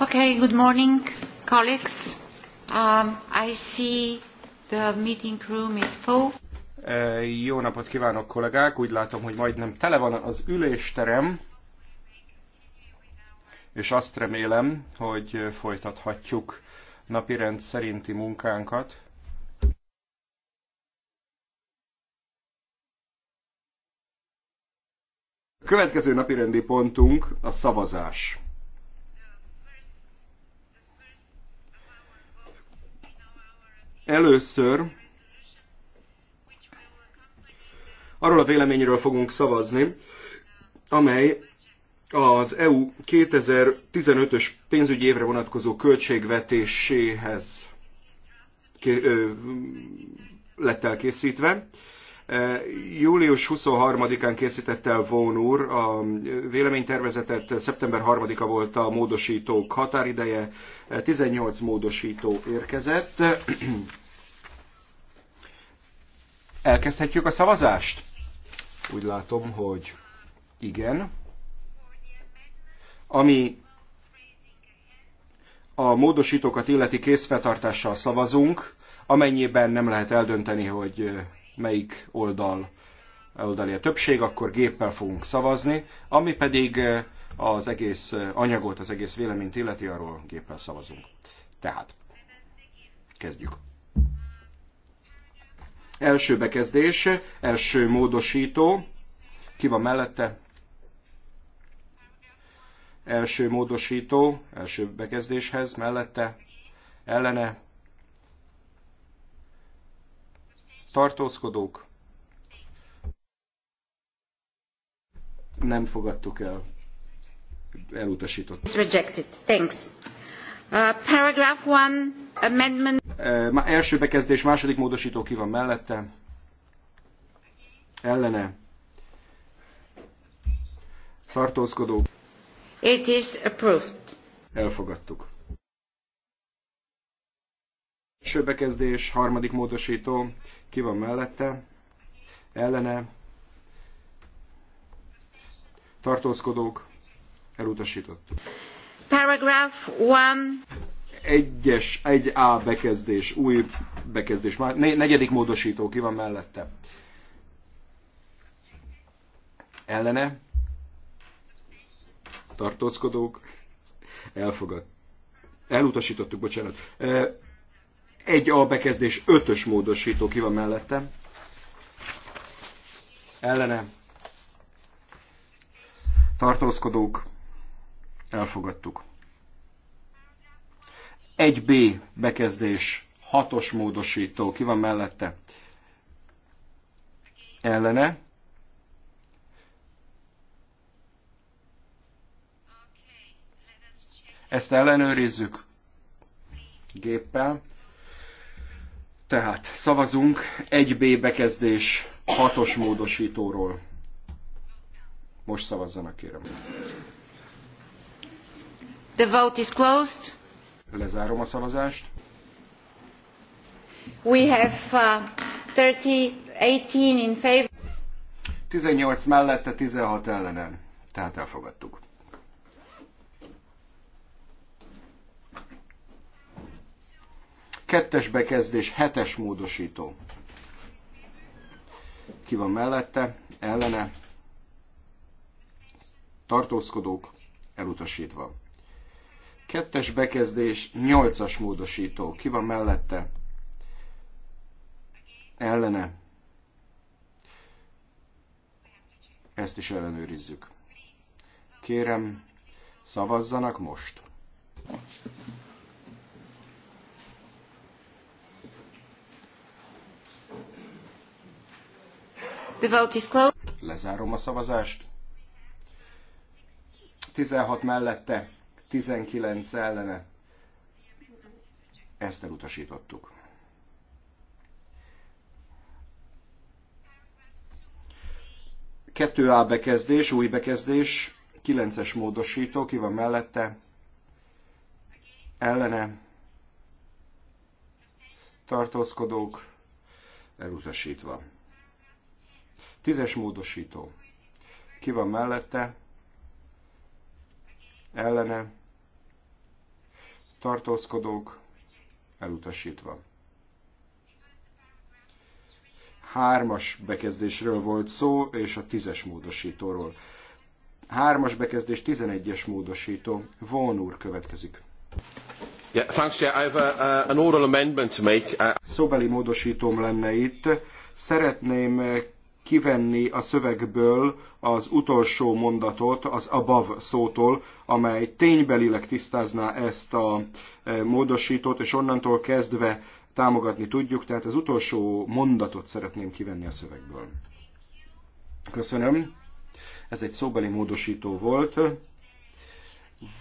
Okay, good morning, colleagues. Um, I see the meeting room is full. E, jó napot kívánok, kollégák! Úgy látom, hogy majdnem tele van az ülésterem, és azt remélem, hogy folytathatjuk napirend szerinti munkánkat. A következő napirendi pontunk a szavazás. Először arról a véleményről fogunk szavazni, amely az EU 2015-ös pénzügyi évre vonatkozó költségvetéséhez lett elkészítve. Július 23-án készített el Vón úr a véleménytervezetet, szeptember 3-a volt a módosítók határideje, 18 módosító érkezett. Elkezdhetjük a szavazást? Úgy látom, hogy igen. Ami a módosítókat illeti készfeltartással szavazunk, amennyiben nem lehet eldönteni, hogy melyik oldal oldali a többség, akkor géppel fogunk szavazni, ami pedig eh, az egész eh, anyagot, az egész véleményt illeti, arról géppel szavazunk. Tehát, kezdjük. Első bekezdés, első módosító, ki van mellette? Első módosító, első bekezdéshez, mellette, ellene, tartózkodók, nem fogadtuk el, elutasított. It's rejected. Thanks. Uh, paragraph one, amendment. Uh, első bekezdés, második módosító ki van mellette. Ellene. Tartózkodó. It is approved. Elfogadtuk. Első bekezdés, harmadik módosító, ki van mellette, ellene, tartózkodók, elutasított. Paragraph 1 egyes, egy A bekezdés, új bekezdés, már negyedik módosító ki van mellette. Ellene, tartózkodók, elfogad. Elutasítottuk, bocsánat. Egy A bekezdés ötös módosító ki van mellettem. Ellene. Tartózkodók. Elfogadtuk. Egy B bekezdés hatos módosító ki van mellette. Ellene. Ezt ellenőrizzük géppel. Tehát szavazunk 1B bekezdés 6-os módosítóról. Most szavazzanak, kérem. The vote is closed. Lezárom a szavazást. We have uh, 30, 18 in favor. 18 mellette, 16 ellenen. Tehát elfogadtuk. Kettes bekezdés, hetes módosító. Ki van mellette? Ellene? Tartózkodók? Elutasítva. Kettes bekezdés, nyolcas módosító. Ki van mellette? Ellene? Ezt is ellenőrizzük. Kérem, szavazzanak most! The vote is closed. Lezárom a szavazást. 16 mellette, 19 ellene. Ezt elutasítottuk. Kettő A bekezdés, új bekezdés, 9-es módosító, ki van mellette, ellene, tartózkodók, elutasítva. Tízes módosító. Ki van mellette? Ellene? Tartózkodók? Elutasítva. Hármas bekezdésről volt szó, és a tízes módosítóról. Hármas bekezdés, tizenegyes módosító. Von úr következik. Szóbeli módosítóm lenne itt. Szeretném kivenni a szövegből az utolsó mondatot, az above szótól, amely ténybelileg tisztázná ezt a e, módosítót, és onnantól kezdve támogatni tudjuk, tehát az utolsó mondatot szeretném kivenni a szövegből. Köszönöm. Ez egy szóbeli módosító volt.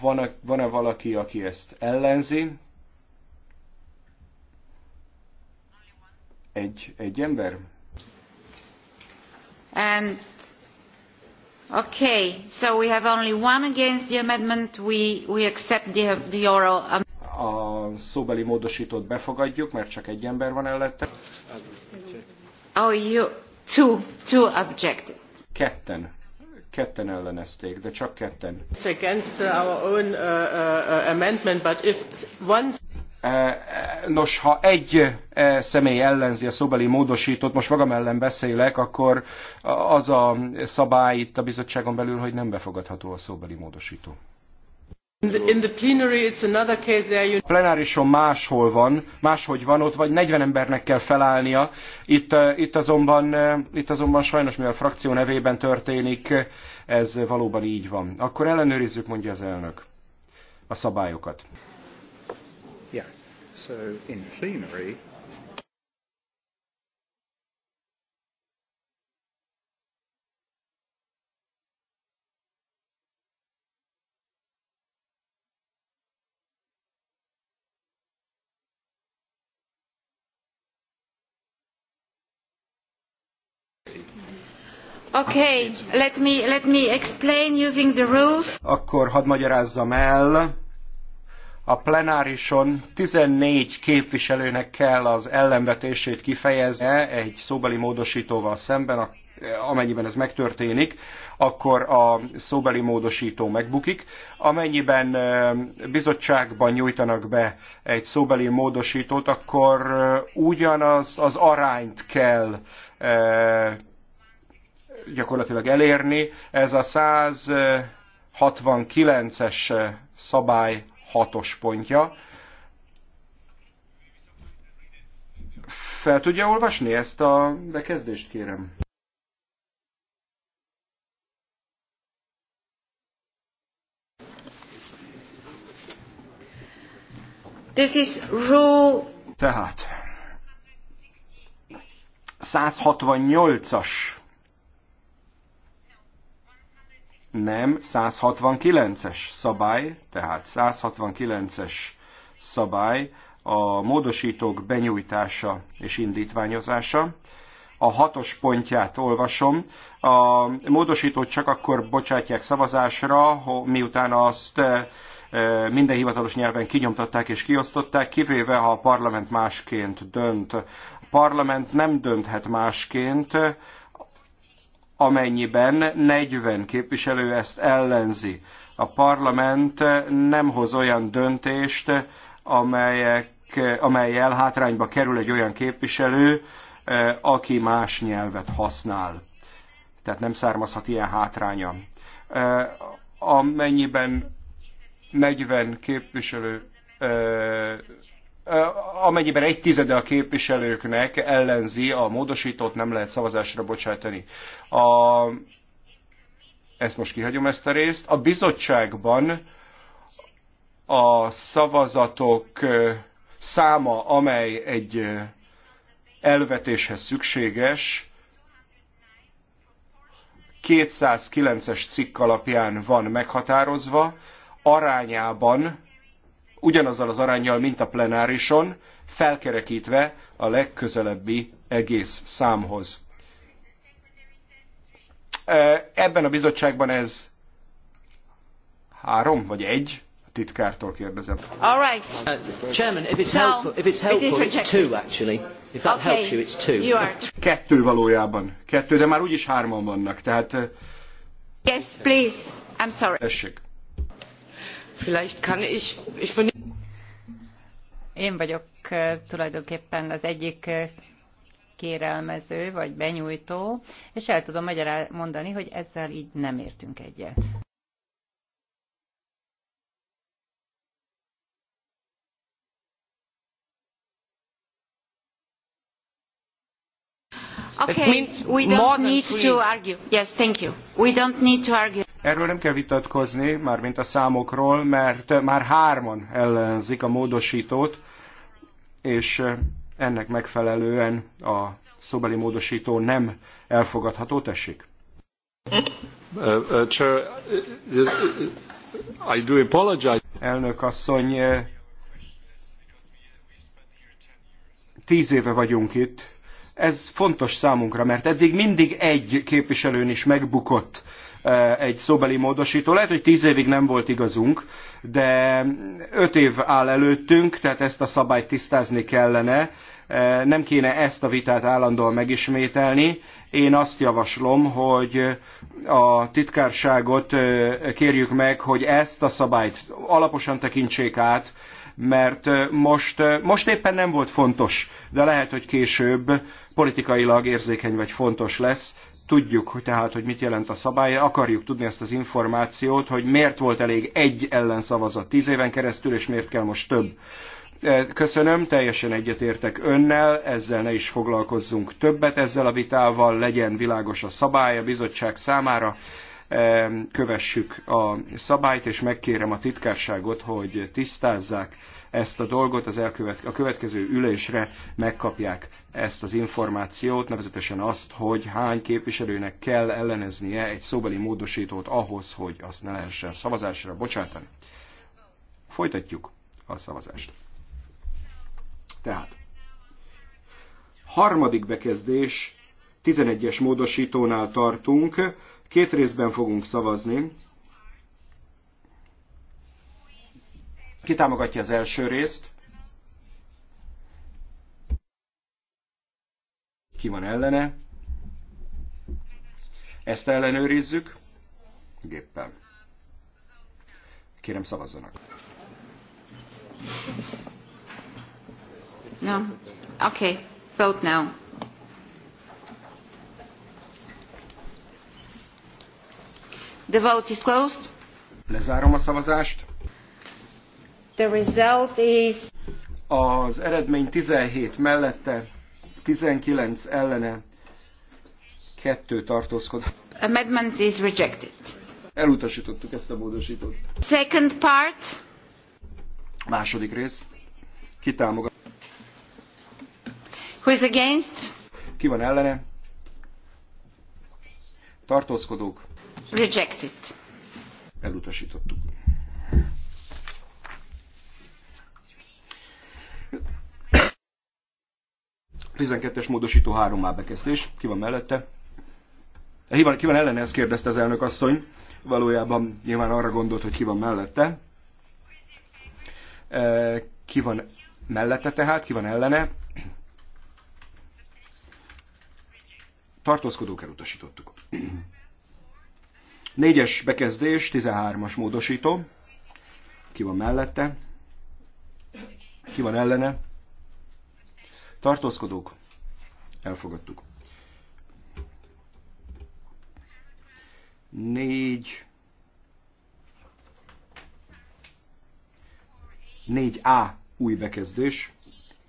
Van-e, van-e valaki, aki ezt ellenzi? Egy, egy ember? And okay, so we have only one against the amendment. We, we accept the, the oral A szóbeli módosítót befogadjuk, mert csak egy ember van ellette. Oh, you, two, two objected. Ketten ketten ellenezték, de csak ketten. It's against our own uh, uh, uh amendment, but if once Eh, nos, ha egy eh, személy ellenzi a szóbeli módosítót, most magam ellen beszélek, akkor az a szabály itt a bizottságon belül, hogy nem befogadható a szóbeli módosító. In the plenary, it's another case there you... plenárison máshol van, máshogy van, ott vagy 40 embernek kell felállnia. Itt, eh, itt, azonban, itt azonban sajnos, mivel a frakció nevében történik, ez valóban így van. Akkor ellenőrizzük, mondja az elnök, a szabályokat. So in plenary, Okay, let me, let me explain using the rules. Akkor hadd magyarázzam el a plenárison 14 képviselőnek kell az ellenvetését kifejeznie egy szóbeli módosítóval szemben, amennyiben ez megtörténik, akkor a szóbeli módosító megbukik. Amennyiben bizottságban nyújtanak be egy szóbeli módosítót, akkor ugyanaz az arányt kell gyakorlatilag elérni. Ez a 169-es szabály hatos pontja. Fel tudja olvasni ezt a bekezdést, kérem? This is rule... Tehát 168-as nem, 169-es szabály, tehát 169-es szabály a módosítók benyújtása és indítványozása. A hatos pontját olvasom. A módosítót csak akkor bocsátják szavazásra, miután azt e, e, minden hivatalos nyelven kinyomtatták és kiosztották, kivéve ha a parlament másként dönt. A parlament nem dönthet másként, amennyiben 40 képviselő ezt ellenzi. A parlament nem hoz olyan döntést, amelyek, amelyel hátrányba kerül egy olyan képviselő, eh, aki más nyelvet használ. Tehát nem származhat ilyen hátránya. Eh, amennyiben 40 képviselő eh, amennyiben egy tizede a képviselőknek ellenzi a módosítót, nem lehet szavazásra bocsátani. A, ezt most kihagyom ezt a részt. A bizottságban a szavazatok száma, amely egy elvetéshez szükséges, 209-es cikk alapján van meghatározva, arányában ugyanazzal az arányjal, mint a plenárison, felkerekítve a legközelebbi egész számhoz. Ebben a bizottságban ez három vagy egy? A titkártól kérdezem. All right. Uh, chairman, if it's helpful, if it's helpful, it it's two actually. If that okay. helps you, it's two. You are... Kettő valójában. Kettő, de már úgyis hárman vannak, tehát... Yes, please. I'm sorry. Tessék. Vielleicht kann ich, ich bin én vagyok tulajdonképpen az egyik kérelmező vagy benyújtó, és el tudom mondani, hogy ezzel így nem értünk egyet. Erről nem kell vitatkozni, mármint a számokról, mert már hárman ellenzik a módosítót, és ennek megfelelően a szóbeli módosító nem elfogadható, tessék. Uh, uh, chair, uh, uh, uh I do apologize. Elnök asszony, uh, tíz éve vagyunk itt, ez fontos számunkra, mert eddig mindig egy képviselőn is megbukott eh, egy szóbeli módosító. Lehet, hogy tíz évig nem volt igazunk, de öt év áll előttünk, tehát ezt a szabályt tisztázni kellene. Eh, nem kéne ezt a vitát állandóan megismételni. Én azt javaslom, hogy a titkárságot eh, kérjük meg, hogy ezt a szabályt alaposan tekintsék át, mert most, most éppen nem volt fontos, de lehet, hogy később politikailag érzékeny vagy fontos lesz. Tudjuk hogy tehát, hogy mit jelent a szabály, akarjuk tudni ezt az információt, hogy miért volt elég egy ellenszavazat tíz éven keresztül, és miért kell most több. Köszönöm, teljesen egyetértek önnel, ezzel ne is foglalkozzunk többet, ezzel a vitával legyen világos a szabály a bizottság számára, kövessük a szabályt, és megkérem a titkárságot, hogy tisztázzák ezt a dolgot, az elkövet, a következő ülésre megkapják ezt az információt, nevezetesen azt, hogy hány képviselőnek kell elleneznie egy szóbeli módosítót ahhoz, hogy azt ne lehessen szavazásra bocsátani. Folytatjuk a szavazást. Tehát, harmadik bekezdés, 11-es módosítónál tartunk, Két részben fogunk szavazni. Ki támogatja az első részt? Ki van ellene? Ezt ellenőrizzük géppel. Kérem szavazzanak. No. Okay. Vote now. The vote is closed. Lezárom a szavazást. The result is... Az eredmény 17 mellette, 19 ellene, 2 tartózkodott. Amendment is rejected. Elutasítottuk ezt a módosítót. Second part. Második rész. Ki támogat? Who is against? Ki van ellene? Tartózkodók. Rejected. Elutasítottuk. Tizenkettes módosító három bekezdés. Ki van mellette? Ki van, ki van ellene, ezt kérdezte az elnök asszony. Valójában nyilván arra gondolt, hogy ki van mellette. E, ki van mellette tehát, ki van ellene? Tartózkodók elutasítottuk. Négyes bekezdés, 13-as módosító. Ki van mellette? Ki van ellene? Tartózkodók? Elfogadtuk. Négy... Négy a új bekezdés,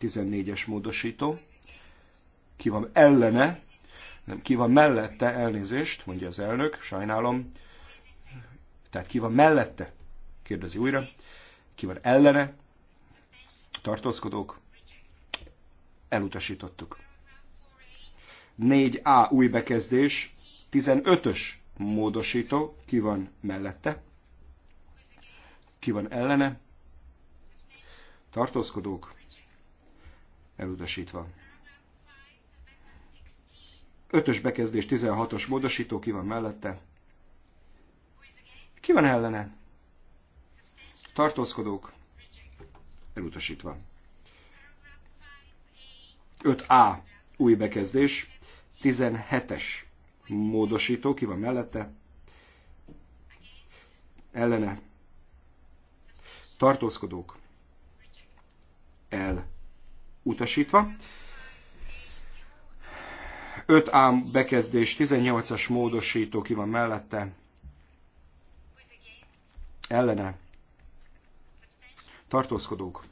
14-es módosító. Ki van ellene? Nem, ki van mellette elnézést, mondja az elnök, sajnálom. Tehát ki van mellette? Kérdezi újra. Ki van ellene? Tartózkodók. Elutasítottuk. 4A új bekezdés, 15-ös módosító, ki van mellette, ki van ellene, tartózkodók, elutasítva. Ötös bekezdés 16-os módosító, ki van mellette? Ki van ellene? Tartózkodók. Elutasítva. 5A. Új bekezdés. 17-es módosító. Ki van mellette? Ellene. Tartózkodók. El. Utasítva. 5A bekezdés, 18-as módosító ki van mellette. Ellene. Tartózkodók.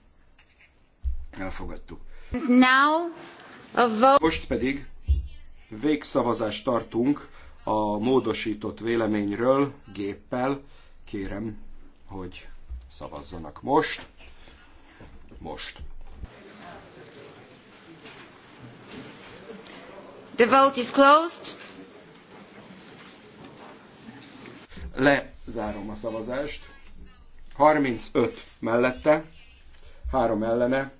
Elfogadtuk. Now a vote. Most pedig végszavazást tartunk a módosított véleményről géppel. Kérem, hogy szavazzanak most. Most. Lezárom a szavazást. 35 mellette, 3 ellene,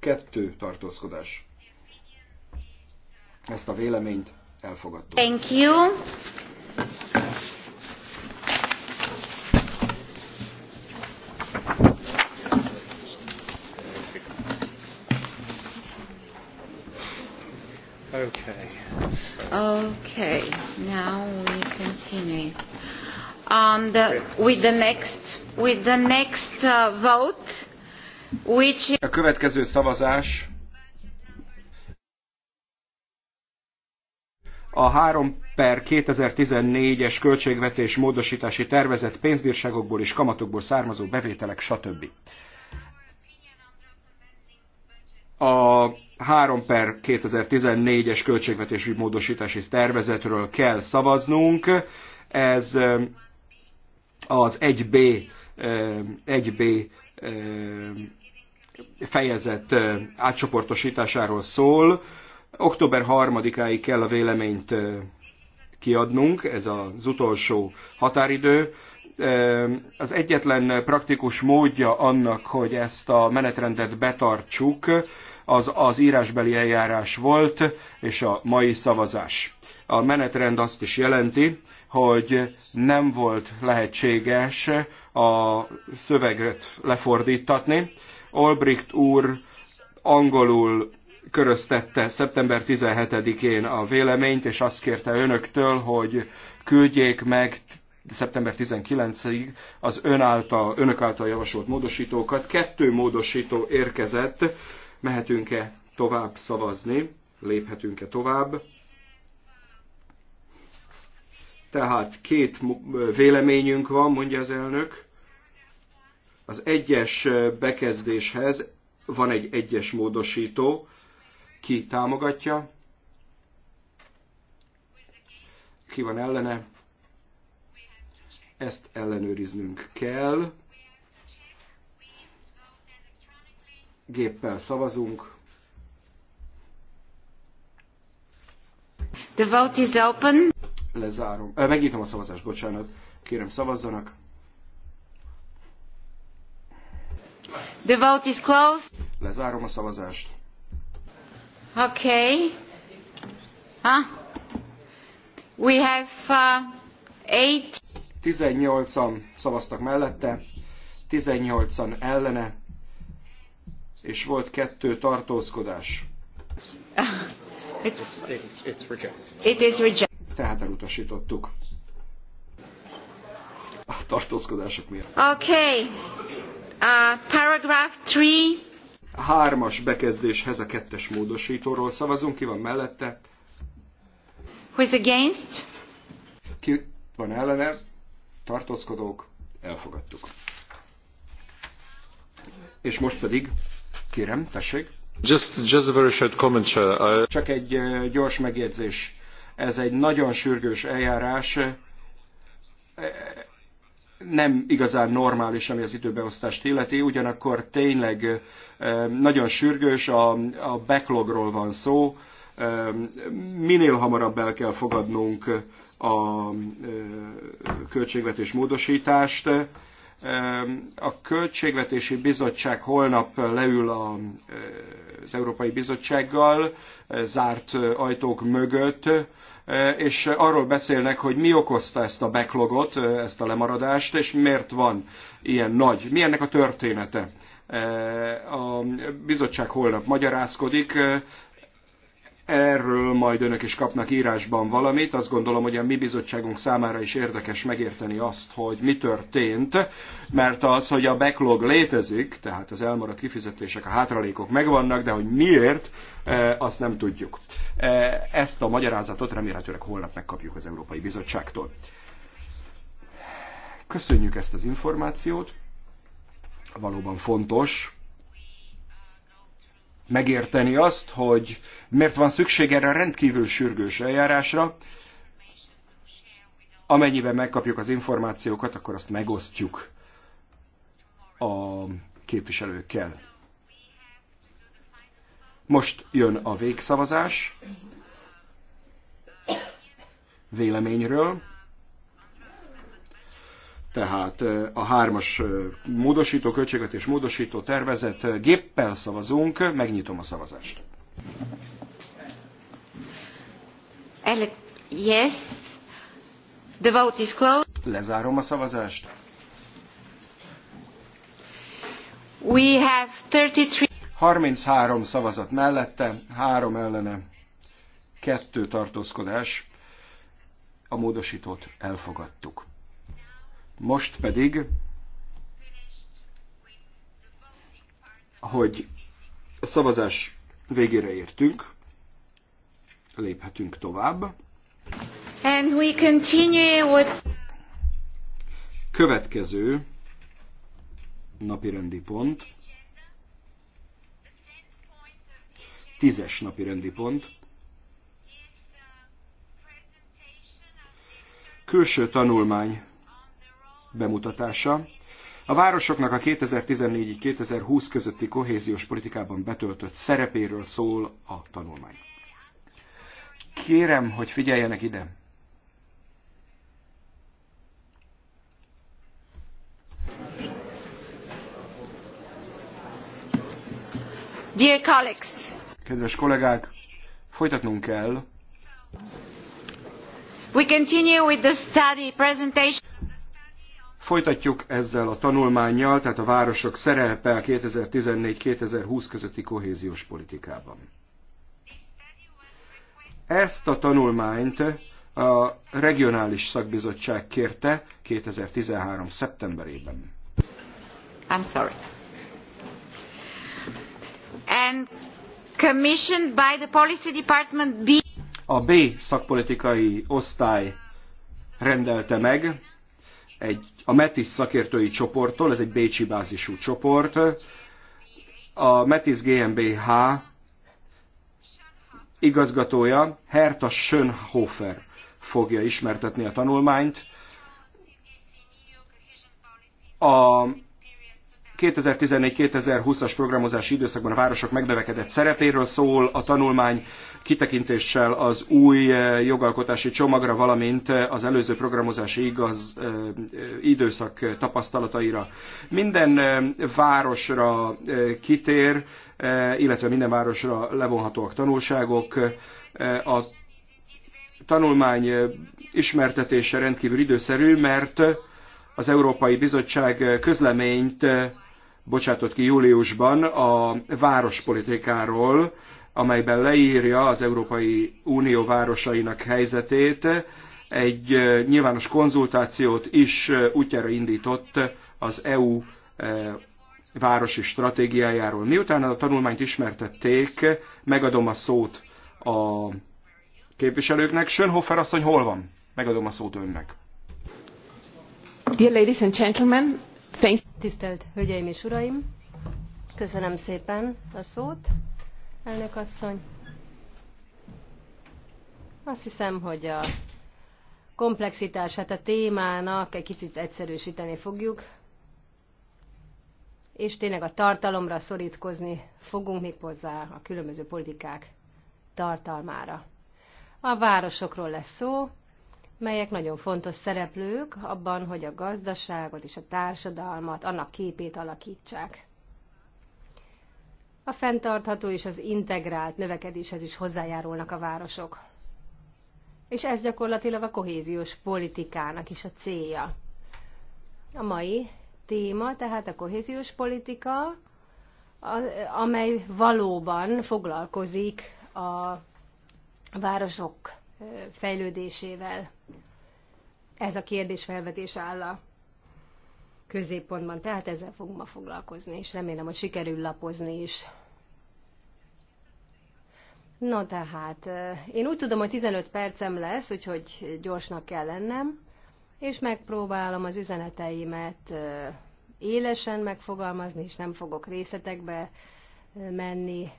2 tartózkodás. Ezt a véleményt elfogadtuk. Thank you. Um, with the next, with the next uh, vote, which... A következő szavazás a 3 per 2014-es költségvetés módosítási tervezet pénzbírságokból és kamatokból származó bevételek, stb. A 3 per 2014-es költségvetési módosítási tervezetről kell szavaznunk. Ez az 1B, 1B fejezet átcsoportosításáról szól. Október 3-áig kell a véleményt kiadnunk, ez az utolsó határidő. Az egyetlen praktikus módja annak, hogy ezt a menetrendet betartsuk, az az írásbeli eljárás volt, és a mai szavazás. A menetrend azt is jelenti, hogy nem volt lehetséges a szöveget lefordítatni. Olbricht úr angolul köröztette szeptember 17-én a véleményt, és azt kérte önöktől, hogy küldjék meg szeptember 19-ig az ön által, önök által javasolt módosítókat. Kettő módosító érkezett, mehetünk-e tovább szavazni, léphetünk-e tovább. Tehát két véleményünk van, mondja az elnök. Az egyes bekezdéshez van egy egyes módosító, ki támogatja, ki van ellene, ezt ellenőriznünk kell. Géppel szavazunk. The vote is open. Lezárom. Megnyitom a szavazást, bocsánat. Kérem, szavazzanak. The vote is closed. Lezárom a szavazást. Okay. Huh? Ah. We have uh, eight. 18-an szavaztak mellette, 18-an ellene, és volt kettő tartózkodás. It's, it's, it's rejected. It is rejected tehát elutasítottuk. A tartózkodások miatt. Okay. Uh, paragraph 3. Hármas bekezdéshez a kettes módosítóról szavazunk, ki van mellette. Who is against? Ki van ellene? Tartózkodók, elfogadtuk. És most pedig, kérem, tessék. Just, just a very short comment, sir. I... Csak egy uh, gyors megjegyzés. Ez egy nagyon sürgős eljárás, nem igazán normális, ami az időbeosztást illeti, ugyanakkor tényleg nagyon sürgős, a, a backlogról van szó, minél hamarabb el kell fogadnunk a költségvetés módosítást. A Költségvetési Bizottság holnap leül a az Európai Bizottsággal, eh, zárt eh, ajtók mögött, eh, és arról beszélnek, hogy mi okozta ezt a backlogot, ezt a lemaradást, és miért van ilyen nagy, mi ennek a története. A bizottság holnap magyarázkodik, Erről majd önök is kapnak írásban valamit. Azt gondolom, hogy a mi bizottságunk számára is érdekes megérteni azt, hogy mi történt, mert az, hogy a backlog létezik, tehát az elmaradt kifizetések, a hátralékok megvannak, de hogy miért, e, azt nem tudjuk. E, ezt a magyarázatot remélhetőleg holnap megkapjuk az Európai Bizottságtól. Köszönjük ezt az információt, valóban fontos, megérteni azt, hogy miért van szükség erre a rendkívül sürgős eljárásra. Amennyiben megkapjuk az információkat, akkor azt megosztjuk a képviselőkkel. Most jön a végszavazás véleményről. Tehát a hármas módosító költséget és módosító tervezet géppel szavazunk, megnyitom a szavazást. Ele- yes, the vote is closed. Lezárom a szavazást. We have 33... 33 szavazat mellette, három ellene, kettő tartózkodás. A módosítót elfogadtuk. Most pedig, hogy a szavazás végére értünk, léphetünk tovább. And we continue with... Következő napirendi pont, tízes napirendi pont, külső tanulmány bemutatása. A városoknak a 2014-2020 közötti kohéziós politikában betöltött szerepéről szól a tanulmány. Kérem, hogy figyeljenek ide. Dear colleagues. Kedves kollégák, folytatnunk kell. We continue with the study presentation. Folytatjuk ezzel a tanulmányjal, tehát a városok szerepe a 2014-2020 közötti kohéziós politikában. Ezt a tanulmányt a regionális szakbizottság kérte 2013. szeptemberében. I'm sorry. And commissioned by the policy department B. A B szakpolitikai osztály rendelte meg, egy, a METIS szakértői csoporttól, ez egy bécsi bázisú csoport. A METIS GmbH igazgatója Herta Schönhofer fogja ismertetni a tanulmányt. A 2014-2020-as programozási időszakban a városok megnövekedett szerepéről szól a tanulmány kitekintéssel az új eh, jogalkotási csomagra, valamint eh, az előző programozási igaz, eh, időszak tapasztalataira. Minden városra kitér, illetve minden városra levonhatóak tanulságok. A tanulmány ismertetése rendkívül időszerű, mert az Európai Bizottság közleményt bocsátott ki júliusban a várospolitikáról, amelyben leírja az Európai Unió városainak helyzetét, egy nyilvános konzultációt is útjára indított az EU városi stratégiájáról. Miután a tanulmányt ismertették, megadom a szót a képviselőknek. Schönhofer asszony hol van? Megadom a szót önnek. Dear ladies and gentlemen, Tisztelt Hölgyeim és Uraim! Köszönöm szépen a szót, elnök asszony. Azt hiszem, hogy a komplexitását a témának egy kicsit egyszerűsíteni fogjuk, és tényleg a tartalomra szorítkozni fogunk még hozzá a különböző politikák tartalmára. A városokról lesz szó, melyek nagyon fontos szereplők abban, hogy a gazdaságot és a társadalmat, annak képét alakítsák. A fenntartható és az integrált növekedéshez is hozzájárulnak a városok. És ez gyakorlatilag a kohéziós politikának is a célja. A mai téma tehát a kohéziós politika, amely valóban foglalkozik a városok fejlődésével ez a kérdés felvetés áll a középpontban, tehát ezzel fogunk ma foglalkozni, és remélem, hogy sikerül lapozni is. No tehát, én úgy tudom, hogy 15 percem lesz, úgyhogy gyorsnak kell lennem, és megpróbálom az üzeneteimet élesen megfogalmazni, és nem fogok részletekbe menni,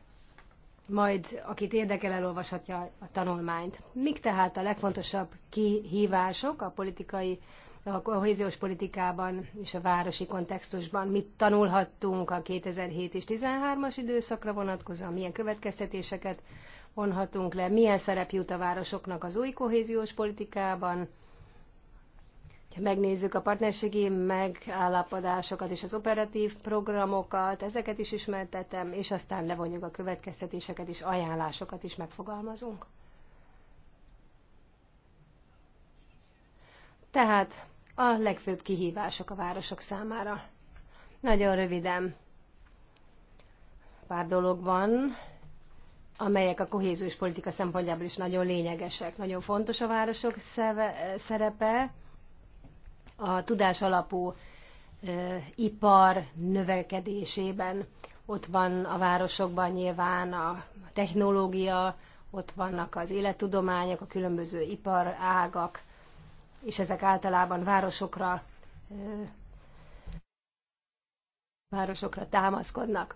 majd akit érdekel, elolvashatja a tanulmányt. Mik tehát a legfontosabb kihívások a politikai, a kohéziós politikában és a városi kontextusban? Mit tanulhattunk a 2007 és 13. as időszakra vonatkozóan? Milyen következtetéseket vonhatunk le? Milyen szerep jut a városoknak az új kohéziós politikában? Ha megnézzük a partnerségi megállapodásokat és az operatív programokat, ezeket is ismertetem, és aztán levonjuk a következtetéseket és ajánlásokat is megfogalmazunk. Tehát a legfőbb kihívások a városok számára. Nagyon röviden. Pár dolog van, amelyek a kohéziós politika szempontjából is nagyon lényegesek. Nagyon fontos a városok szerepe, a tudás alapú ipar növekedésében. Ott van a városokban nyilván a technológia, ott vannak az élettudományok, a különböző iparágak, és ezek általában városokra, városokra támaszkodnak.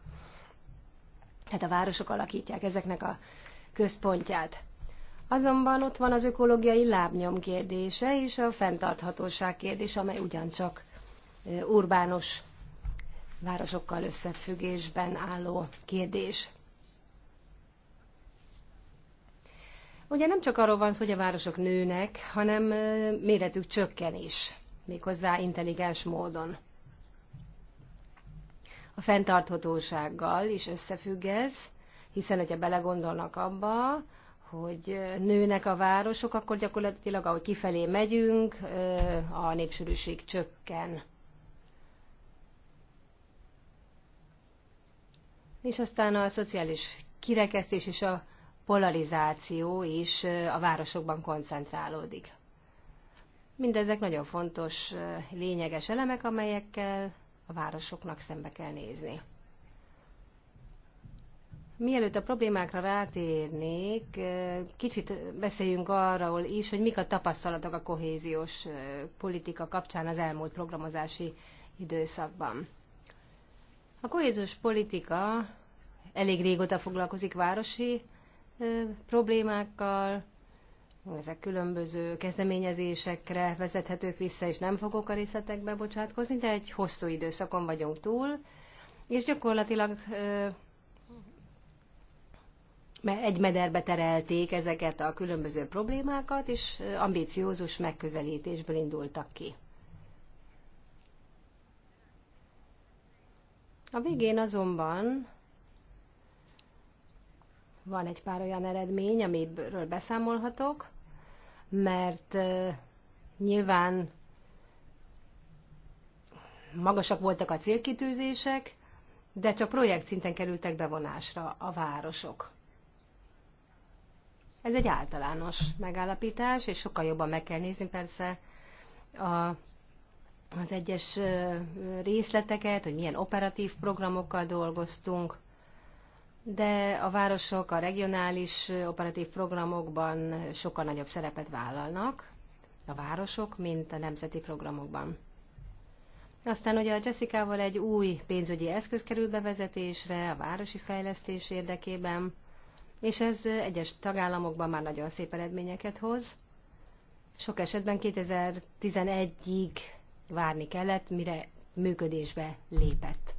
Tehát a városok alakítják ezeknek a központját. Azonban ott van az ökológiai lábnyom kérdése és a fenntarthatóság kérdése, amely ugyancsak urbánus városokkal összefüggésben álló kérdés. Ugye nem csak arról van szó, hogy a városok nőnek, hanem méretük csökken is, méghozzá intelligens módon. A fenntarthatósággal is összefügg ez, hiszen hogyha belegondolnak abba, hogy nőnek a városok, akkor gyakorlatilag, ahogy kifelé megyünk, a népsűrűség csökken. És aztán a szociális kirekesztés és a polarizáció is a városokban koncentrálódik. Mindezek nagyon fontos, lényeges elemek, amelyekkel a városoknak szembe kell nézni. Mielőtt a problémákra rátérnék, kicsit beszéljünk arról is, hogy mik a tapasztalatok a kohéziós politika kapcsán az elmúlt programozási időszakban. A kohéziós politika elég régóta foglalkozik városi problémákkal, ezek különböző kezdeményezésekre vezethetők vissza, és nem fogok a részletekbe bocsátkozni, de egy hosszú időszakon vagyunk túl, és gyakorlatilag egy mederbe terelték ezeket a különböző problémákat, és ambíciózus megközelítésből indultak ki. A végén azonban van egy pár olyan eredmény, amiről beszámolhatok, mert nyilván magasak voltak a célkitűzések, de csak projekt szinten kerültek bevonásra a városok. Ez egy általános megállapítás, és sokkal jobban meg kell nézni persze a az egyes részleteket, hogy milyen operatív programokkal dolgoztunk, de a városok a regionális operatív programokban sokkal nagyobb szerepet vállalnak, a városok, mint a nemzeti programokban. Aztán ugye a Jessica-val egy új pénzügyi eszköz kerül bevezetésre a városi fejlesztés érdekében, és ez egyes tagállamokban már nagyon szép eredményeket hoz. Sok esetben 2011-ig várni kellett, mire működésbe lépett.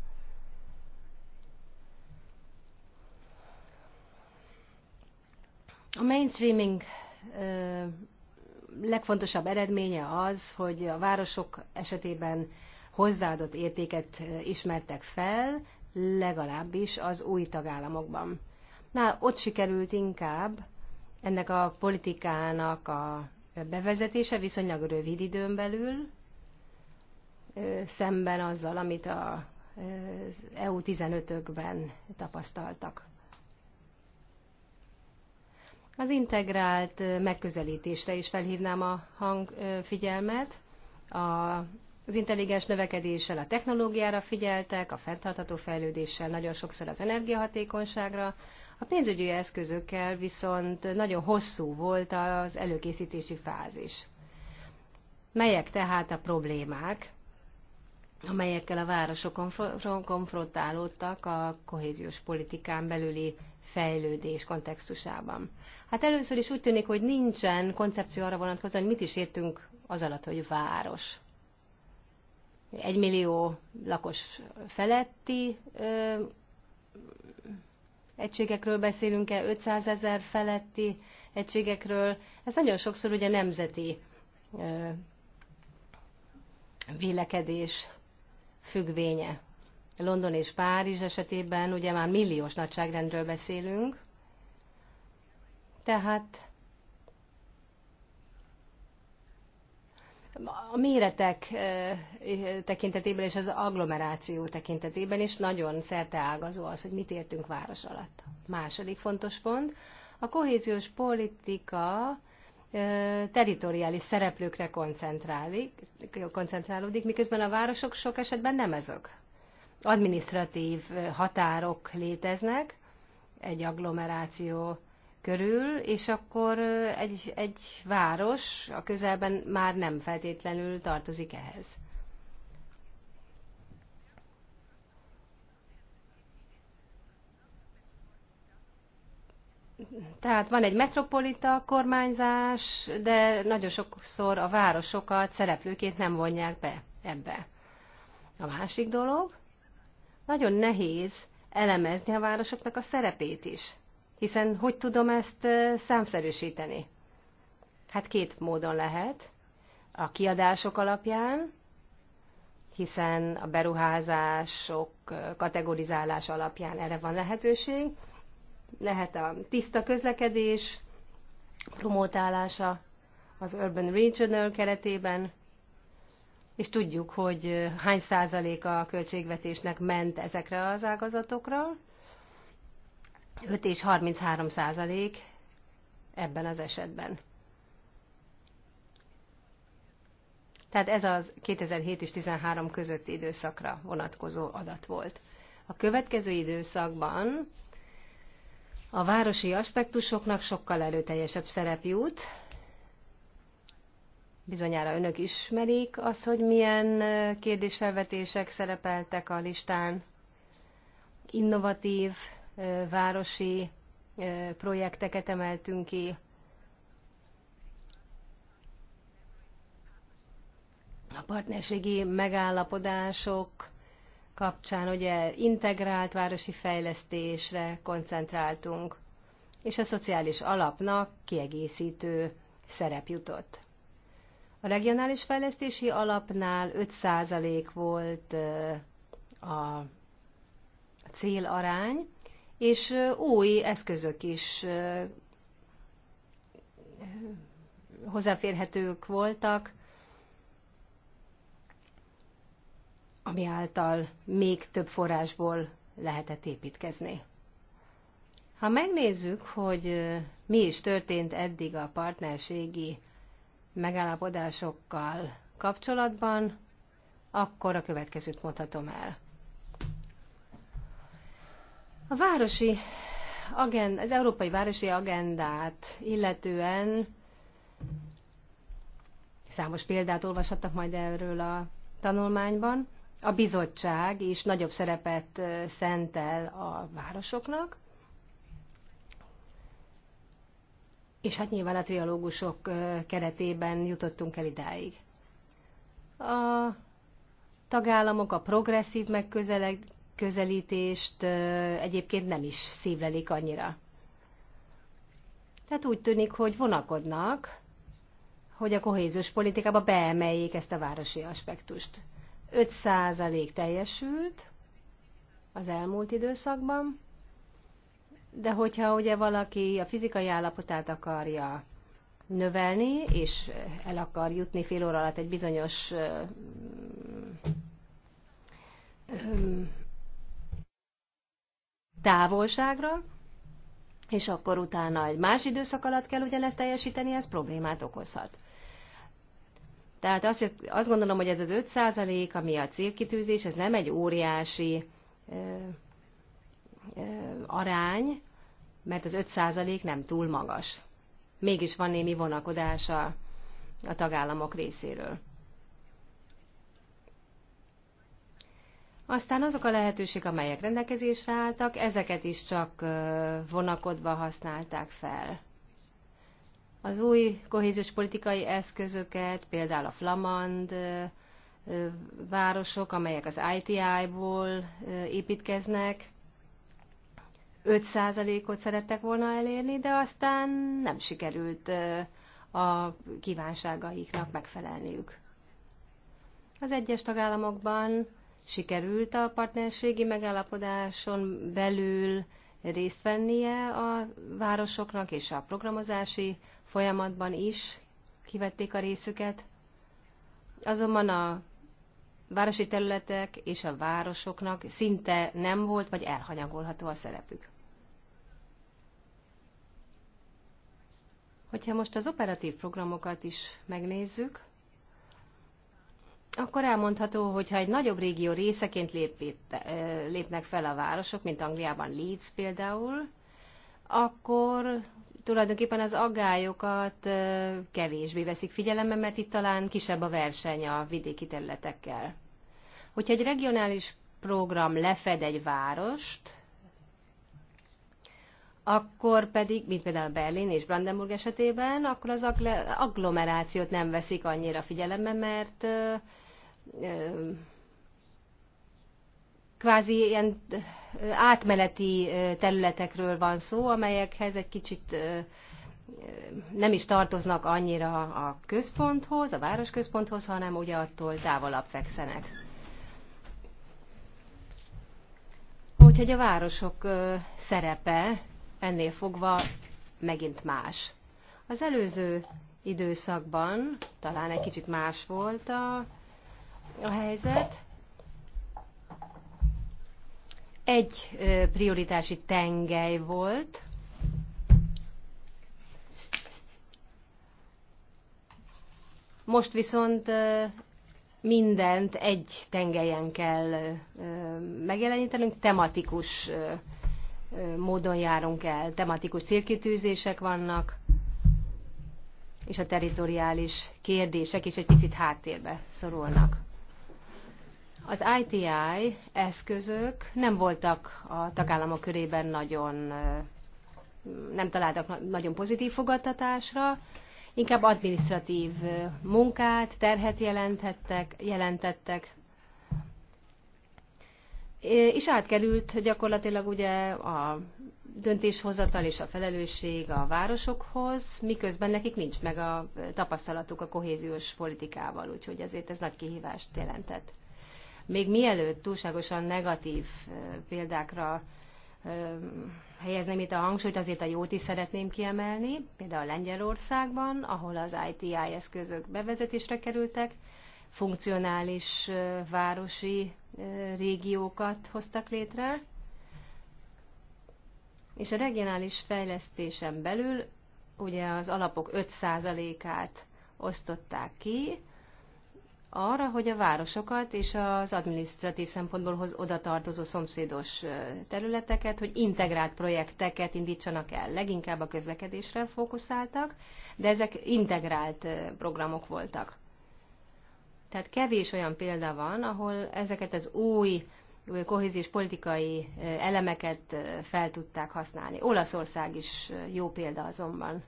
A mainstreaming legfontosabb eredménye az, hogy a városok esetében hozzáadott értéket ismertek fel, legalábbis az új tagállamokban. Na, ott sikerült inkább ennek a politikának a bevezetése viszonylag rövid időn belül, szemben azzal, amit a az EU-15-ökben tapasztaltak. Az integrált megközelítésre is felhívnám a hang figyelmet. az intelligens növekedéssel a technológiára figyeltek, a fenntartható fejlődéssel nagyon sokszor az energiahatékonyságra a pénzügyi eszközökkel viszont nagyon hosszú volt az előkészítési fázis. Melyek tehát a problémák, amelyekkel a városok konfrontálódtak a kohéziós politikán belüli fejlődés kontextusában? Hát először is úgy tűnik, hogy nincsen koncepció arra vonatkozóan, hogy mit is értünk az alatt, hogy város. Egy millió lakos feletti ö, egységekről beszélünk-e, 500 ezer feletti egységekről. Ez nagyon sokszor ugye nemzeti vélekedés függvénye. London és Párizs esetében ugye már milliós nagyságrendről beszélünk, tehát a méretek eh, tekintetében és az agglomeráció tekintetében is nagyon ágazó az, hogy mit értünk város alatt. Második fontos pont, a kohéziós politika eh, teritoriális szereplőkre koncentrálik, koncentrálódik, miközben a városok sok esetben nem ezok. Administratív eh, határok léteznek egy agglomeráció körül, és akkor egy, egy város a közelben már nem feltétlenül tartozik ehhez. Tehát van egy metropolita kormányzás, de nagyon sokszor a városokat szereplőként nem vonják be ebbe. A másik dolog, nagyon nehéz elemezni a városoknak a szerepét is. Hiszen hogy tudom ezt számszerűsíteni? Hát két módon lehet. A kiadások alapján, hiszen a beruházások kategorizálás alapján erre van lehetőség. Lehet a tiszta közlekedés promotálása az Urban Regional keretében, és tudjuk, hogy hány százaléka a költségvetésnek ment ezekre az ágazatokra, 5 és 33 százalék ebben az esetben. Tehát ez az 2007 és 13 közötti időszakra vonatkozó adat volt. A következő időszakban a városi aspektusoknak sokkal előteljesebb szerep jut. Bizonyára önök ismerik az, hogy milyen kérdésfelvetések szerepeltek a listán. Innovatív, városi projekteket emeltünk ki. A partnerségi megállapodások kapcsán ugye integrált városi fejlesztésre koncentráltunk, és a szociális alapnak kiegészítő szerep jutott. A regionális fejlesztési alapnál 5% volt a célarány, és új eszközök is hozzáférhetők voltak, ami által még több forrásból lehetett építkezni. Ha megnézzük, hogy mi is történt eddig a partnerségi megállapodásokkal kapcsolatban, akkor a következőt mondhatom el. A városi agend, az európai városi agendát illetően számos példát olvashattak majd erről a tanulmányban. A bizottság is nagyobb szerepet szentel a városoknak, és hát nyilván a trialógusok keretében jutottunk el idáig. A tagállamok a progresszív megközelítést egyébként nem is szívlelik annyira. Tehát úgy tűnik, hogy vonakodnak, hogy a kohéziós politikába beemeljék ezt a városi aspektust. 5% teljesült az elmúlt időszakban, de hogyha ugye valaki a fizikai állapotát akarja növelni, és el akar jutni fél óra alatt egy bizonyos távolságra, és akkor utána egy más időszak alatt kell ugyanezt teljesíteni, ez problémát okozhat. Tehát azt, azt gondolom, hogy ez az 5 ami a célkitűzés, ez nem egy óriási ö, ö, arány, mert az 5 nem túl magas. Mégis van némi vonakodása a tagállamok részéről. Aztán azok a lehetőség, amelyek rendelkezésre álltak, ezeket is csak vonakodva használták fel. Az új kohéziós politikai eszközöket, például a flamand városok, amelyek az ITI-ból építkeznek, 5%-ot szerettek volna elérni, de aztán nem sikerült a kívánságaiknak megfelelniük. Az egyes tagállamokban sikerült a partnerségi megállapodáson belül részt vennie a városoknak, és a programozási folyamatban is kivették a részüket. Azonban a városi területek és a városoknak szinte nem volt, vagy elhanyagolható a szerepük. Hogyha most az operatív programokat is megnézzük, akkor elmondható, hogy ha egy nagyobb régió részeként lépte, lépnek fel a városok, mint Angliában Leeds például, akkor tulajdonképpen az aggályokat kevésbé veszik figyelembe, mert itt talán kisebb a verseny a vidéki területekkel. Hogyha egy regionális program lefed egy várost, akkor pedig, mint például Berlin és Brandenburg esetében, akkor az agglomerációt nem veszik annyira figyelembe, mert kvázi ilyen átmeneti területekről van szó, amelyekhez egy kicsit nem is tartoznak annyira a központhoz, a városközponthoz, hanem ugye attól távolabb fekszenek. Úgyhogy a városok szerepe ennél fogva megint más. Az előző időszakban talán egy kicsit más volt a a helyzet. Egy prioritási tengely volt, Most viszont mindent egy tengelyen kell megjelenítenünk, tematikus módon járunk el, tematikus célkitűzések vannak, és a teritoriális kérdések is egy picit háttérbe szorulnak. Az ITI eszközök nem voltak a tagállamok körében nagyon, nem találtak nagyon pozitív fogadtatásra, inkább administratív munkát, terhet jelentettek, jelentettek és átkerült gyakorlatilag ugye a döntéshozatal és a felelősség a városokhoz, miközben nekik nincs meg a tapasztalatuk a kohéziós politikával, úgyhogy ezért ez nagy kihívást jelentett még mielőtt túlságosan negatív példákra helyezném itt a hangsúlyt, azért a jót is szeretném kiemelni, például Lengyelországban, ahol az ITI eszközök bevezetésre kerültek, funkcionális városi régiókat hoztak létre, és a regionális fejlesztésen belül ugye az alapok 5%-át osztották ki, arra, hogy a városokat és az adminisztratív szempontból hoz oda tartozó szomszédos területeket, hogy integrált projekteket indítsanak el. Leginkább a közlekedésre fókuszáltak, de ezek integrált programok voltak. Tehát kevés olyan példa van, ahol ezeket az új kohéziós politikai elemeket fel tudták használni. Olaszország is jó példa azonban.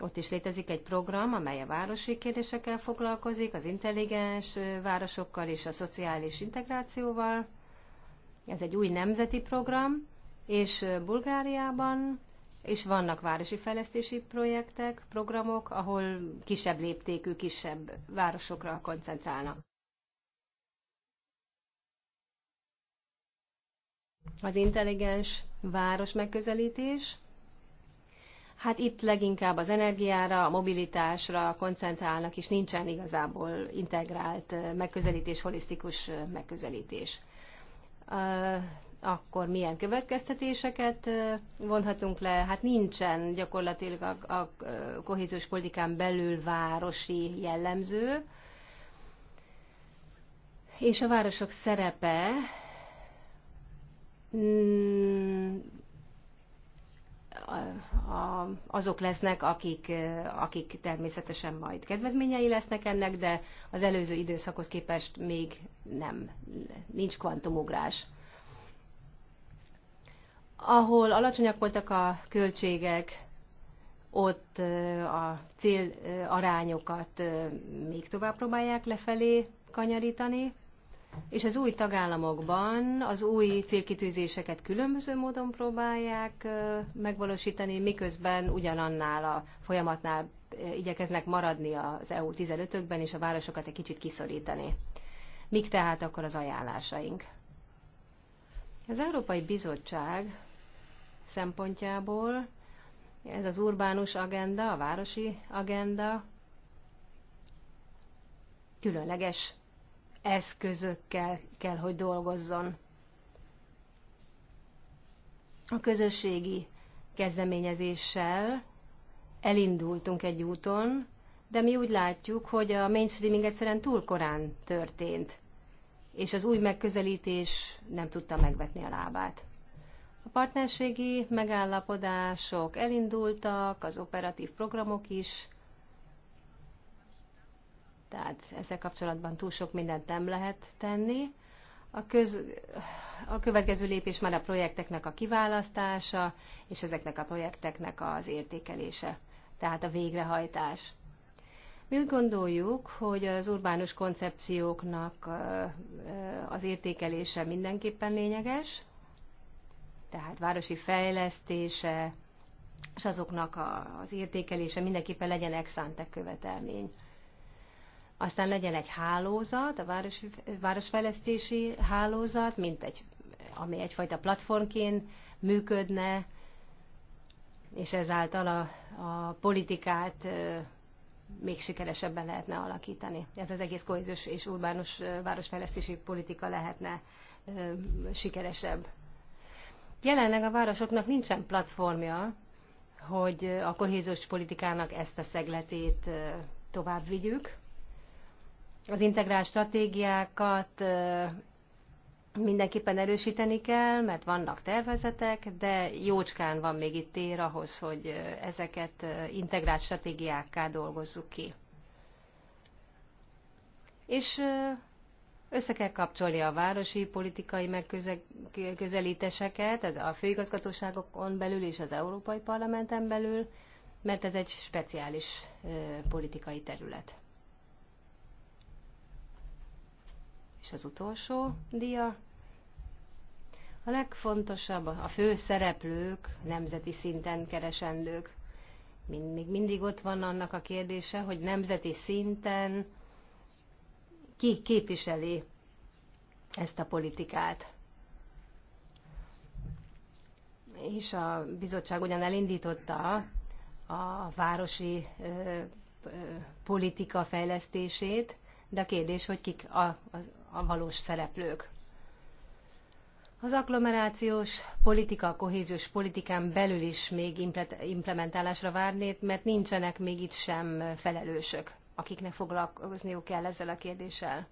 Ott is létezik egy program, amely a városi kérdésekkel foglalkozik, az intelligens városokkal és a szociális integrációval. Ez egy új nemzeti program, és Bulgáriában és vannak városi fejlesztési projektek, programok, ahol kisebb léptékű, kisebb városokra koncentrálnak. Az intelligens város megközelítés Hát itt leginkább az energiára, a mobilitásra koncentrálnak, és nincsen igazából integrált megközelítés, holisztikus megközelítés. Akkor milyen következtetéseket vonhatunk le? Hát nincsen gyakorlatilag a, a kohéziós politikán belül városi jellemző, és a városok szerepe mm, azok lesznek, akik, akik természetesen majd kedvezményei lesznek ennek, de az előző időszakhoz képest még nem, nincs kvantumugrás. Ahol alacsonyak voltak a költségek, ott a célarányokat még tovább próbálják lefelé kanyarítani, és az új tagállamokban az új célkitűzéseket különböző módon próbálják megvalósítani, miközben ugyanannál a folyamatnál igyekeznek maradni az EU 15-ökben, és a városokat egy kicsit kiszorítani. Mik tehát akkor az ajánlásaink? Az Európai Bizottság szempontjából ez az urbánus agenda, a városi agenda különleges eszközökkel kell, hogy dolgozzon. A közösségi kezdeményezéssel elindultunk egy úton, de mi úgy látjuk, hogy a mainstreaming egyszerűen túl korán történt, és az új megközelítés nem tudta megvetni a lábát. A partnerségi megállapodások elindultak, az operatív programok is, tehát ezzel kapcsolatban túl sok mindent nem lehet tenni. A, köz, a következő lépés már a projekteknek a kiválasztása, és ezeknek a projekteknek az értékelése, tehát a végrehajtás. Mi úgy gondoljuk, hogy az urbánus koncepcióknak az értékelése mindenképpen lényeges, tehát városi fejlesztése, és azoknak az értékelése mindenképpen legyen ex ante követelmény. Aztán legyen egy hálózat, a város, városfejlesztési hálózat, mint egy, ami egyfajta platformként működne, és ezáltal a, a politikát még sikeresebben lehetne alakítani. Ez az egész kohéziós és urbánus városfejlesztési politika lehetne sikeresebb. Jelenleg a városoknak nincsen platformja, hogy a kohéziós politikának ezt a szegletét tovább vigyük az integrált stratégiákat mindenképpen erősíteni kell, mert vannak tervezetek, de jócskán van még itt tér ahhoz, hogy ezeket integrált stratégiákká dolgozzuk ki. És össze kell kapcsolni a városi politikai megközelítéseket, ez a főigazgatóságokon belül és az Európai Parlamenten belül, mert ez egy speciális politikai terület. És az utolsó dia. A legfontosabb a fő szereplők, nemzeti szinten keresendők. Még mindig ott van annak a kérdése, hogy nemzeti szinten ki képviseli ezt a politikát. És a bizottság ugyan elindította a városi ö, ö, politika fejlesztését, de a kérdés, hogy kik a, a, a valós szereplők. Az agglomerációs politika, a kohéziós politikán belül is még implementálásra várnék, mert nincsenek még itt sem felelősök, akiknek foglalkozniuk kell ezzel a kérdéssel.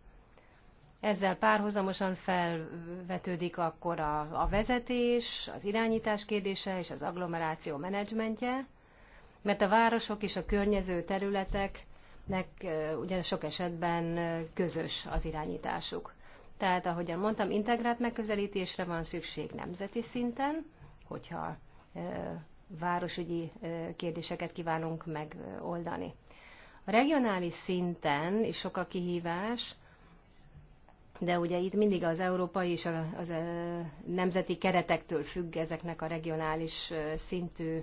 Ezzel párhuzamosan felvetődik akkor a, a vezetés, az irányítás kérdése és az agglomeráció menedzsmentje, mert a városok és a környező területek nek ugye sok esetben közös az irányításuk. Tehát, ahogyan mondtam, integrált megközelítésre van szükség nemzeti szinten, hogyha városügyi kérdéseket kívánunk megoldani. A regionális szinten is sok a kihívás, de ugye itt mindig az európai és az nemzeti keretektől függ ezeknek a regionális szintű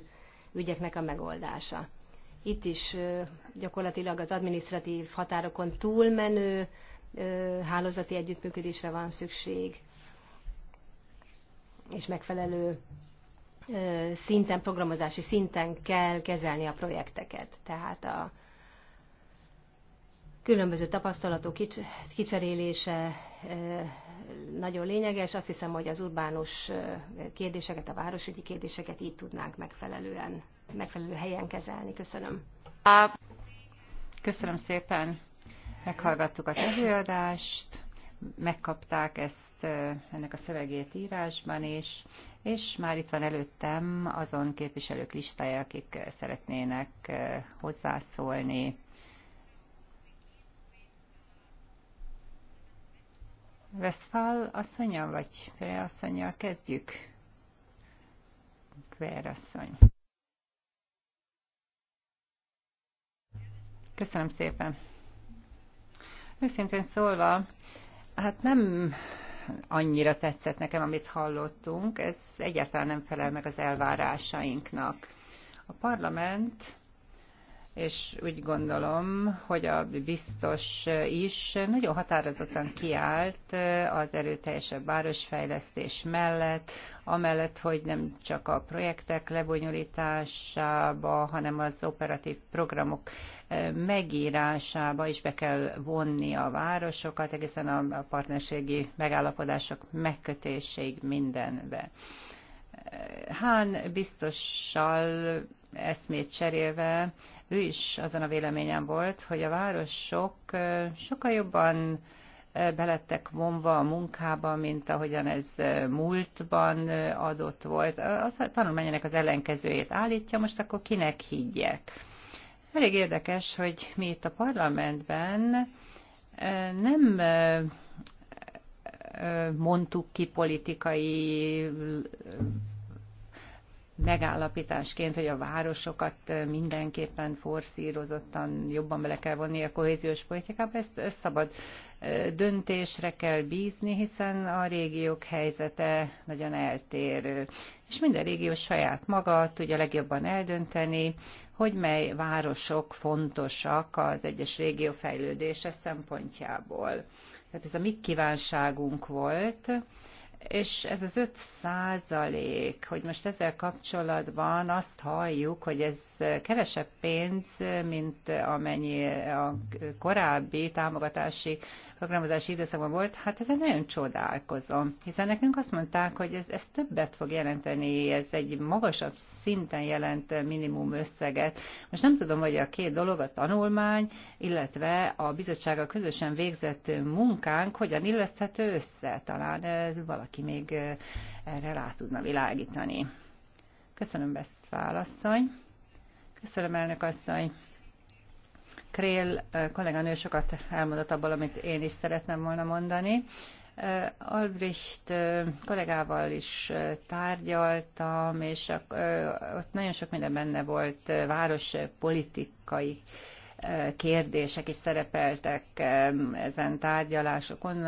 ügyeknek a megoldása. Itt is gyakorlatilag az administratív határokon túlmenő hálózati együttműködésre van szükség, és megfelelő szinten, programozási szinten kell kezelni a projekteket. Tehát a különböző tapasztalatok kicserélése nagyon lényeges. Azt hiszem, hogy az urbánus kérdéseket, a városügyi kérdéseket így tudnánk megfelelően megfelelő helyen kezelni. Köszönöm. Köszönöm szépen. Meghallgattuk az előadást, megkapták ezt, ennek a szövegét írásban is, és már itt van előttem azon képviselők listája, akik szeretnének hozzászólni. Westphal asszonya, vagy Fél asszonya, kezdjük? Kvér asszony. Köszönöm szépen. Őszintén szólva, hát nem annyira tetszett nekem, amit hallottunk. Ez egyáltalán nem felel meg az elvárásainknak. A parlament és úgy gondolom, hogy a biztos is nagyon határozottan kiállt az erőteljesebb városfejlesztés mellett, amellett, hogy nem csak a projektek lebonyolításába, hanem az operatív programok eh, megírásába is be kell vonni a városokat, egészen a partnerségi megállapodások megkötéséig mindenbe. Eh, Hán biztossal eszmét cserélve ő is azon a véleményen volt, hogy a városok sokkal jobban belettek vonva a munkába, mint ahogyan ez múltban adott volt. a tanulmányának az ellenkezőjét állítja, most akkor kinek higgyek? Elég érdekes, hogy mi itt a parlamentben nem mondtuk ki politikai megállapításként, hogy a városokat mindenképpen forszírozottan jobban bele kell vonni a kohéziós politikába, ezt, ezt szabad döntésre kell bízni, hiszen a régiók helyzete nagyon eltérő. És minden régió saját maga tudja legjobban eldönteni, hogy mely városok fontosak az egyes régió fejlődése szempontjából. Tehát ez a mi kívánságunk volt, és ez az 5 százalék, hogy most ezzel kapcsolatban azt halljuk, hogy ez kevesebb pénz, mint amennyi a korábbi támogatási programozási időszakban volt, hát ezen nagyon csodálkozom, hiszen nekünk azt mondták, hogy ez, ez többet fog jelenteni, ez egy magasabb szinten jelent minimum összeget. Most nem tudom, hogy a két dolog, a tanulmány, illetve a bizottsága közösen végzett munkánk hogyan illeszthető össze. Talán valaki még erre rá tudna világítani. Köszönöm, Beszt Válasszony. Köszönöm, elnök asszony. Krél kolléganő sokat elmondott abból, amit én is szeretném volna mondani. Albrecht kollégával is tárgyaltam, és ott nagyon sok minden benne volt várospolitikai kérdések is szerepeltek ezen tárgyalásokon,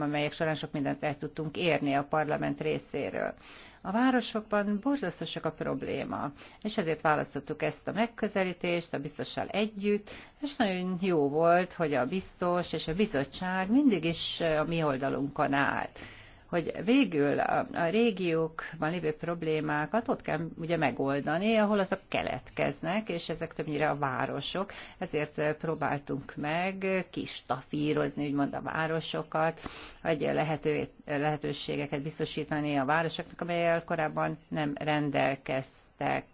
amelyek során sok mindent el tudtunk érni a parlament részéről. A városokban borzasztó sok a probléma, és ezért választottuk ezt a megközelítést a biztossal együtt, és nagyon jó volt, hogy a biztos és a bizottság mindig is eh, a mi oldalunkon állt hogy végül a, a régiókban lévő problémákat ott kell ugye megoldani, ahol azok keletkeznek, és ezek többnyire a városok, ezért próbáltunk meg kis tafírozni, úgymond a városokat, vagy lehető, lehetőségeket biztosítani a városoknak, amelyel korábban nem rendelkeztek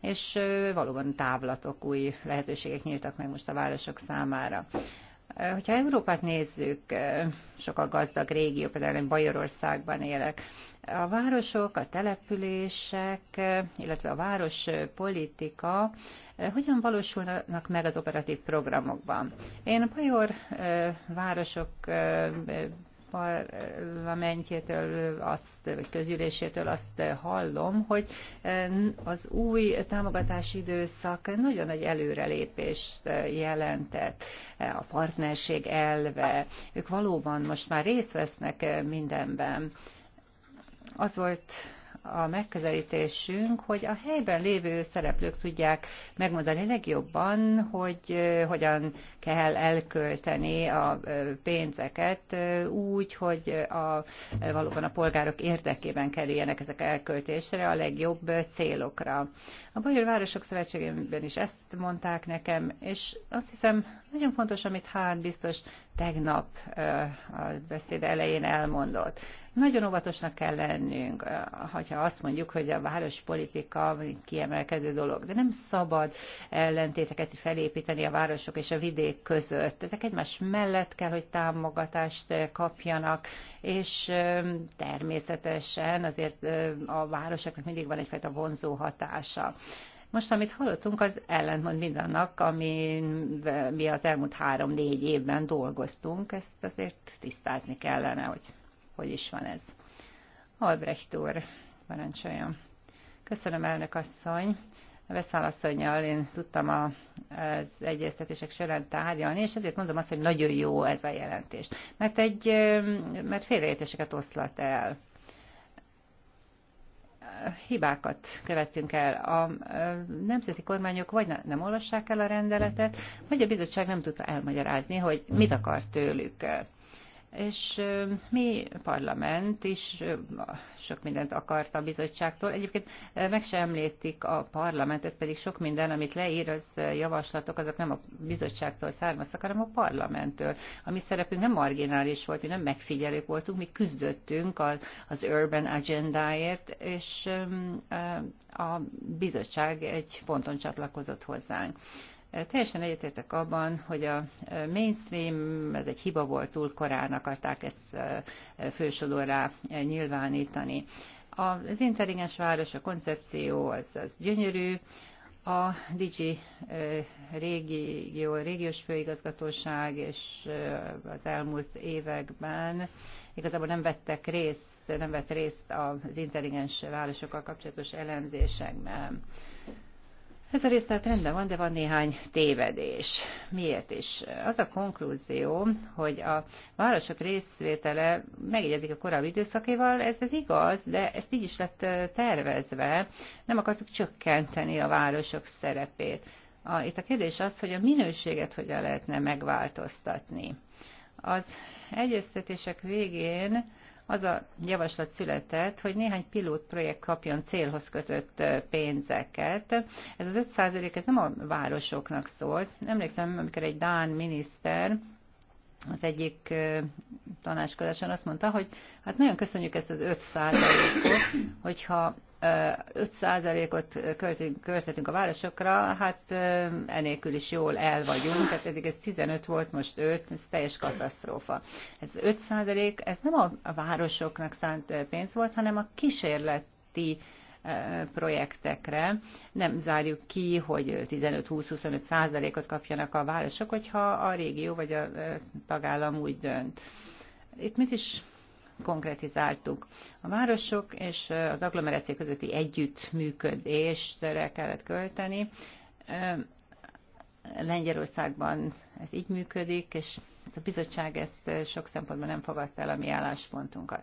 és valóban távlatok, új lehetőségek nyíltak meg most a városok számára. Hogyha Európát nézzük, sok a gazdag régió, például én Bajorországban élek, a városok, a települések, illetve a város politika hogyan valósulnak meg az operatív programokban. Én a Bajor városok parlamentjétől azt, vagy közülésétől azt hallom, hogy eh, az új támogatási időszak nagyon nagy előrelépést eh, jelentett, eh, a partnerség elve. Ők valóban most már részt vesznek mindenben. Az volt a megközelítésünk, hogy a helyben lévő szereplők tudják megmondani legjobban, hogy hogyan kell elkölteni a pénzeket úgy, hogy a, valóban a polgárok érdekében kerüljenek ezek elköltésre a legjobb célokra. A Magyar Városok Szövetségében is ezt mondták nekem, és azt hiszem nagyon fontos, amit Hán biztos tegnap a beszéd elején elmondott. Nagyon óvatosnak kell lennünk, hogyha azt mondjuk, hogy a várospolitika kiemelkedő dolog, de nem szabad ellentéteket felépíteni a városok és a vidék között. Ezek egymás mellett kell, hogy támogatást kapjanak, és természetesen azért a városoknak mindig van egyfajta vonzó hatása. Most, amit hallottunk, az ellentmond mindannak, ami mi az elmúlt három-négy évben dolgoztunk, ezt azért tisztázni kellene, hogy hogy is van ez. Albrecht úr, parancsoljon. Köszönöm, elnök asszony. Veszálasszonynal én tudtam a, az egyeztetések során tárgyalni, és ezért mondom azt, hogy nagyon jó ez a jelentés. Mert, egy, mert félreértéseket oszlat el hibákat követtünk el. A nemzeti kormányok vagy nem olvassák el a rendeletet, vagy a bizottság nem tudta elmagyarázni, hogy mit akar tőlük és mi parlament is sok mindent akart a bizottságtól. Egyébként meg sem említik a parlamentet, pedig sok minden, amit leír, az javaslatok, azok nem a bizottságtól származtak, hanem a parlamenttől. A mi szerepünk nem marginális volt, mi nem megfigyelők voltunk, mi küzdöttünk az urban agendáért, és a bizottság egy ponton csatlakozott hozzánk. Teljesen egyetértek abban, hogy a mainstream, ez egy hiba volt, túl korán akarták ezt fősodorra nyilvánítani. Az intelligens város, a koncepció, az, az gyönyörű, a Digi régió, régiós főigazgatóság és az elmúlt években igazából nem vettek részt, nem vett részt az intelligens városokkal kapcsolatos elemzésekben. Ez a tehát rendben van, de van néhány tévedés. Miért is? Az a konklúzió, hogy a városok részvétele megegyezik a korábbi időszakéval, ez, az igaz, de ezt így is lett tervezve. Nem akartuk csökkenteni a városok szerepét. A, itt a kérdés az, hogy a minőséget hogyan lehetne megváltoztatni. Az egyeztetések végén az a javaslat született, hogy néhány pilót projekt kapjon célhoz kötött pénzeket. Ez az 5 ez nem a városoknak szólt. Emlékszem, amikor egy Dán miniszter az egyik tanácskozáson azt mondta, hogy hát nagyon köszönjük ezt az 5 ot hogyha 5%-ot költünk, a városokra, hát enélkül is jól el vagyunk, tehát eddig ez 15 volt, most 5, ez teljes katasztrófa. Ez 5%, ez nem a városoknak szánt pénz volt, hanem a kísérleti projektekre. Nem zárjuk ki, hogy 15-20-25 százalékot kapjanak a városok, hogyha a régió vagy a tagállam úgy dönt. Itt mit is konkretizáltuk. A városok és az agglomeráció közötti együttműködésre kellett költeni. Lengyelországban ez így működik, és a bizottság ezt sok szempontból nem fogadta el a mi álláspontunkat.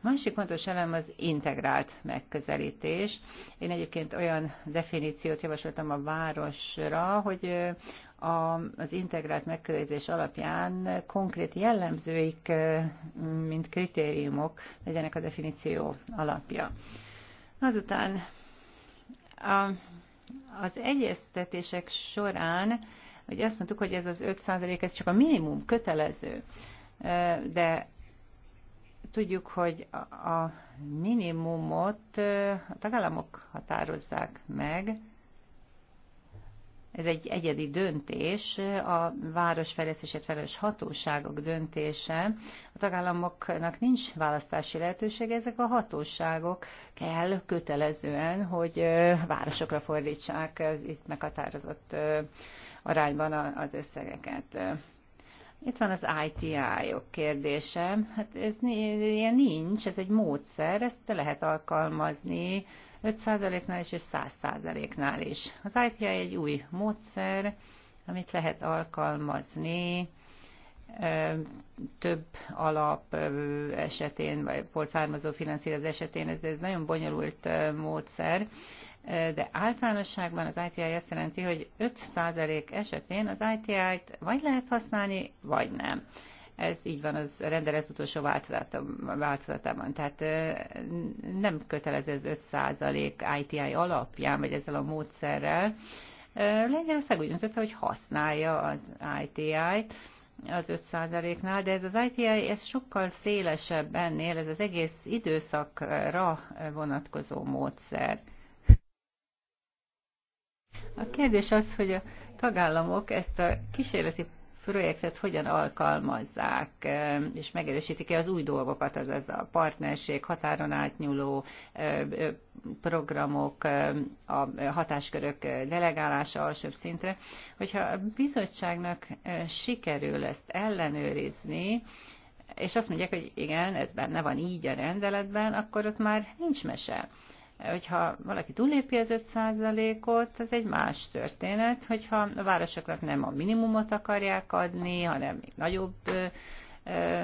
Másik fontos elem az integrált megközelítés. Én egyébként olyan definíciót javasoltam a városra, hogy a, az integrált megközelítés alapján konkrét jellemzőik, mint kritériumok legyenek a definíció alapja. Azután a, az egyeztetések során, hogy azt mondtuk, hogy ez az 5 ez csak a minimum kötelező, de Tudjuk, hogy a minimumot a tagállamok határozzák meg. Ez egy egyedi döntés, a városfejlesztését felelős hatóságok döntése. A tagállamoknak nincs választási lehetősége, ezek a hatóságok kell kötelezően, hogy városokra fordítsák az itt meghatározott arányban az összegeket itt van az ITI-ok -ok kérdése. Hát ez ilyen nincs, ez egy módszer, ezt lehet alkalmazni 5%-nál is és 100%-nál is. Az ITI egy új módszer, amit lehet alkalmazni több alap esetén, vagy polszármazó finanszírozás esetén, ez, ez nagyon bonyolult módszer, de általánosságban az ITI azt jelenti, hogy 5% esetén az ITI-t vagy lehet használni, vagy nem. Ez így van az rendelet utolsó változatában. Tehát nem kötelező az 5% ITI alapján, vagy ezzel a módszerrel. Lengyelország úgy döntötte, hogy használja az ITI-t, az 5%-nál, de ez az ITI, ez sokkal szélesebb ennél, ez az egész időszakra vonatkozó módszer. A kérdés az, hogy a tagállamok ezt a kísérleti projektet hogyan alkalmazzák, és megerősítik-e az új dolgokat, azaz a partnerség, határon átnyúló programok, a hatáskörök delegálása alsóbb szintre. Hogyha a bizottságnak sikerül ezt ellenőrizni, és azt mondják, hogy igen, ez benne van így a rendeletben, akkor ott már nincs mese. Hogyha valaki túllépi az 5%-ot, az egy más történet, hogyha a városoknak nem a minimumot akarják adni, hanem még nagyobb ö, ö,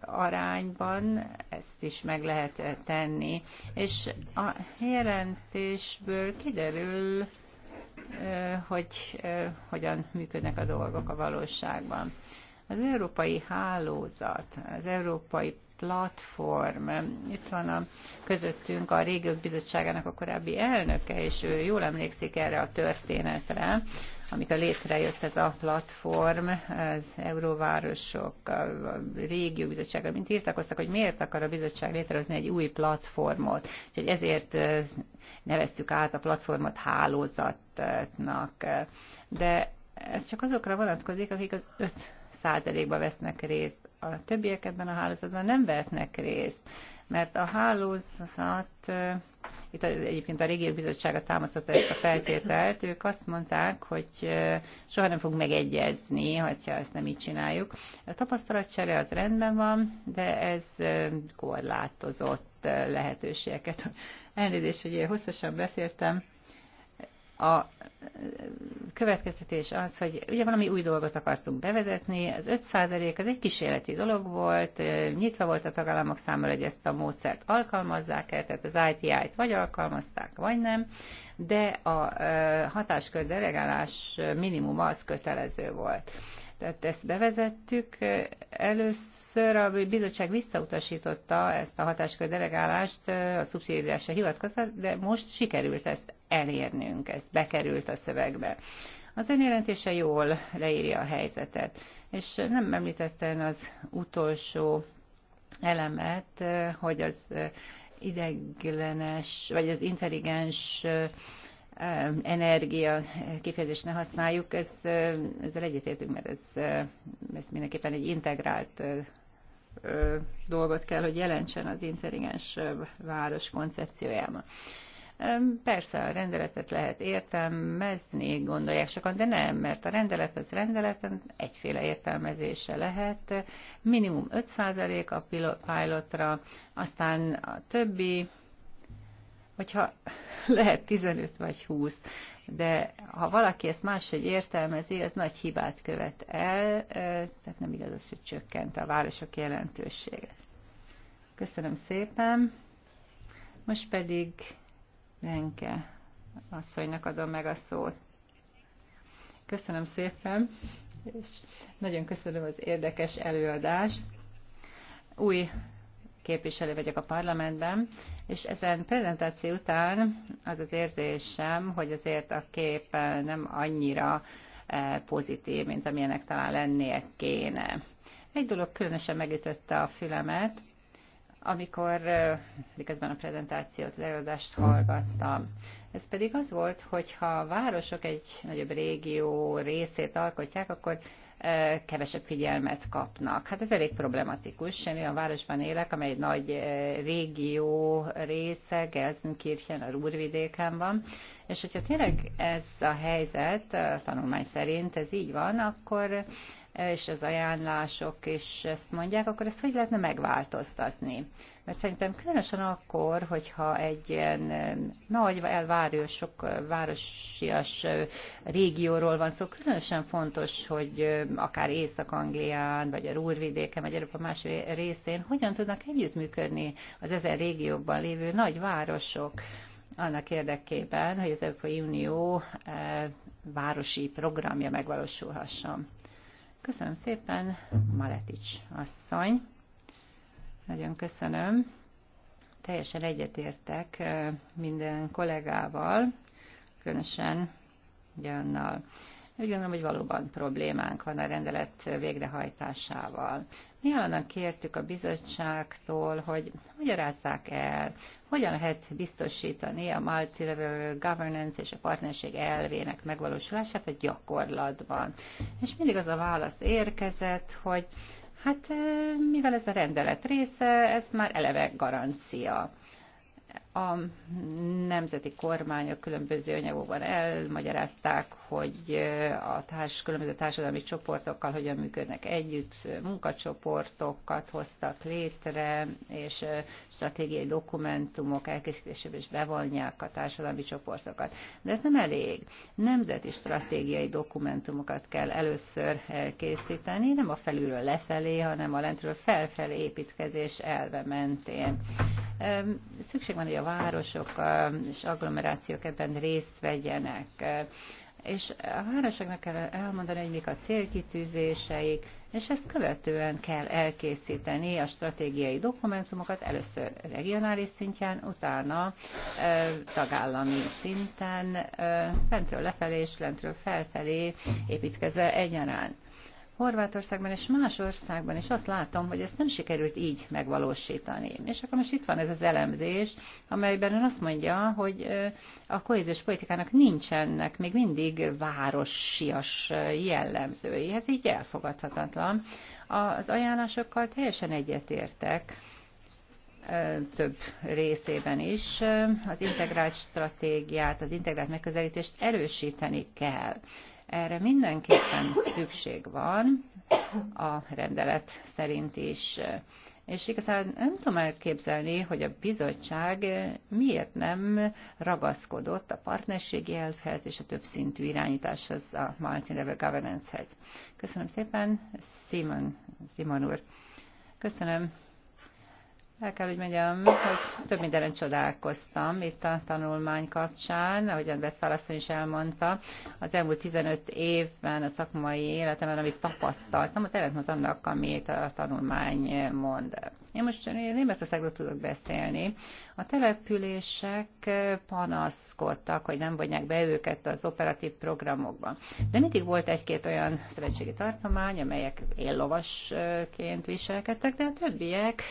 arányban ezt is meg lehet tenni. És a jelentésből kiderül, hogy hogyan működnek a dolgok a valóságban. Az európai hálózat, az európai platform. Itt van a, közöttünk a Régiók Bizottságának a korábbi elnöke, és ő jól emlékszik erre a történetre, amikor létrejött ez a platform, az euróvárosok, a régiók bizottsága, mint írtakoztak, hogy miért akar a bizottság létrehozni egy új platformot. Úgyhogy ezért neveztük át a platformot hálózatnak. De ez csak azokra vonatkozik, akik az 5 százalékba vesznek részt a többiek ebben a hálózatban nem vehetnek részt, mert a hálózat, itt egyébként a régiók bizottsága támasztotta ezt a feltételt, ők azt mondták, hogy soha nem fog megegyezni, ha ezt nem így csináljuk. A tapasztalatcsere az rendben van, de ez korlátozott lehetőségeket. Elnézést, hogy én hosszasan beszéltem, a következtetés az, hogy ugye valami új dolgot akartunk bevezetni, az 5% az egy kísérleti dolog volt, nyitva volt a tagállamok számára, hogy ezt a módszert alkalmazzák-e, tehát az ITI-t vagy alkalmazták, vagy nem, de a hatáskör delegálás minimum az kötelező volt. Tehát ezt bevezettük. Először a bizottság visszautasította ezt a hatáskör delegálást a szubszidiásra hivatkozva, de most sikerült ezt elérnünk. Ez bekerült a szövegbe. Az önjelentése jól leírja a helyzetet, és nem említettem az utolsó elemet, hogy az ideglenes, vagy az intelligens energia kifejezést ne használjuk, ez, ezzel egyetértünk, mert ez, ez mindenképpen egy integrált dolgot kell, hogy jelentsen az intelligens város koncepciójában. Persze a rendeletet lehet értelmezni, gondolják sokan, de nem, mert a rendelet az rendeleten egyféle értelmezése lehet. Minimum 5% a pilotra, aztán a többi, hogyha lehet 15 vagy 20, de ha valaki ezt máshogy értelmezi, az nagy hibát követ el, eh, tehát nem igaz az, hogy csökkent a városok jelentősége. Köszönöm szépen. Most pedig Renke asszonynak adom meg a szót. Köszönöm szépen, és nagyon köszönöm az érdekes előadást. Új képviselő vagyok a parlamentben, és ezen prezentáció után az az érzésem, hogy azért a kép eh, nem annyira eh, pozitív, mint amilyenek talán lennie kéne. Egy dolog különösen megütötte a fülemet, amikor miközben a prezentációt, az előadást hallgattam. Ez pedig az volt, hogy ha városok egy nagyobb régió részét alkotják, akkor kevesebb figyelmet kapnak. Hát ez elég problematikus. Én olyan városban élek, amely egy nagy régió része, Gelsenkirchen, a Rúrvidéken van, és hogyha tényleg ez a helyzet, a tanulmány szerint ez így van, akkor és az ajánlások is ezt mondják, akkor ezt hogy lehetne megváltoztatni? Mert szerintem különösen akkor, hogyha egy ilyen nagy elváros, sok városias régióról van szó, különösen fontos, hogy akár Észak-Anglián, vagy a Rúrvidéken, vagy Európa más részén hogyan tudnak együttműködni az ezen régiókban lévő nagy városok annak érdekében, hogy az Európai Unió eh, városi programja megvalósulhasson. Köszönöm szépen, Maletics asszony. Nagyon köszönöm. Teljesen egyetértek minden kollégával, különösen Gyannal. Úgy gondolom, hogy valóban problémánk van a rendelet végrehajtásával. Mi állandóan kértük a bizottságtól, hogy magyarázzák el, hogyan lehet biztosítani a multilevel governance és a partnerség elvének megvalósulását a gyakorlatban. És mindig az a válasz érkezett, hogy hát eh, mivel ez a rendelet része, ez már eleve garancia a nemzeti kormányok különböző anyagokban elmagyarázták, hogy eh, a társ, különböző társadalmi csoportokkal hogyan működnek együtt, munkacsoportokat hoztak létre, és eh, stratégiai dokumentumok elkészítésében is bevonják a társadalmi csoportokat. De ez nem elég. Nemzeti stratégiai dokumentumokat kell először elkészíteni, nem a felülről lefelé, hanem a lentről felfelé építkezés elve mentén. Szükség van, hogy a városok és agglomerációk ebben részt vegyenek. És a városoknak kell elmondani, hogy mik a célkitűzéseik, és ezt követően kell elkészíteni a stratégiai dokumentumokat, először regionális szintján, utána tagállami szinten, fentről lefelé és lentről felfelé építkezve egyaránt. Horvátországban és más országban is azt látom, hogy ezt nem sikerült így megvalósítani. És akkor most itt van ez az elemzés, amelyben ön azt mondja, hogy a kohéziós politikának nincsenek még mindig városias jellemzői. Ez így elfogadhatatlan. Az ajánlásokkal teljesen egyetértek több részében is az integrált stratégiát, az integrált megközelítést erősíteni kell. Erre mindenképpen szükség van a rendelet szerint is. És igazán nem tudom elképzelni, hogy a bizottság miért nem ragaszkodott a partnerségi elvhez és a többszintű irányításhoz, a multi-level governance-hez. Köszönöm szépen, Simon, Simon úr. Köszönöm. El kell, hogy mondjam, hogy több mindenen csodálkoztam itt a tanulmány kapcsán, ahogy Veszfál asszony is elmondta, az elmúlt 15 évben a szakmai életemben, amit tapasztaltam, az ellentmond annak, amit a tanulmány mond. Én most én Németországról tudok beszélni. A települések panaszkodtak, hogy nem vonják be őket az operatív programokban. De mindig volt egy-két olyan szövetségi tartomány, amelyek éllovasként viselkedtek, de a többiek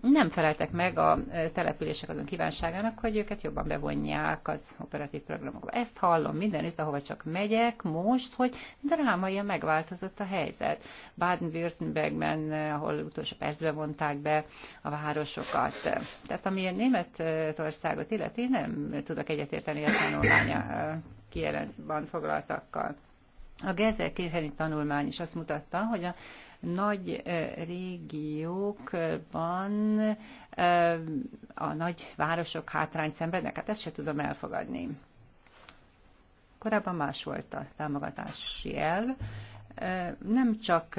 nem feleltek meg a települések azon kívánságának, hogy őket jobban bevonják az operatív programokba. Ezt hallom mindenütt, ahova csak megyek most, hogy drámaian megváltozott a helyzet. Baden-Württembergben, ahol utolsó percben vonták be a városokat. Tehát ami Németországot illeti, nem tudok egyetérteni a tanulmánya kijelentben foglaltakkal. A Gezel Kirheni tanulmány is azt mutatta, hogy a nagy régiókban a nagy városok hátrány szenvednek, hát ezt se tudom elfogadni. Korábban más volt a támogatási elv, nem csak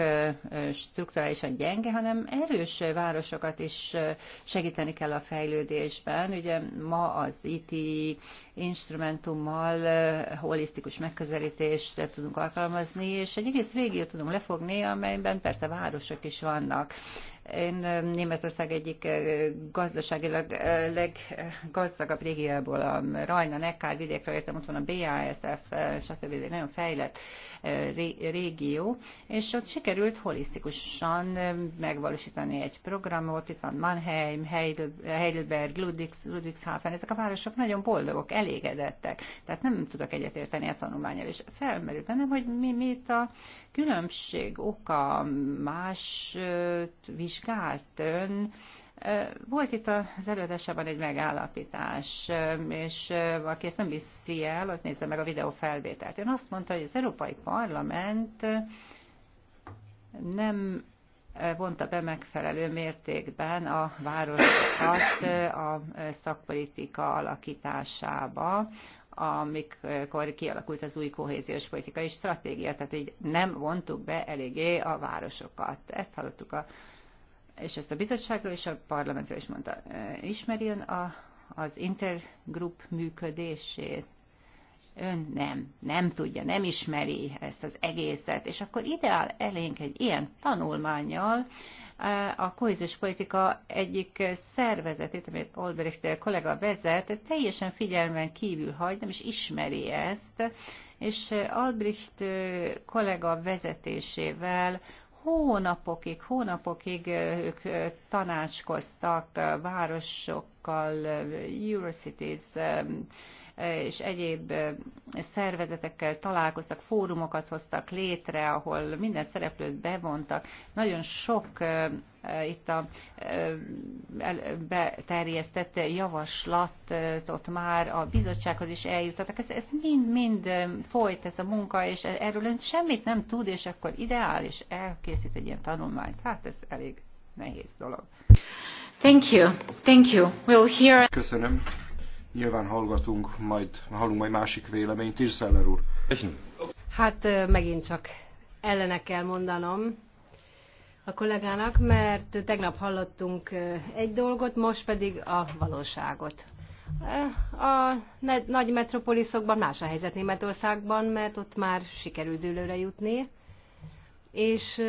strukturálisan gyenge, hanem erős városokat is segíteni kell a fejlődésben. Ugye ma az IT instrumentummal holisztikus megközelítést tudunk alkalmazni, és egy egész régiót tudunk lefogni, amelyben persze városok is vannak. Én Németország egyik gazdaságilag leggazdagabb régióból, a Rajna-Neckar vidékről értem, ott van a BASF, stb. egy nagyon fejlett régió, és ott sikerült holisztikusan megvalósítani egy programot, itt van Mannheim, Heidelberg, Ludwigs, Ludwigshafen, ezek a városok nagyon boldogok, elégedettek, tehát nem tudok egyetérteni a tanulmányal, és felmerül bennem, hogy mi, mi itt a különbség oka, más vizsgált ön, volt itt az előadásában egy megállapítás, és aki ezt nem viszi el, az nézze meg a videó felvételt. Én azt mondta, hogy az Európai Parlament nem vonta be megfelelő mértékben a városokat a szakpolitika alakításába, amikor kialakult az új kohéziós politikai stratégia, tehát így nem vontuk be eléggé a városokat. Ezt hallottuk a és ezt a bizottságról és a parlamentről is mondta. Ismeri ön a, az intergrup működését? Ön nem, nem tudja, nem ismeri ezt az egészet, és akkor ideál elénk egy ilyen tanulmányjal, a kohéziós politika egyik szervezetét, amit Olbrecht kollega vezet, teljesen figyelmen kívül hagy, nem is ismeri ezt, és Albrecht kollega vezetésével hónapokig, hónapokig ők tanácskoztak városokkal, Eurocities és egyéb szervezetekkel találkoztak, fórumokat hoztak létre, ahol minden szereplőt bevontak. Nagyon sok itt a beterjesztett javaslatot már a bizottsághoz is eljutottak. Ez, ez mind, mind folyt ez a munka, és erről ön semmit nem tud, és akkor ideális elkészít egy ilyen tanulmányt. Hát ez elég nehéz dolog. Thank you. Thank you. We'll hear... Köszönöm nyilván hallgatunk, majd hallunk majd másik véleményt is, szeller úr. Hát megint csak ellene kell mondanom a kollégának, mert tegnap hallottunk egy dolgot, most pedig a valóságot. A nagy metropoliszokban más a helyzet Németországban, mert ott már sikerült dőlőre jutni, és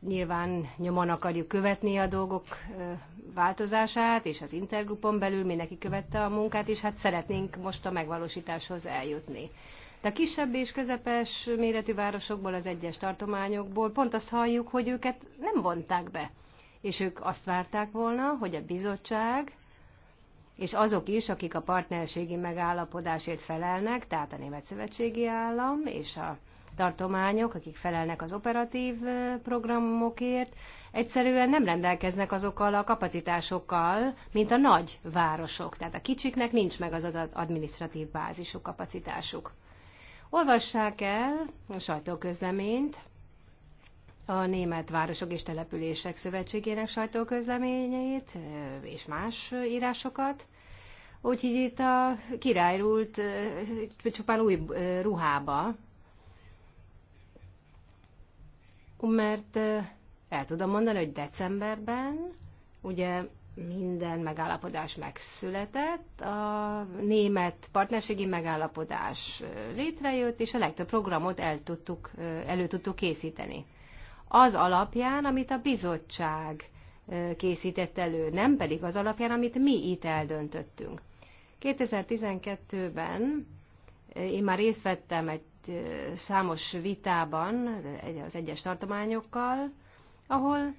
nyilván nyomon akarjuk követni a dolgok változását, és az intergrupon belül mindenki követte a munkát, és hát szeretnénk most a megvalósításhoz eljutni. De a kisebb és közepes méretű városokból, az egyes tartományokból pont azt halljuk, hogy őket nem vonták be. És ők azt várták volna, hogy a bizottság és azok is, akik a partnerségi megállapodásért felelnek, tehát a Német Szövetségi Állam és a tartományok, akik felelnek az operatív programokért, egyszerűen nem rendelkeznek azokkal a kapacitásokkal, mint a nagy városok. Tehát a kicsiknek nincs meg az administratív bázisuk, kapacitásuk. Olvassák el a sajtóközleményt, a Német Városok és Települések Szövetségének sajtóközleményeit és más írásokat. Úgyhogy itt a király csupán új ruhába, mert el tudom mondani, hogy decemberben ugye minden megállapodás megszületett, a német partnerségi megállapodás létrejött, és a legtöbb programot el tudtuk, elő tudtuk készíteni. Az alapján, amit a bizottság készített elő, nem pedig az alapján, amit mi itt eldöntöttünk. 2012-ben én már részt vettem egy számos vitában az egyes tartományokkal, ahol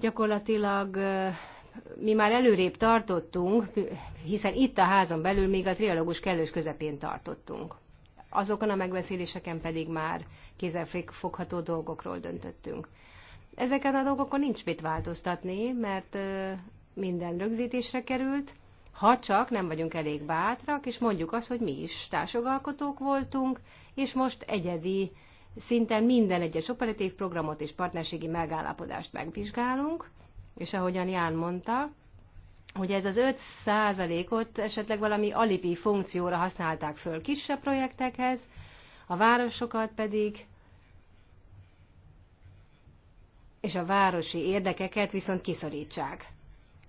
gyakorlatilag mi már előrébb tartottunk, hiszen itt a házon belül még a trialógus kellős közepén tartottunk. Azokon a megbeszéléseken pedig már kézzelfogható dolgokról döntöttünk. Ezeken a dolgokon nincs mit változtatni, mert minden rögzítésre került, ha csak nem vagyunk elég bátrak, és mondjuk azt, hogy mi is társogalkotók voltunk, és most egyedi szinten minden egyes operatív programot és partnerségi megállapodást megvizsgálunk, és ahogyan Ján mondta, hogy ez az 5 ot esetleg valami alibi funkcióra használták föl kisebb projektekhez, a városokat pedig és a városi érdekeket viszont kiszorítsák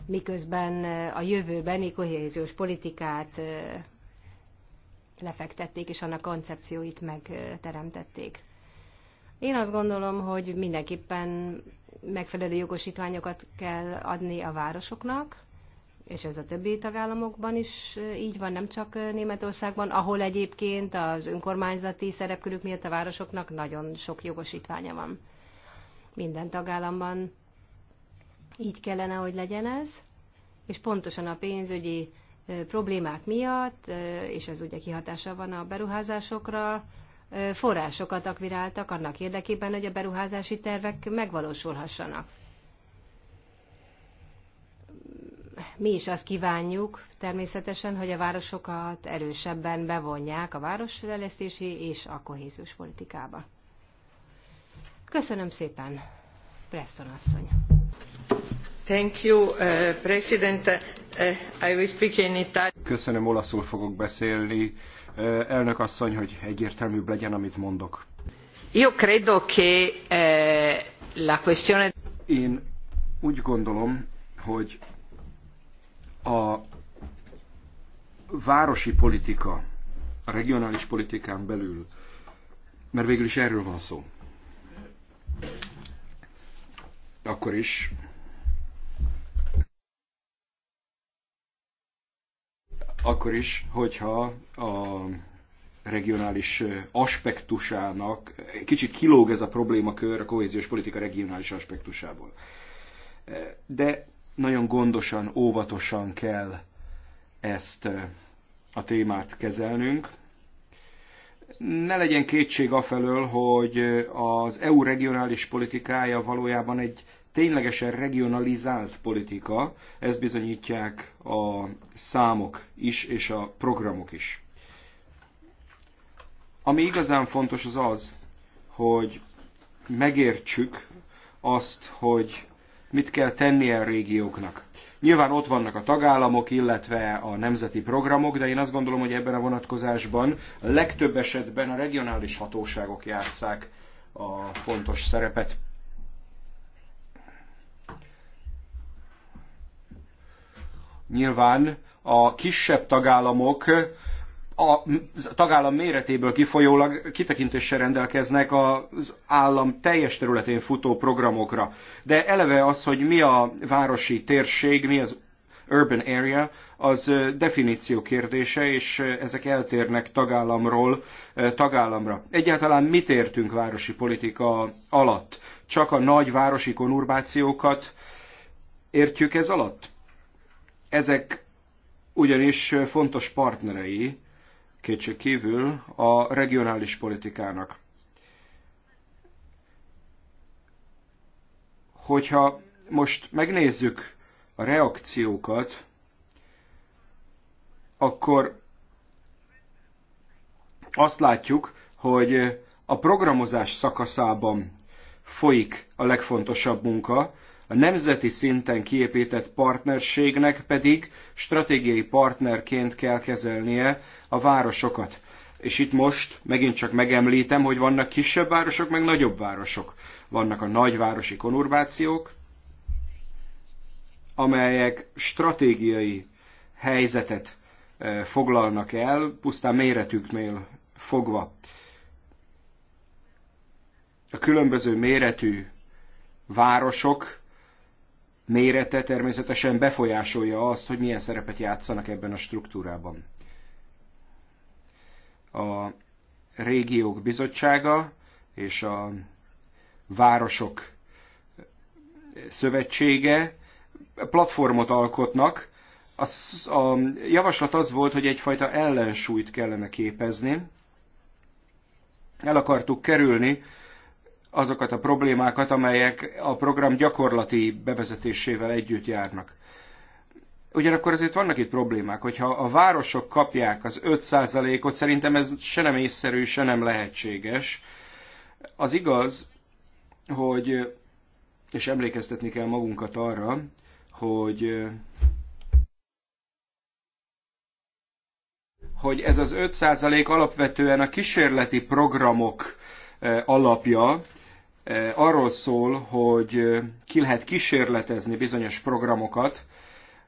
miközben a jövőbeni kohéziós politikát lefektették, és annak koncepcióit megteremtették. Én azt gondolom, hogy mindenképpen megfelelő jogosítványokat kell adni a városoknak, és ez a többi tagállamokban is így van, nem csak Németországban, ahol egyébként az önkormányzati szerepkörük miatt a városoknak nagyon sok jogosítványa van. Minden tagállamban így kellene, hogy legyen ez, és pontosan a pénzügyi problémák miatt, és ez ugye kihatása van a beruházásokra, forrásokat akviráltak annak érdekében, hogy a beruházási tervek megvalósulhassanak. Mi is azt kívánjuk természetesen, hogy a városokat erősebben bevonják a városfejlesztési és a kohéziós politikába. Köszönöm szépen, Preston asszony! Uh, uh, Köszönöm, olaszul fogok beszélni. Uh, elnök asszony, hogy egyértelműbb legyen, amit mondok. Io credo che eh, la questione... Én úgy gondolom, hogy a városi politika, a regionális politikán belül, mert végül is erről van szó akkor is akkor is, hogyha a regionális aspektusának kicsit kilóg ez a problémakör a kohéziós politika regionális aspektusából. De nagyon gondosan, óvatosan kell ezt a témát kezelnünk ne legyen kétség afelől, hogy az EU regionális politikája valójában egy ténylegesen regionalizált politika, ezt bizonyítják a számok is és a programok is. Ami igazán fontos az az, hogy megértsük azt, hogy mit kell tennie a régióknak. Nyilván ott vannak a tagállamok, illetve a nemzeti programok, de én azt gondolom, hogy ebben a vonatkozásban a legtöbb esetben a regionális hatóságok játszák a fontos szerepet. Nyilván a kisebb tagállamok a tagállam méretéből kifolyólag kitekintéssel rendelkeznek az állam teljes területén futó programokra. De eleve az, hogy mi a városi térség, mi az urban area, az definíció kérdése, és ezek eltérnek tagállamról tagállamra. Egyáltalán mit értünk városi politika alatt? Csak a nagy városi konurbációkat értjük ez alatt? Ezek ugyanis fontos partnerei kétség kívül a regionális politikának. Hogyha most megnézzük a reakciókat, akkor azt látjuk, hogy a programozás szakaszában folyik a legfontosabb munka, a nemzeti szinten kiépített partnerségnek pedig stratégiai partnerként kell kezelnie a városokat. És itt most megint csak megemlítem, hogy vannak kisebb városok, meg nagyobb városok. Vannak a nagyvárosi konurbációk, amelyek stratégiai helyzetet e, foglalnak el, pusztán méretüknél fogva. A különböző méretű városok mérete természetesen befolyásolja azt, hogy milyen szerepet játszanak ebben a struktúrában. A régiók bizottsága és a városok szövetsége platformot alkotnak. A, a javaslat az volt, hogy egyfajta ellensúlyt kellene képezni. El akartuk kerülni, azokat a problémákat, amelyek a program gyakorlati bevezetésével együtt járnak. Ugyanakkor azért vannak itt problémák, hogyha a városok kapják az 5%-ot, szerintem ez se nem észszerű, se nem lehetséges. Az igaz, hogy, és emlékeztetni kell magunkat arra, hogy hogy ez az 5% alapvetően a kísérleti programok eh, alapja, arról szól, hogy ki lehet kísérletezni bizonyos programokat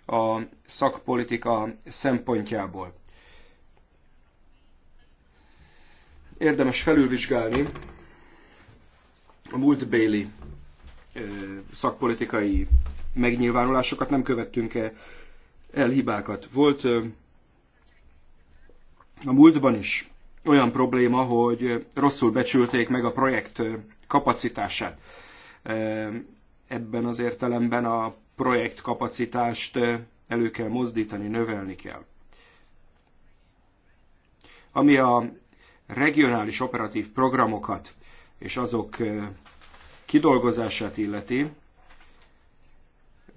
a szakpolitika szempontjából. Érdemes felülvizsgálni a múltbéli szakpolitikai megnyilvánulásokat, nem követtünk -e el hibákat. Volt a múltban is olyan probléma, hogy rosszul becsülték meg a projekt kapacitását. Ebben az értelemben a projekt kapacitást elő kell mozdítani, növelni kell. Ami a regionális operatív programokat és azok kidolgozását illeti,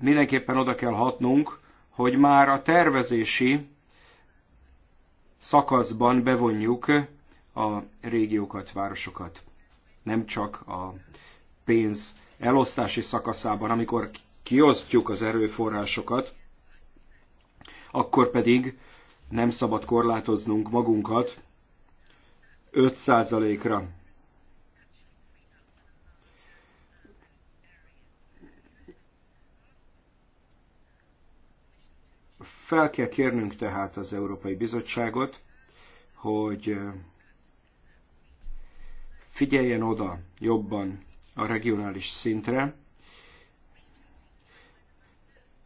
mindenképpen oda kell hatnunk, hogy már a tervezési szakaszban bevonjuk a régiókat, városokat nem csak a pénz elosztási szakaszában, amikor kiosztjuk az erőforrásokat, akkor pedig nem szabad korlátoznunk magunkat 5%-ra. Fel kell kérnünk tehát az Európai Bizottságot, hogy figyeljen oda jobban a regionális szintre,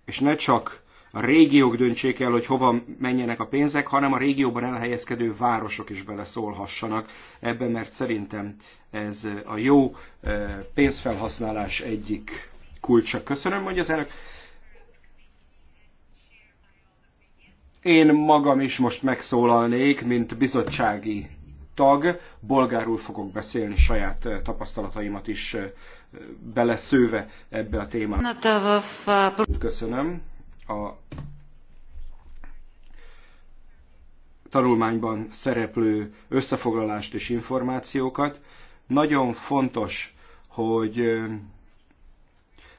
és ne csak a régiók döntsék el, hogy hova menjenek a pénzek, hanem a régióban elhelyezkedő városok is beleszólhassanak ebben, mert szerintem ez a jó eh, pénzfelhasználás egyik kulcsa. Köszönöm, hogy az elnök. Én magam is most megszólalnék, mint bizottsági tag, bolgárul fogok beszélni saját eh, tapasztalataimat is eh, beleszőve ebbe a témába. Köszönöm. A tanulmányban szereplő összefoglalást és információkat. Nagyon fontos, hogy eh,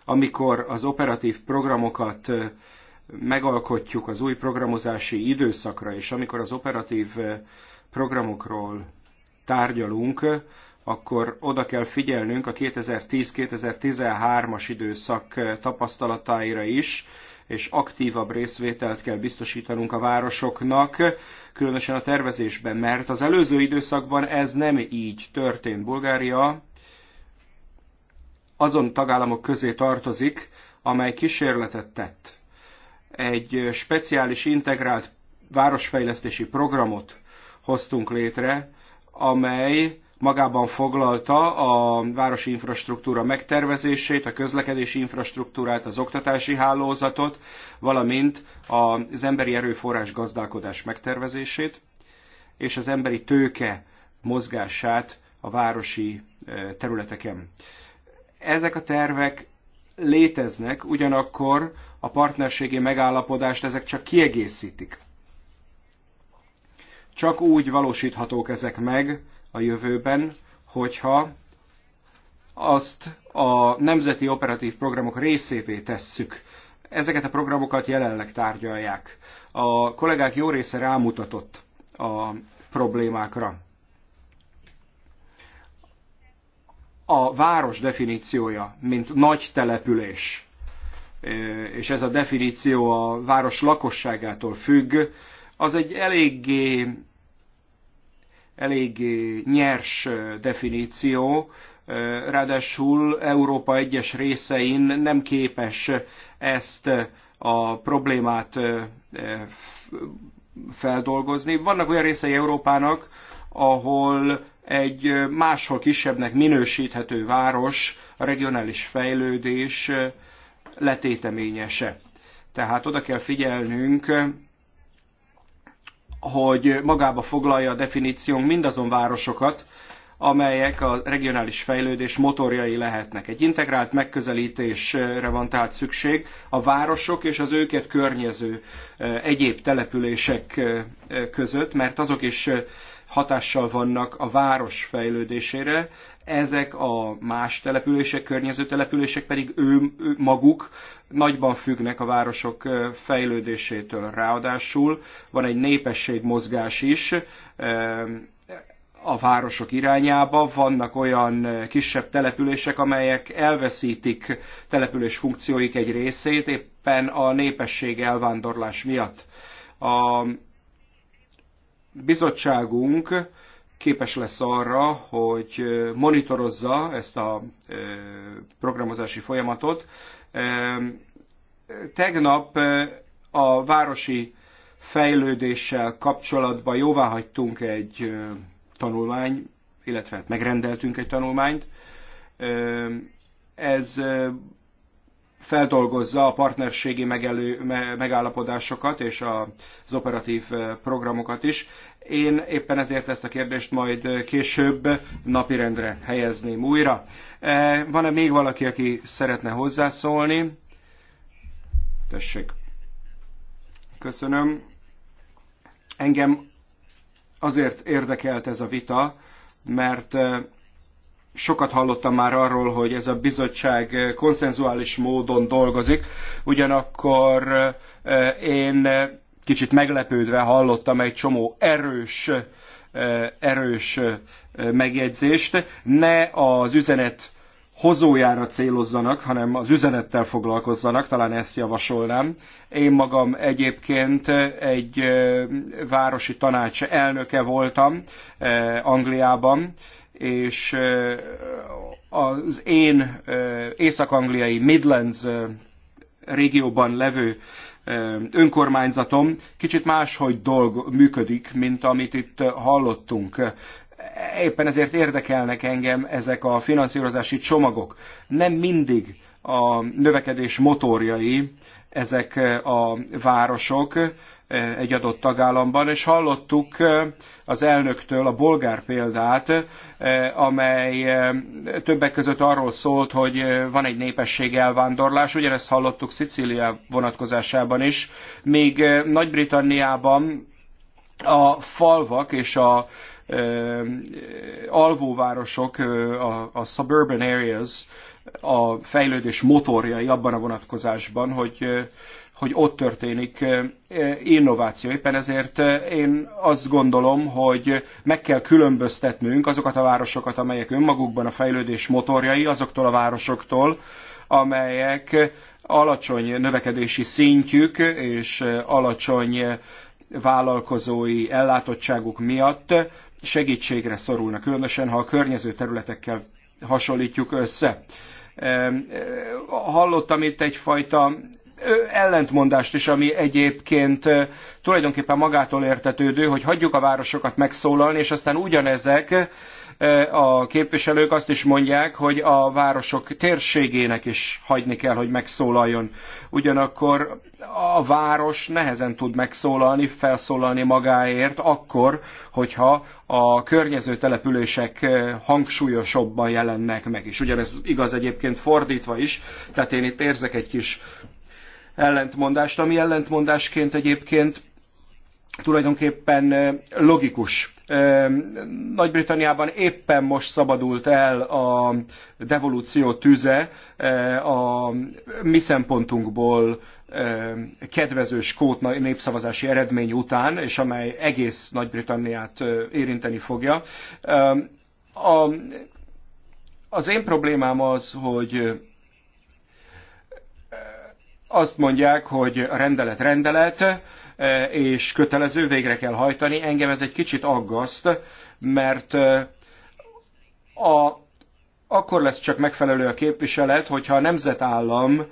amikor az operatív programokat megalkotjuk az új programozási időszakra, és amikor az operatív programokról tárgyalunk, akkor oda kell figyelnünk a 2010-2013-as időszak tapasztalataira is, és aktívabb részvételt kell biztosítanunk a városoknak, különösen a tervezésben, mert az előző időszakban ez nem így történt. Bulgária azon tagállamok közé tartozik, amely kísérletet tett egy speciális integrált városfejlesztési programot hoztunk létre, amely magában foglalta a városi infrastruktúra megtervezését, a közlekedési infrastruktúrát, az oktatási hálózatot, valamint az emberi erőforrás gazdálkodás megtervezését, és az emberi tőke mozgását a városi eh, területeken. Ezek a tervek léteznek, ugyanakkor a partnerségi megállapodást ezek csak kiegészítik. Csak úgy valósíthatók ezek meg a jövőben, hogyha azt a nemzeti operatív programok részévé tesszük. Ezeket a programokat jelenleg tárgyalják. A kollégák jó része rámutatott a problémákra. A város definíciója, mint nagy település, és ez a definíció a város lakosságától függ, az egy eléggé, eléggé nyers definíció, ráadásul Európa egyes részein nem képes ezt a problémát feldolgozni. Vannak olyan részei Európának, ahol egy máshol kisebbnek minősíthető város a regionális fejlődés letéteményese. Tehát oda kell figyelnünk hogy magába foglalja a definíciónk mindazon városokat, amelyek a regionális fejlődés motorjai lehetnek. Egy integrált megközelítésre van tehát szükség a városok és az őket környező egyéb települések között, mert azok is hatással vannak a város fejlődésére, ezek a más települések, környező települések pedig ő, ő maguk nagyban függnek a városok fejlődésétől. Ráadásul van egy népességmozgás is a városok irányába, vannak olyan kisebb települések, amelyek elveszítik település funkcióik egy részét éppen a népesség elvándorlás miatt. A bizottságunk képes lesz arra, hogy monitorozza ezt a programozási folyamatot. Tegnap a városi fejlődéssel kapcsolatban jóvá hagytunk egy tanulmány, illetve hát megrendeltünk egy tanulmányt. Ez feldolgozza a partnerségi megelő, megállapodásokat és az operatív programokat is. Én éppen ezért ezt a kérdést majd később napirendre helyezném újra. E, van-e még valaki, aki szeretne hozzászólni? Tessék. Köszönöm. Engem azért érdekelt ez a vita, mert e, sokat hallottam már arról, hogy ez a bizottság konszenzuális módon dolgozik, ugyanakkor e, én kicsit meglepődve hallottam egy csomó erős, erős megjegyzést. Ne az üzenet hozójára célozzanak, hanem az üzenettel foglalkozzanak, talán ezt javasolnám. Én magam egyébként egy városi tanács elnöke voltam Angliában, és az én észak-angliai Midlands régióban levő önkormányzatom kicsit máshogy dolg működik, mint amit itt hallottunk éppen ezért érdekelnek engem ezek a finanszírozási csomagok. Nem mindig a növekedés motorjai ezek a városok, E, egy adott tagállamban, és hallottuk e, az elnöktől a bolgár példát, e, amely többek között arról szólt, hogy van egy népesség elvándorlás, ugyanezt hallottuk Szicília vonatkozásában is, még Nagy-Britanniában a falvak és a alvóvárosok, a, a suburban areas, a fejlődés motorjai abban a vonatkozásban, hogy hogy ott történik innováció. Éppen ezért én azt gondolom, hogy meg kell különböztetnünk azokat a városokat, amelyek önmagukban a fejlődés motorjai, azoktól a városoktól, amelyek alacsony növekedési szintjük és alacsony vállalkozói ellátottságuk miatt segítségre szorulnak, különösen ha a környező területekkel hasonlítjuk össze. Hallottam itt egyfajta ellentmondást is, ami egyébként tulajdonképpen magától értetődő, hogy hagyjuk a városokat megszólalni, és aztán ugyanezek a képviselők azt is mondják, hogy a városok térségének is hagyni kell, hogy megszólaljon. Ugyanakkor a város nehezen tud megszólalni, felszólalni magáért akkor, hogyha a környező települések hangsúlyosabban jelennek meg is. Ugyanez igaz egyébként fordítva is, tehát én itt érzek egy kis ellentmondást, ami ellentmondásként egyébként tulajdonképpen logikus. Nagy-Britanniában éppen most szabadult el a devolúció tüze a mi szempontunkból kedvező skót népszavazási eredmény után, és amely egész Nagy-Britanniát érinteni fogja. A, az én problémám az, hogy azt mondják, hogy a rendelet rendelet, e, és kötelező végre kell hajtani. Engem ez egy kicsit aggaszt, mert e, a, akkor lesz csak megfelelő a képviselet, hogyha a nemzetállam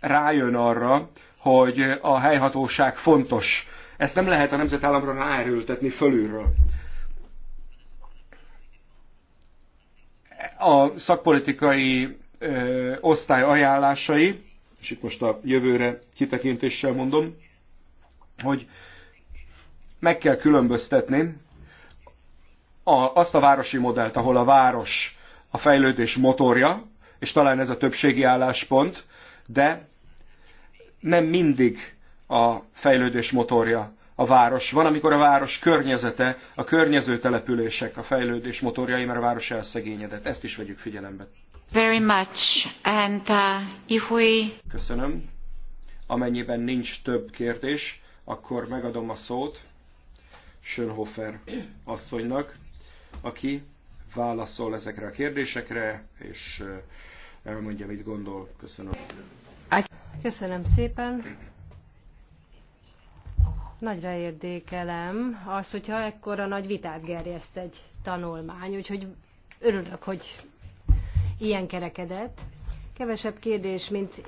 rájön arra, hogy a helyhatóság fontos. Ezt nem lehet a nemzetállamra ráerőltetni fölülről. A szakpolitikai ö, e, osztály ajánlásai és itt most a jövőre kitekintéssel mondom, hogy meg kell különböztetni a, azt a városi modellt, ahol a város a fejlődés motorja, és talán ez a többségi álláspont, de nem mindig a fejlődés motorja a város. Van, amikor a város környezete, a környező települések a fejlődés motorjai, mert a város elszegényedett. Ezt is vegyük figyelembe. Very much. And, uh, if we... Köszönöm. Amennyiben nincs több kérdés, akkor megadom a szót Schönhofer asszonynak, aki válaszol ezekre a kérdésekre, és uh, elmondja, mit gondol. Köszönöm. Köszönöm szépen. Nagyra érdékelem az, hogyha ekkora nagy vitát gerjeszt egy tanulmány, úgyhogy örülök, hogy ilyen kerekedett. Kevesebb kérdés, mint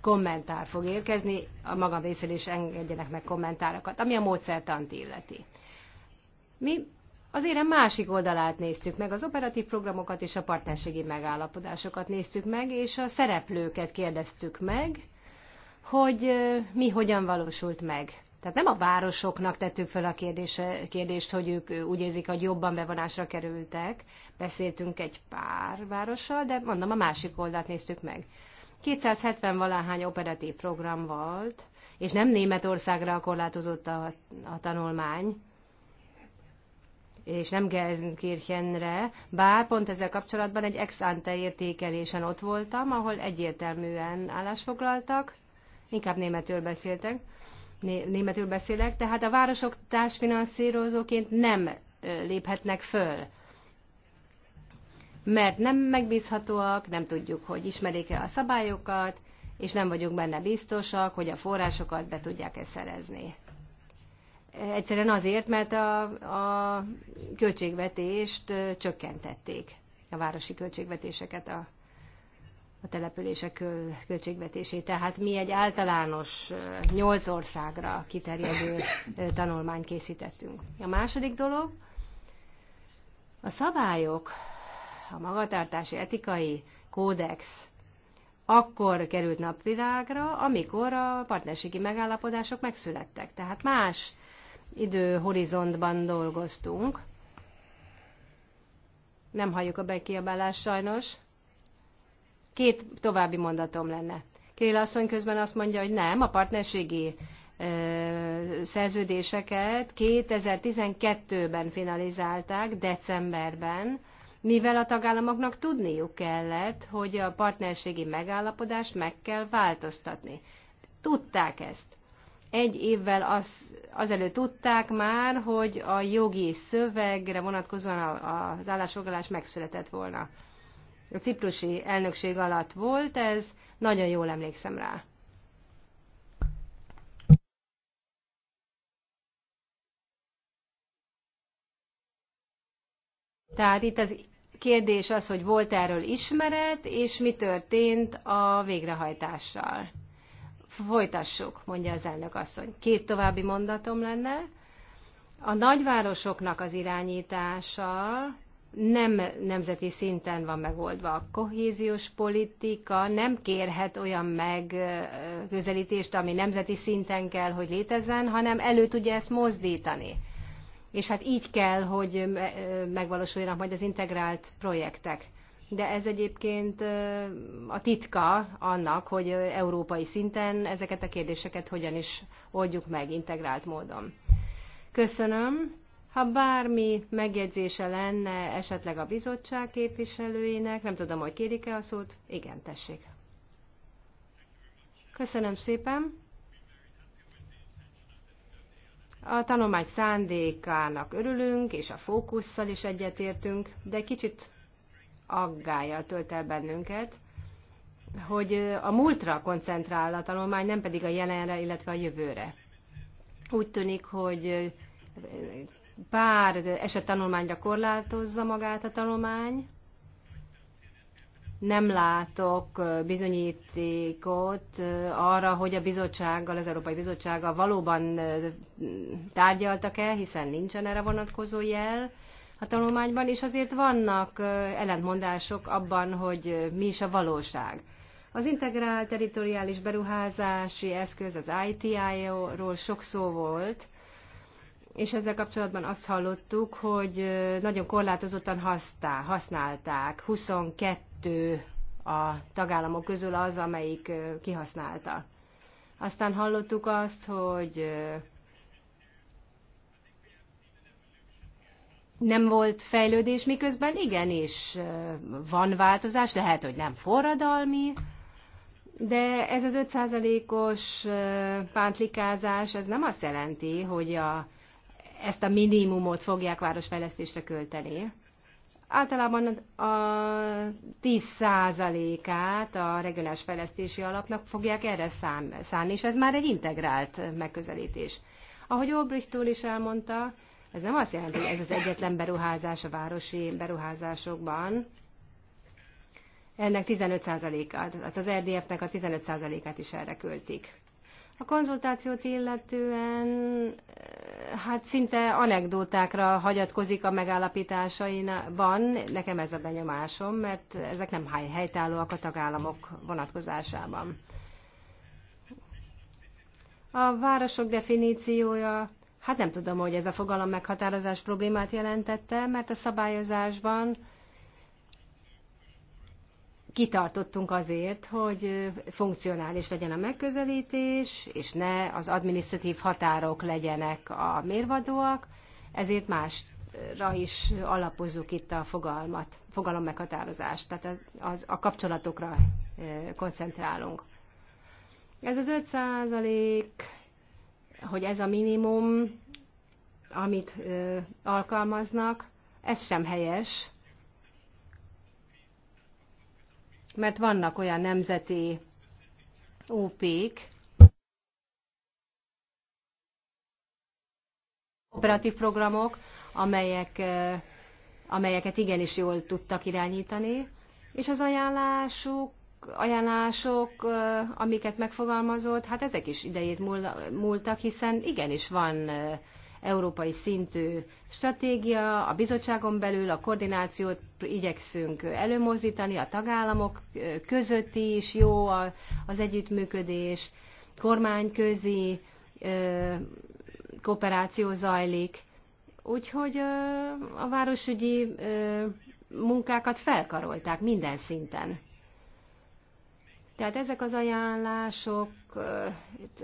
kommentár fog érkezni, a magam részéről is engedjenek meg kommentárokat, ami a módszertant illeti. Mi azért másik oldalát néztük meg, az operatív programokat és a partnerségi megállapodásokat néztük meg, és a szereplőket kérdeztük meg, hogy mi hogyan valósult meg. Tehát nem a városoknak tettük fel a kérdése, kérdést, hogy ők úgy érzik, hogy jobban bevonásra kerültek. Beszéltünk egy pár várossal, de mondom, a másik oldalt néztük meg. 270 valahány operatív program volt, és nem Németországra korlátozott a, a tanulmány, és nem Gelsenkirchenre, bár pont ezzel kapcsolatban egy ex-ante értékelésen ott voltam, ahol egyértelműen állásfoglaltak, inkább németül beszéltek, németül beszélek, tehát a városok társfinanszírozóként nem léphetnek föl mert nem megbízhatóak, nem tudjuk, hogy ismerik-e a szabályokat, és nem vagyunk benne biztosak, hogy a forrásokat be tudják-e szerezni. Egyszerűen azért, mert a, a költségvetést csökkentették, a városi költségvetéseket a a települések költségvetését. Tehát mi egy általános nyolc országra kiterjedő tanulmányt készítettünk. A második dolog, a szabályok, a magatartási etikai kódex akkor került napvilágra, amikor a partnerségi megállapodások megszülettek. Tehát más időhorizontban dolgoztunk. Nem halljuk a bekiabálást sajnos. Két további mondatom lenne. Kirill asszony közben azt mondja, hogy nem, a partnerségi ö, szerződéseket 2012-ben finalizálták, decemberben, mivel a tagállamoknak tudniuk kellett, hogy a partnerségi megállapodást meg kell változtatni. Tudták ezt. Egy évvel az, azelőtt tudták már, hogy a jogi szövegre vonatkozóan az állásfoglalás megszületett volna a ciprusi elnökség alatt volt, ez nagyon jól emlékszem rá. Tehát itt az kérdés az, hogy volt erről ismeret, és mi történt a végrehajtással. Folytassuk, mondja az elnök asszony. Két további mondatom lenne. A nagyvárosoknak az irányítása nem nemzeti szinten van megoldva. A kohéziós politika nem kérhet olyan megközelítést, ami nemzeti szinten kell, hogy létezzen, hanem elő tudja ezt mozdítani. És hát így kell, hogy megvalósuljanak majd az integrált projektek. De ez egyébként a titka annak, hogy európai szinten ezeket a kérdéseket hogyan is oldjuk meg integrált módon. Köszönöm. Ha bármi megjegyzése lenne esetleg a bizottság képviselőinek, nem tudom, hogy kérik-e a szót. Igen, tessék. Köszönöm szépen. A tanulmány szándékának örülünk, és a fókusszal is egyetértünk, de kicsit aggája tölt el bennünket, hogy a múltra koncentrál a tanulmány, nem pedig a jelenre, illetve a jövőre. Úgy tűnik, hogy eset esettanulmányra korlátozza magát a tanulmány, nem látok bizonyítékot arra, hogy a bizottsággal, az Európai Bizottsággal valóban tárgyaltak-e, hiszen nincsen erre vonatkozó jel a tanulmányban, és azért vannak ellentmondások abban, hogy mi is a valóság. Az integrált teritoriális beruházási eszköz, az ITI-ról sok szó volt, és ezzel kapcsolatban azt hallottuk, hogy nagyon korlátozottan használ, használták. 22 a tagállamok közül az, amelyik kihasználta. Aztán hallottuk azt, hogy nem volt fejlődés, miközben igenis van változás, lehet, hogy nem forradalmi, de ez az 5%-os pántlikázás, ez nem azt jelenti, hogy a ezt a minimumot fogják városfejlesztésre költeni. Általában a 10%-át a regionális fejlesztési alapnak fogják erre szám, szánni, és ez már egy integrált megközelítés. Ahogy Olbricht úr is elmondta, ez nem azt jelenti, hogy ez az egyetlen beruházás a városi beruházásokban. Ennek 15%-át, tehát az RDF-nek a 15%-át is erre költik. A konzultációt illetően hát szinte anekdótákra hagyatkozik a megállapításainban, nekem ez a benyomásom, mert ezek nem helytállóak a tagállamok vonatkozásában. A városok definíciója, hát nem tudom, hogy ez a fogalom meghatározás problémát jelentette, mert a szabályozásban kitartottunk azért, hogy funkcionális legyen a megközelítés, és ne az administratív határok legyenek a mérvadóak, ezért másra is alapozzuk itt a fogalmat, fogalom meghatározást, tehát az, a kapcsolatokra koncentrálunk. Ez az 5 százalék, hogy ez a minimum, amit alkalmaznak, ez sem helyes, mert vannak olyan nemzeti OP-k, operatív programok, amelyek, amelyeket igenis jól tudtak irányítani, és az ajánlásuk, ajánlások, amiket megfogalmazott, hát ezek is idejét múltak, hiszen igenis van európai szintű stratégia, a bizottságon belül a koordinációt igyekszünk előmozdítani, a tagállamok között is jó az együttműködés, kormányközi kooperáció zajlik, úgyhogy a városügyi munkákat felkarolták minden szinten. Tehát ezek az ajánlások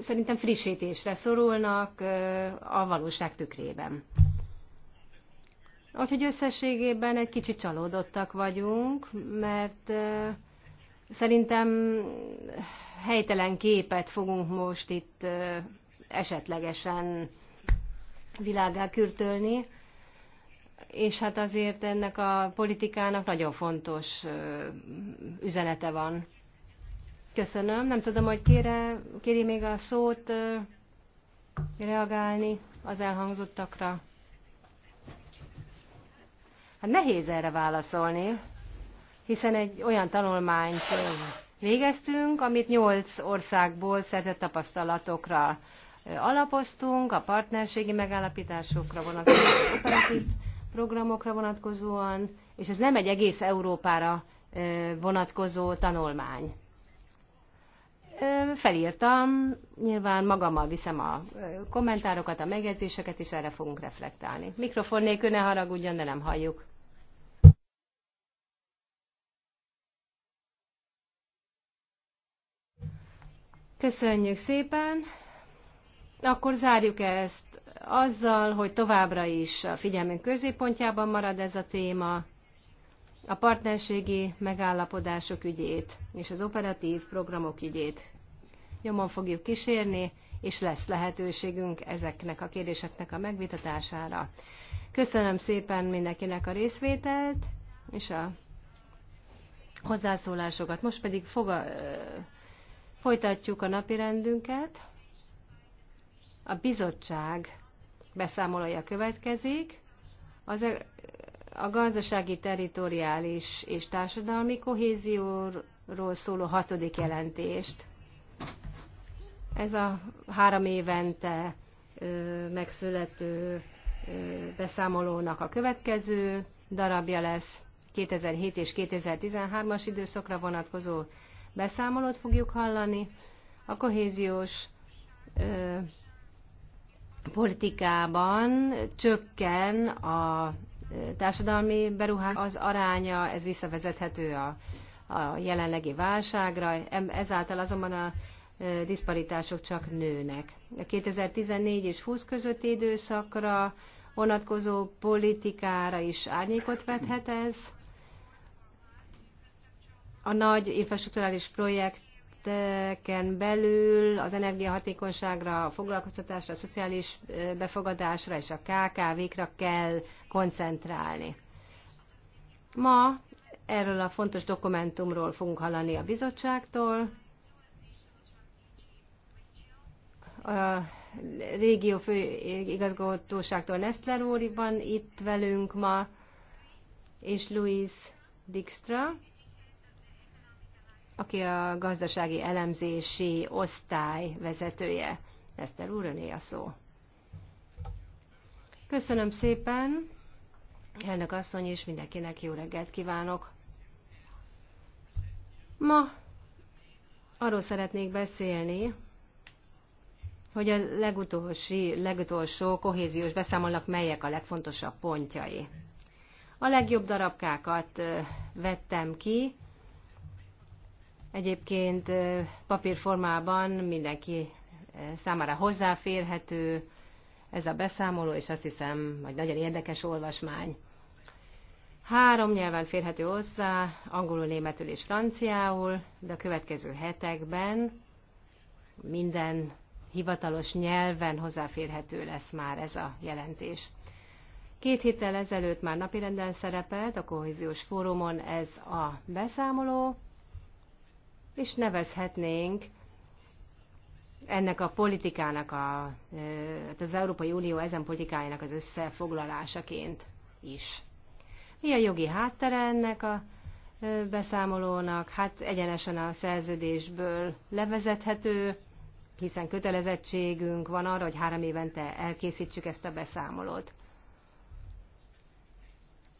szerintem frissítésre szorulnak a valóság tükrében. Úgyhogy összességében egy kicsit csalódottak vagyunk, mert szerintem helytelen képet fogunk most itt esetlegesen világá kürtölni, és hát azért ennek a politikának nagyon fontos üzenete van. Köszönöm. Nem tudom, hogy kére, kéri még a szót reagálni az elhangzottakra. Hát nehéz erre válaszolni, hiszen egy olyan tanulmányt végeztünk, amit nyolc országból szerzett tapasztalatokra alapoztunk, a partnerségi megállapításokra vonatkozó operatív programokra vonatkozóan, és ez nem egy egész Európára vonatkozó tanulmány. Felírtam, nyilván magammal viszem a kommentárokat, a megjegyzéseket, és erre fogunk reflektálni. Mikrofon nélkül ne haragudjon, de nem halljuk. Köszönjük szépen! Akkor zárjuk ezt azzal, hogy továbbra is a figyelmünk középpontjában marad ez a téma, a partnerségi megállapodások ügyét és az operatív programok ügyét nyomon fogjuk kísérni, és lesz lehetőségünk ezeknek a kérdéseknek a megvitatására. Köszönöm szépen mindenkinek a részvételt és a hozzászólásokat. Most pedig foga, folytatjuk a napi rendünket. A bizottság beszámolója következik. Az a gazdasági, teritoriális és társadalmi kohézióról szóló hatodik jelentést. Ez a három évente megszülető beszámolónak a következő darabja lesz 2007 és 2013-as időszakra vonatkozó beszámolót fogjuk hallani. A kohéziós politikában csökken a társadalmi beruházás az aránya, ez visszavezethető a, a jelenlegi válságra, ezáltal azonban a diszparitások csak nőnek. A 2014 és 20 közötti időszakra vonatkozó politikára is árnyékot vethet ez. A nagy infrastruktúrális projekt területeken belül az energiahatékonyságra, a foglalkoztatásra, a szociális befogadásra és a KKV-kra kell koncentrálni. Ma erről a fontos dokumentumról fogunk hallani a bizottságtól. A régió főigazgatóságtól Nestler úr van itt velünk ma, és Louise Dijkstra, aki a gazdasági elemzési osztály vezetője. Eszter úr, öné a szó. Köszönöm szépen, elnök asszony, és mindenkinek jó reggelt kívánok. Ma arról szeretnék beszélni, hogy a legutolsó, legutolsó kohéziós beszámolnak melyek a legfontosabb pontjai. A legjobb darabkákat vettem ki, Egyébként papírformában mindenki számára hozzáférhető ez a beszámoló, és azt hiszem, hogy nagyon érdekes olvasmány. Három nyelven férhető hozzá, angolul, németül és franciául, de a következő hetekben minden hivatalos nyelven hozzáférhető lesz már ez a jelentés. Két héttel ezelőtt már napirenden szerepelt a kohéziós fórumon ez a beszámoló, és nevezhetnénk ennek a politikának, a, hát az Európai Unió ezen politikájának az összefoglalásaként is. Mi a jogi háttere ennek a beszámolónak? Hát egyenesen a szerződésből levezethető, hiszen kötelezettségünk van arra, hogy három évente elkészítsük ezt a beszámolót.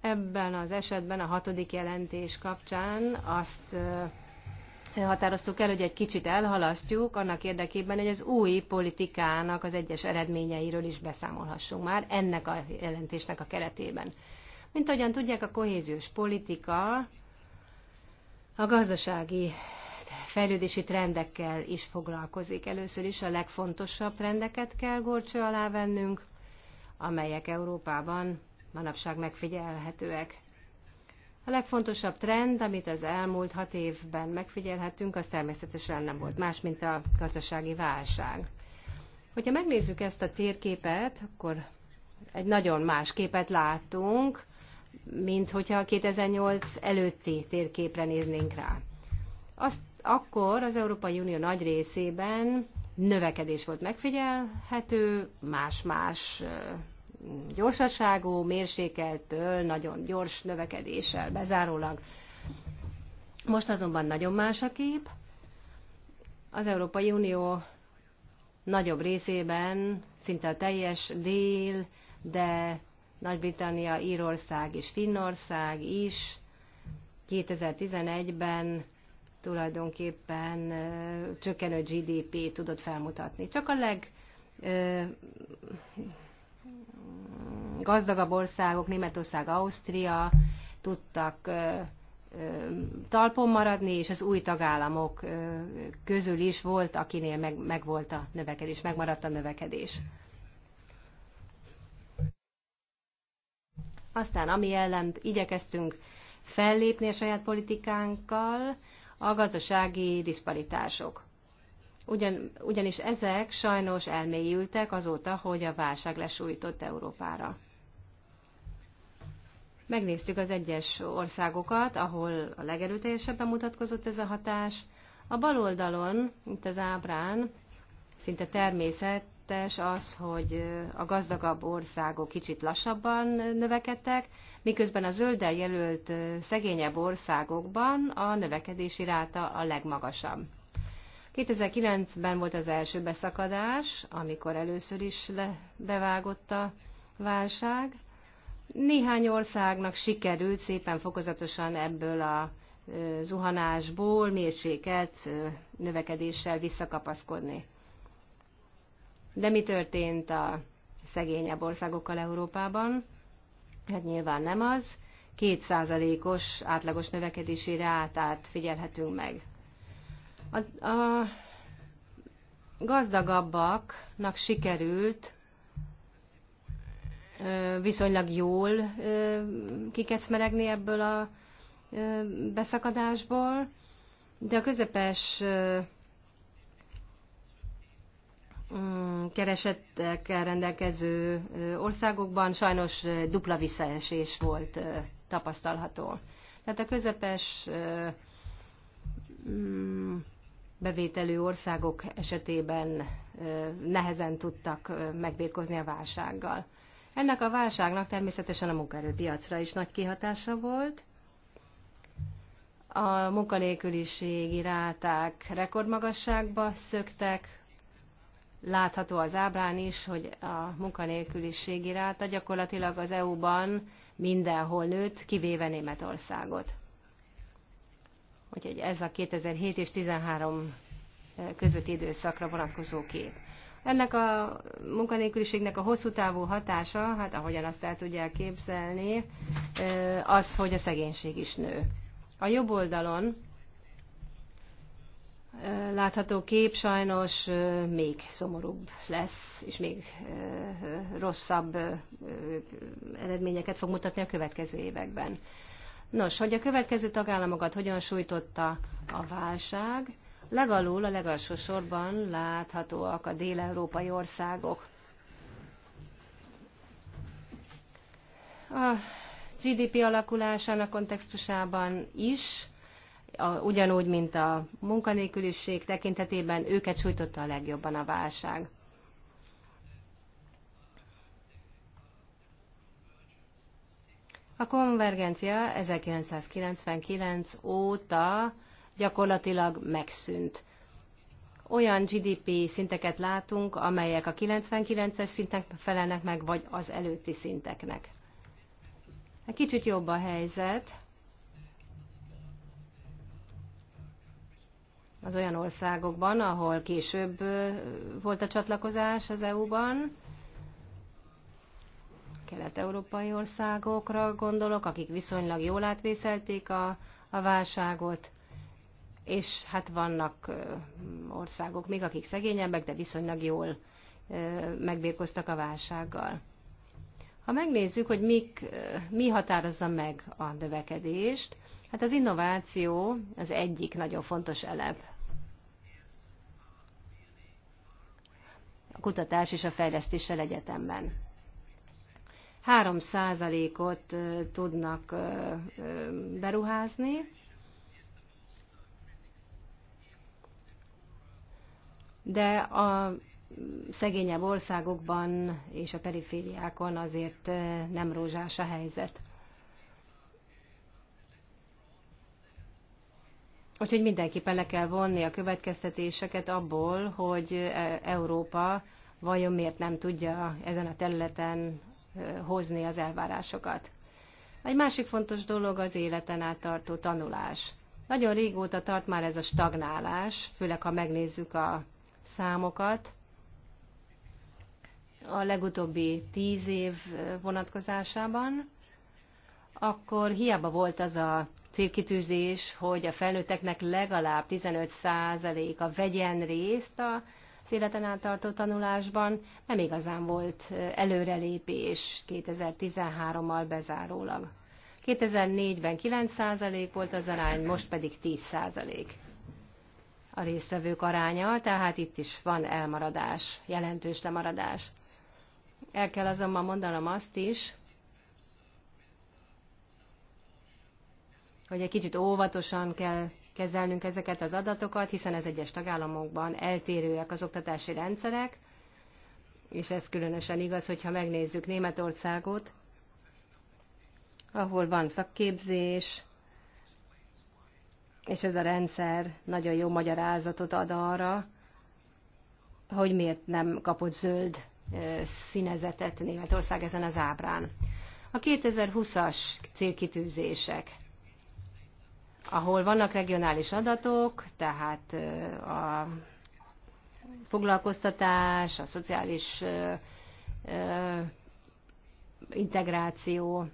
Ebben az esetben a hatodik jelentés kapcsán azt határoztuk el, hogy egy kicsit elhalasztjuk annak érdekében, hogy az új politikának az egyes eredményeiről is beszámolhassunk már ennek a jelentésnek a keretében. Mint ahogyan tudják, a kohéziós politika a gazdasági fejlődési trendekkel is foglalkozik. Először is a legfontosabb trendeket kell gorcső alá vennünk, amelyek Európában manapság megfigyelhetőek. A legfontosabb trend, amit az elmúlt hat évben megfigyelhettünk, az természetesen nem volt más, mint a gazdasági válság. Hogyha megnézzük ezt a térképet, akkor egy nagyon más képet látunk, mint hogyha a 2008 előtti térképre néznénk rá. Azt akkor az Európai Unió nagy részében növekedés volt megfigyelhető, más-más gyorsaságú, mérsékeltől nagyon gyors növekedéssel bezárólag. Most azonban nagyon más a kép. Az Európai Unió nagyobb részében szinte a teljes dél, de Nagy-Britannia, Írország és Finnország is 2011-ben tulajdonképpen csökkenő GDP-t tudott felmutatni. Csak a leg gazdagabb országok, Németország, Ausztria tudtak talpon maradni, és az új tagállamok közül is volt, akinél meg, meg volt a növekedés, megmaradt a növekedés. Aztán, ami ellen igyekeztünk fellépni a saját politikánkkal, a gazdasági diszparitások. Ugyan, ugyanis ezek sajnos elmélyültek azóta, hogy a válság lesújtott Európára. Megnéztük az egyes országokat, ahol a legerőteljesebben mutatkozott ez a hatás. A bal oldalon, itt az ábrán, szinte természetes az, hogy a gazdagabb országok kicsit lassabban növekedtek, miközben a zölddel jelölt szegényebb országokban a növekedési ráta a legmagasabb. 2009-ben volt az első beszakadás, amikor először is le, bevágott a válság. Néhány országnak sikerült szépen fokozatosan ebből a zuhanásból mérsékelt növekedéssel visszakapaszkodni. De mi történt a szegényebb országokkal Európában? Hát nyilván nem az. Kétszázalékos átlagos növekedésére rátát figyelhetünk meg. A, a gazdagabbaknak sikerült viszonylag jól kikecmeregni ebből a beszakadásból, de a közepes keresettekkel rendelkező országokban sajnos dupla visszaesés volt tapasztalható. Tehát a közepes mm, bevételű országok esetében nehezen tudtak megbírkozni a válsággal. Ennek a válságnak természetesen a munkaerőpiacra is nagy kihatása volt. A munkanélküliségi ráták rekordmagasságba szöktek, látható az ábrán is, hogy a munkanélküliségi ráta gyakorlatilag az EU-ban mindenhol nőtt, kivéve Németországot. Úgyhogy ez a 2007 és 13 e, közötti időszakra vonatkozó kép. Ennek a munkanélküliségnek a hosszú távú hatása, hát ahogyan azt el tudják képzelni, e, az, hogy a szegénység is nő. A jobb oldalon e, látható kép sajnos még szomorúbb lesz, és még rosszabb eredményeket fog mutatni a következő években. Nos, hogy a következő tagállamokat hogyan sújtotta a válság, legalul a legalsó sorban láthatóak a dél-európai országok. A GDP alakulásának kontextusában is, a, ugyanúgy, mint a munkanélküliség tekintetében, őket sújtotta a legjobban a válság. A konvergencia 1999 óta gyakorlatilag megszűnt. Olyan GDP szinteket látunk, amelyek a 99-es szintek felelnek meg, vagy az előtti szinteknek. Egy kicsit jobb a helyzet az olyan országokban, ahol később volt a csatlakozás az EU-ban, kelet-európai országokra gondolok, akik viszonylag jól átvészelték a, a válságot, és hát vannak országok még, akik szegényebbek, de viszonylag jól megbírkoztak a válsággal. Ha megnézzük, hogy mik, mi határozza meg a növekedést, hát az innováció az egyik nagyon fontos elem. A kutatás és a fejlesztéssel egyetemben. 3%-ot tudnak beruházni, de a szegényebb országokban és a perifériákon azért nem rózsás a helyzet. Úgyhogy mindenképpen le kell vonni a következtetéseket abból, hogy Európa vajon miért nem tudja ezen a területen hozni az elvárásokat. Egy másik fontos dolog az életen át tartó tanulás. Nagyon régóta tart már ez a stagnálás, főleg ha megnézzük a számokat. A legutóbbi tíz év vonatkozásában, akkor hiába volt az a célkitűzés, hogy a felnőtteknek legalább 15%-a vegyen részt a életen át tartó tanulásban nem igazán volt előrelépés 2013-mal bezárólag. 2004-ben 9% volt az arány, most pedig 10% a résztvevők aránya, tehát itt is van elmaradás, jelentős lemaradás. El kell azonban mondanom azt is, hogy egy kicsit óvatosan kell kezelnünk ezeket az adatokat, hiszen az egyes tagállamokban eltérőek az oktatási rendszerek, és ez különösen igaz, hogyha megnézzük Németországot, ahol van szakképzés, és ez a rendszer nagyon jó magyarázatot ad arra, hogy miért nem kapott zöld színezetet Németország ezen az ábrán. A 2020-as célkitűzések ahol vannak regionális adatok, tehát a foglalkoztatás, a szociális integráció.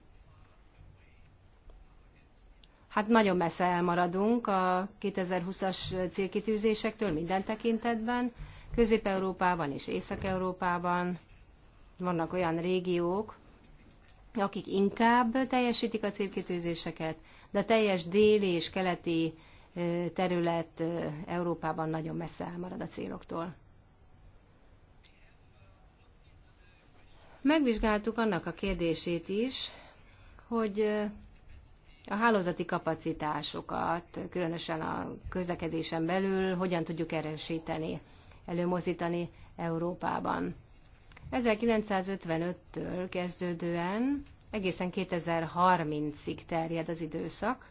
Hát nagyon messze elmaradunk a 2020-as célkitűzésektől minden tekintetben. Közép-Európában és Észak-Európában vannak olyan régiók, akik inkább teljesítik a célkitűzéseket, de a teljes déli és keleti terület Európában nagyon messze elmarad a céloktól. Megvizsgáltuk annak a kérdését is, hogy a hálózati kapacitásokat, különösen a közlekedésen belül, hogyan tudjuk erősíteni, előmozítani Európában. 1955-től kezdődően egészen 2030-ig terjed az időszak,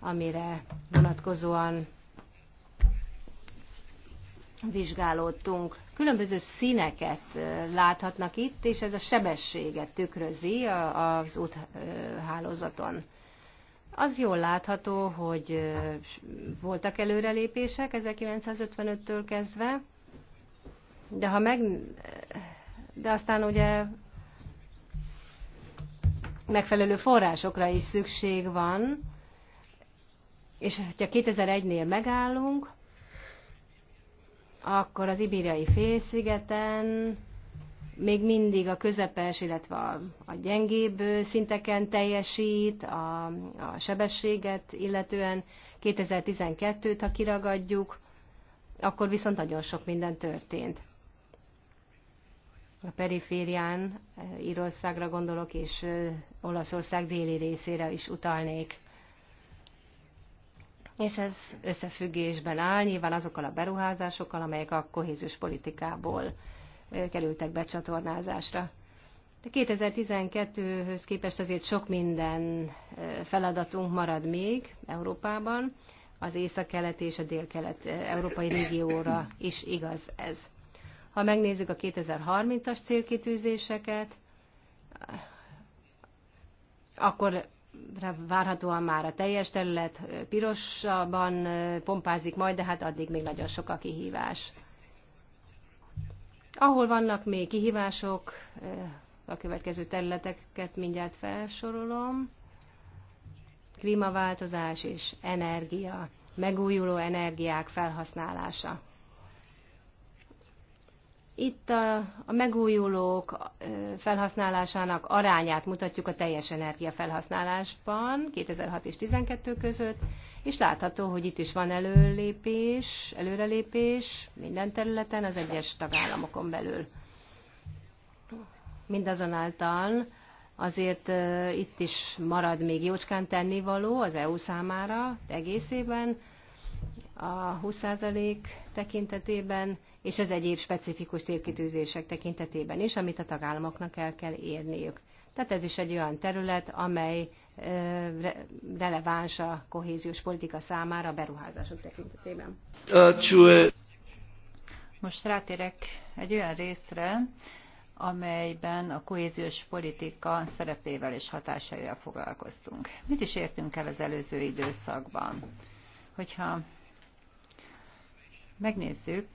amire vonatkozóan vizsgálódtunk. Különböző színeket láthatnak itt, és ez a sebességet tükrözi az úthálózaton. Az jól látható, hogy voltak előrelépések 1955-től kezdve, de ha meg, de aztán ugye megfelelő forrásokra is szükség van, és ha 2001-nél megállunk, akkor az ibériai félszigeten még mindig a közepes, illetve a, a gyengébb szinteken teljesít, a, a sebességet illetően 2012-t, ha kiragadjuk, akkor viszont nagyon sok minden történt a periférián, eh, Írországra gondolok, és eh, Olaszország déli részére is utalnék. És ez összefüggésben áll nyilván azokkal a beruházásokkal, amelyek a kohéziós politikából eh, kerültek becsatornázásra. De 2012-höz képest azért sok minden feladatunk marad még Európában, az észak-kelet és a dél-kelet európai régióra is igaz ez. Ha megnézzük a 2030-as célkitűzéseket, akkor várhatóan már a teljes terület pirosban pompázik majd, de hát addig még nagyon sok a kihívás. Ahol vannak még kihívások, a következő területeket mindjárt felsorolom. Klímaváltozás és energia, megújuló energiák felhasználása. Itt a, a megújulók felhasználásának arányát mutatjuk a teljes energiafelhasználásban 2006 és 2012 között, és látható, hogy itt is van előlépés, előrelépés minden területen az egyes tagállamokon belül. Mindazonáltal azért itt is marad még jócskán tennivaló az EU számára egészében, a 20% tekintetében, és az egyéb specifikus célkitűzések tekintetében is, amit a tagállamoknak el kell érniük. Tehát ez is egy olyan terület, amely releváns a kohéziós politika számára a beruházások tekintetében. Most rátérek egy olyan részre, amelyben a kohéziós politika szerepével és hatásaival foglalkoztunk. Mit is értünk el az előző időszakban? Hogyha megnézzük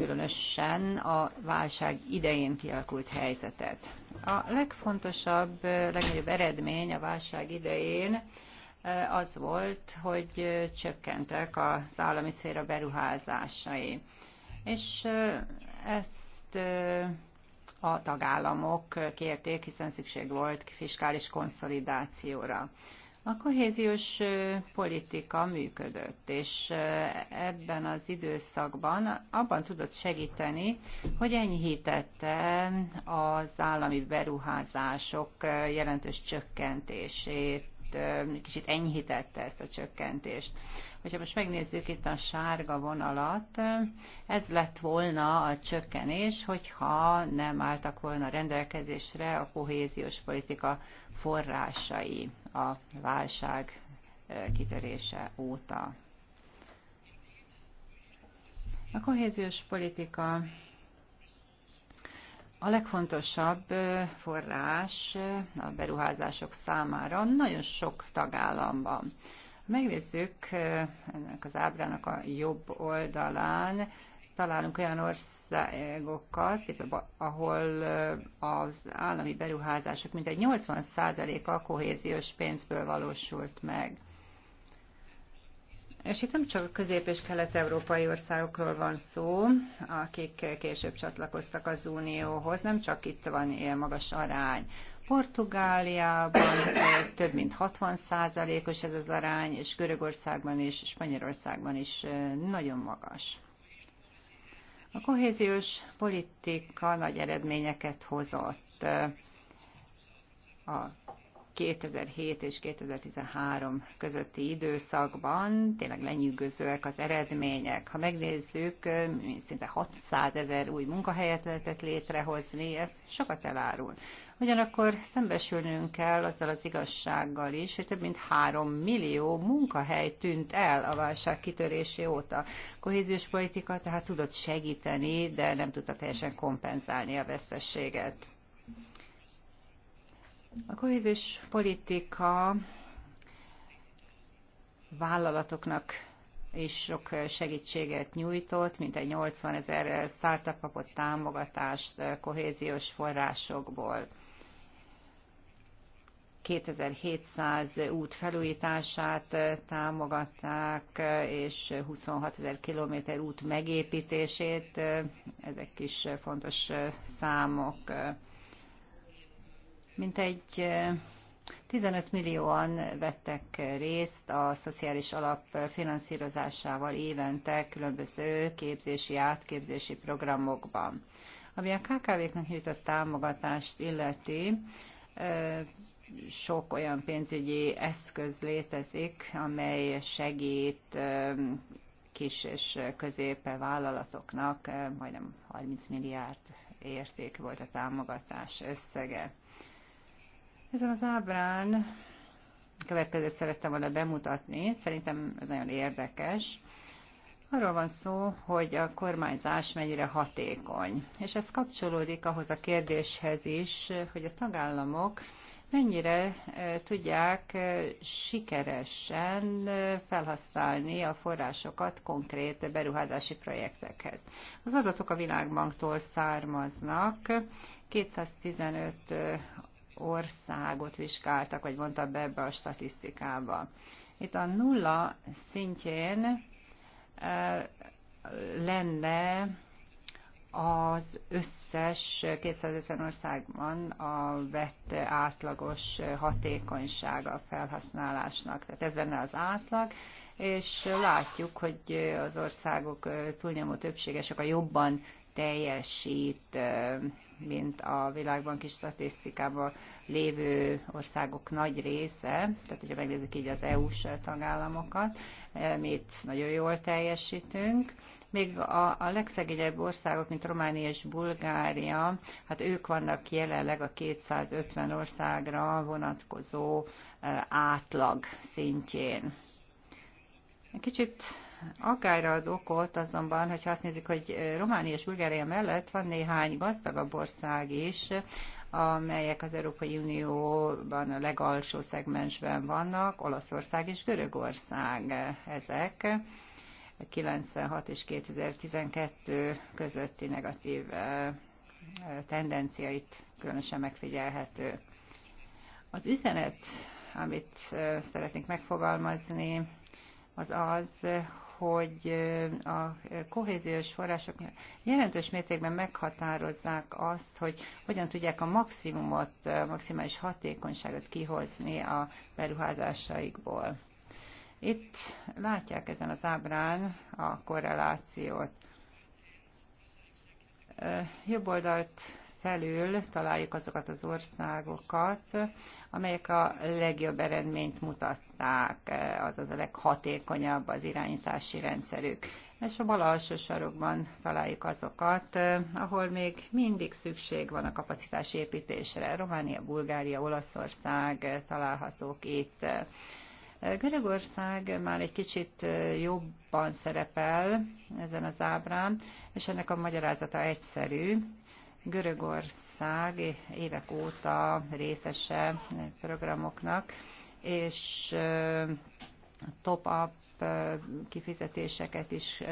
különösen a válság idején kialakult helyzetet. A legfontosabb, legnagyobb eredmény a válság idején eh, az volt, hogy eh, csökkentek az állami szféra beruházásai. És eh, ezt a tagállamok kérték, hiszen szükség volt fiskális konszolidációra. A kohéziós politika működött, és ebben az időszakban abban tudott segíteni, hogy enyhítette az állami beruházások jelentős csökkentését kicsit enyhítette ezt a csökkentést. Hogyha most megnézzük itt a sárga vonalat, ez lett volna a csökkenés, hogyha nem álltak volna rendelkezésre a kohéziós politika forrásai a válság kitörése óta. A kohéziós politika a legfontosabb forrás a beruházások számára nagyon sok tagállamban. Megnézzük ennek az ábrának a jobb oldalán, találunk olyan országokat, országokat, ahol az állami beruházások mintegy 80%-a kohéziós pénzből valósult meg. És itt nem csak a közép- és kelet-európai országokról van szó, akik később csatlakoztak az Unióhoz, nem csak itt van ilyen magas arány. Portugáliában több mint 60%-os ez az arány, és Görögországban és Spanyolországban is nagyon magas. A kohéziós politika nagy eredményeket hozott. A 2007 és 2013 közötti időszakban tényleg lenyűgözőek az eredmények. Ha megnézzük, szinte 600 ezer új munkahelyet lehetett létrehozni, ez sokat elárul. Ugyanakkor szembesülnünk kell azzal az igazsággal is, hogy több mint 3 millió munkahely tűnt el a válság kitörésé óta. A kohéziós politika tehát tudott segíteni, de nem tudta teljesen kompenzálni a vesztességet. A kohéziós politika vállalatoknak és sok segítséget nyújtott, egy 80 ezer startup kapott támogatást kohéziós forrásokból. 2700 út felújítását támogatták, és 26 ezer kilométer út megépítését, ezek is fontos számok. Mint egy 15 millióan vettek részt a szociális alap finanszírozásával évente különböző képzési, átképzési programokban. Ami a KKV-knak nyújtott támogatást illeti, sok olyan pénzügyi eszköz létezik, amely segít kis és középe vállalatoknak, majdnem 30 milliárd érték volt a támogatás összege. Ezen az ábrán következő szerettem volna bemutatni, szerintem ez nagyon érdekes. Arról van szó, hogy a kormányzás mennyire hatékony. És ez kapcsolódik ahhoz a kérdéshez is, hogy a tagállamok mennyire e, tudják e, sikeresen e, felhasználni a forrásokat konkrét beruházási projektekhez. Az adatok a Világbanktól származnak, 215 országot vizsgáltak, vagy mondta be ebbe a statisztikába. Itt a nulla szintjén lenne az összes 250 országban a vett átlagos hatékonysága a felhasználásnak. Tehát ez lenne az átlag, és látjuk, hogy az országok túlnyomó többsége sokkal jobban teljesít mint a világbanki statisztikában lévő országok nagy része, tehát hogyha megnézzük így az EU-s tagállamokat, mi itt nagyon jól teljesítünk, még a, a legszegényebb országok, mint Románia és Bulgária, hát ők vannak jelenleg a 250 országra vonatkozó eh, átlag szintjén. Kicsit akárra ad okot azonban, hogyha azt nézzük, hogy Románia és Bulgária mellett van néhány gazdagabb ország is, amelyek az Európai Unióban a legalsó szegmensben vannak, Olaszország és Görögország ezek. 96 és 2012 közötti negatív eh, tendenciait különösen megfigyelhető. Az üzenet, amit eh, szeretnék megfogalmazni, az az, hogy a kohéziós források jelentős mértékben meghatározzák azt, hogy hogyan tudják a maximumot, a maximális hatékonyságot kihozni a beruházásaikból. Itt látják ezen az ábrán a korrelációt. Jobb oldalt felül találjuk azokat az országokat, amelyek a legjobb eredményt mutatták, azaz a leghatékonyabb az irányítási rendszerük. És a bal alsó sarokban találjuk azokat, ahol még mindig szükség van a kapacitás építésre. Románia, Bulgária, Olaszország találhatók itt. Görögország már egy kicsit jobban szerepel ezen az ábrán, és ennek a magyarázata egyszerű. Görögország évek óta részese programoknak, és top-up kifizetéseket is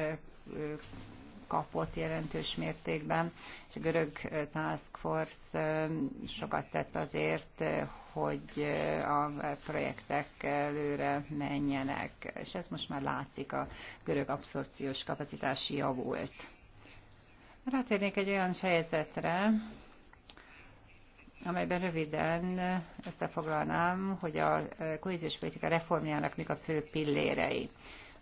kapott jelentős mértékben, és a görög task force sokat tett azért, hogy a projektek előre menjenek, és ez most már látszik, a görög abszorciós kapacitási javult. Rátérnék egy olyan fejezetre, amelyben röviden összefoglalnám, hogy a e, kohéziós politika reformjának mik a fő pillérei.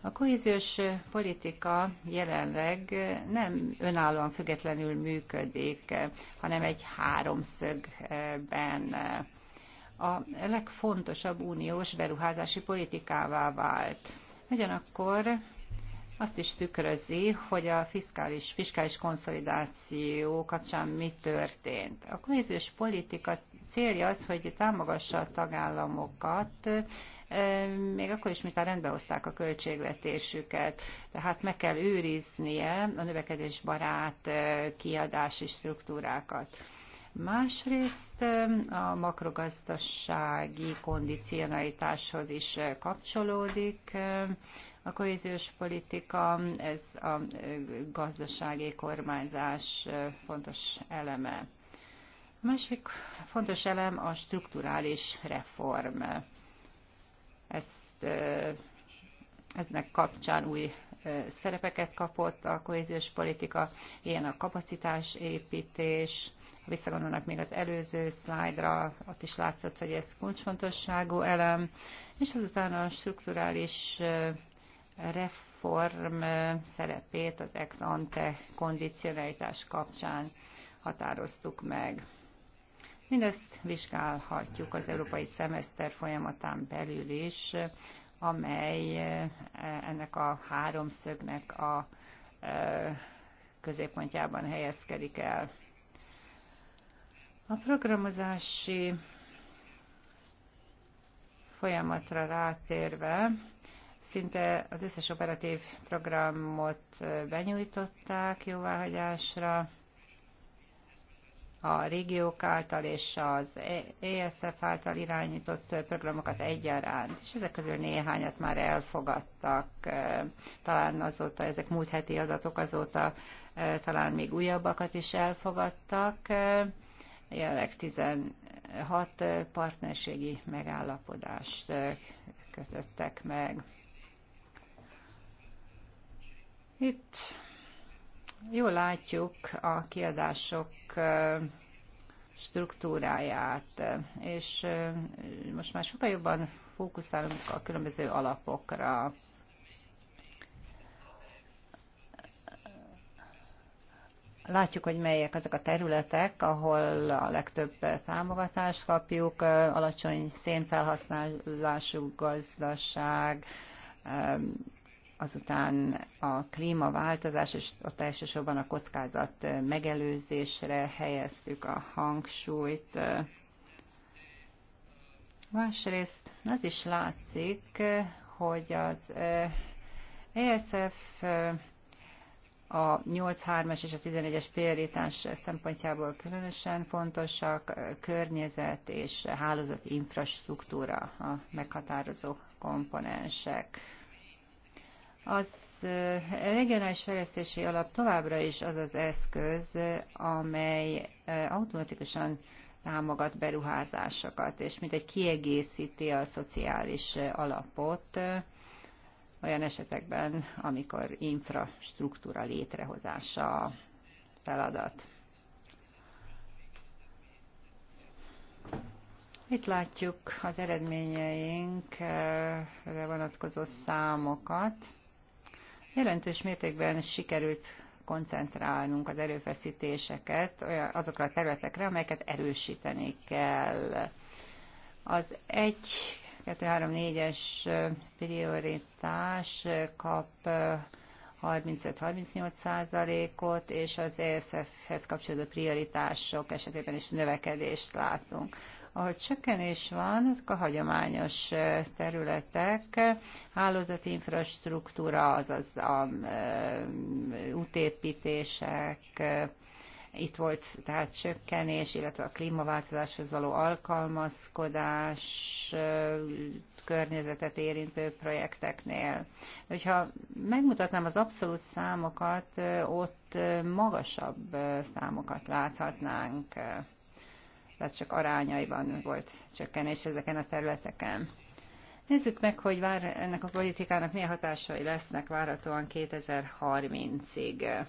A kohéziós politika jelenleg nem önállóan függetlenül működik, hanem egy háromszögben a legfontosabb uniós beruházási politikává vált. Ugyanakkor azt is tükrözi, hogy a fiskális, fiskális konszolidáció kapcsán mi történt. A kohéziós politika célja az, hogy támogassa a tagállamokat, még akkor is, mintha hozták a költségvetésüket. Tehát meg kell őriznie a növekedés barát kiadási struktúrákat. Másrészt a makrogazdasági kondicionalitáshoz is kapcsolódik a kohéziós politika, ez a gazdasági kormányzás fontos eleme. A másik fontos elem a strukturális reform. Ezt, eznek kapcsán új szerepeket kapott a kohéziós politika, ilyen a kapacitásépítés, ha visszagondolnak még az előző szlájdra, ott is látszott, hogy ez kulcsfontosságú elem, és azután a strukturális reform szerepét az ex ante kondicionalitás kapcsán határoztuk meg. Mindezt vizsgálhatjuk az európai szemeszter folyamatán belül is, amely ennek a háromszögnek a középpontjában helyezkedik el. A programozási folyamatra rátérve, Szinte az összes operatív programot benyújtották jóváhagyásra, a régiók által és az ESF e által irányított programokat egyaránt, és ezek közül néhányat már elfogadtak. Talán azóta, ezek múlt heti adatok azóta talán még újabbakat is elfogadtak. Jelenleg 16 partnerségi megállapodást kötöttek meg. Itt jól látjuk a kiadások struktúráját, és most már sokkal jobban fókuszálunk a különböző alapokra. Látjuk, hogy melyek azok a területek, ahol a legtöbb támogatást kapjuk, alacsony szénfelhasználású gazdaság, azután a klímaváltozás, és ott elsősorban a kockázat megelőzésre helyeztük a hangsúlyt. Másrészt az is látszik, hogy az ESF eh, e eh, a 8.3-as és a 11-es prioritás szempontjából különösen fontosak, eh, környezet és hálózat infrastruktúra a meghatározó komponensek. Az regionális fejlesztési alap továbbra is az az eszköz, amely automatikusan támogat beruházásokat, és mindegy kiegészíti a szociális alapot olyan esetekben, amikor infrastruktúra létrehozása a feladat. Itt látjuk az eredményeinkre vonatkozó számokat. Jelentős mértékben sikerült koncentrálnunk az erőfeszítéseket azokra a területekre, amelyeket erősíteni kell. Az 1, 2, 3, 4-es prioritás kap 35-38 százalékot, és az ESF-hez kapcsolódó prioritások esetében is növekedést látunk. Ahogy csökkenés van, ezek a hagyományos területek, hálózati infrastruktúra, azaz a útépítések, itt volt tehát csökkenés, illetve a klímaváltozáshoz való alkalmazkodás, környezetet érintő projekteknél. Hogyha megmutatnám az abszolút számokat, ott magasabb számokat láthatnánk tehát csak arányaiban volt csökkenés ezeken a területeken. Nézzük meg, hogy vár, ennek a politikának milyen hatásai lesznek várhatóan 2030-ig.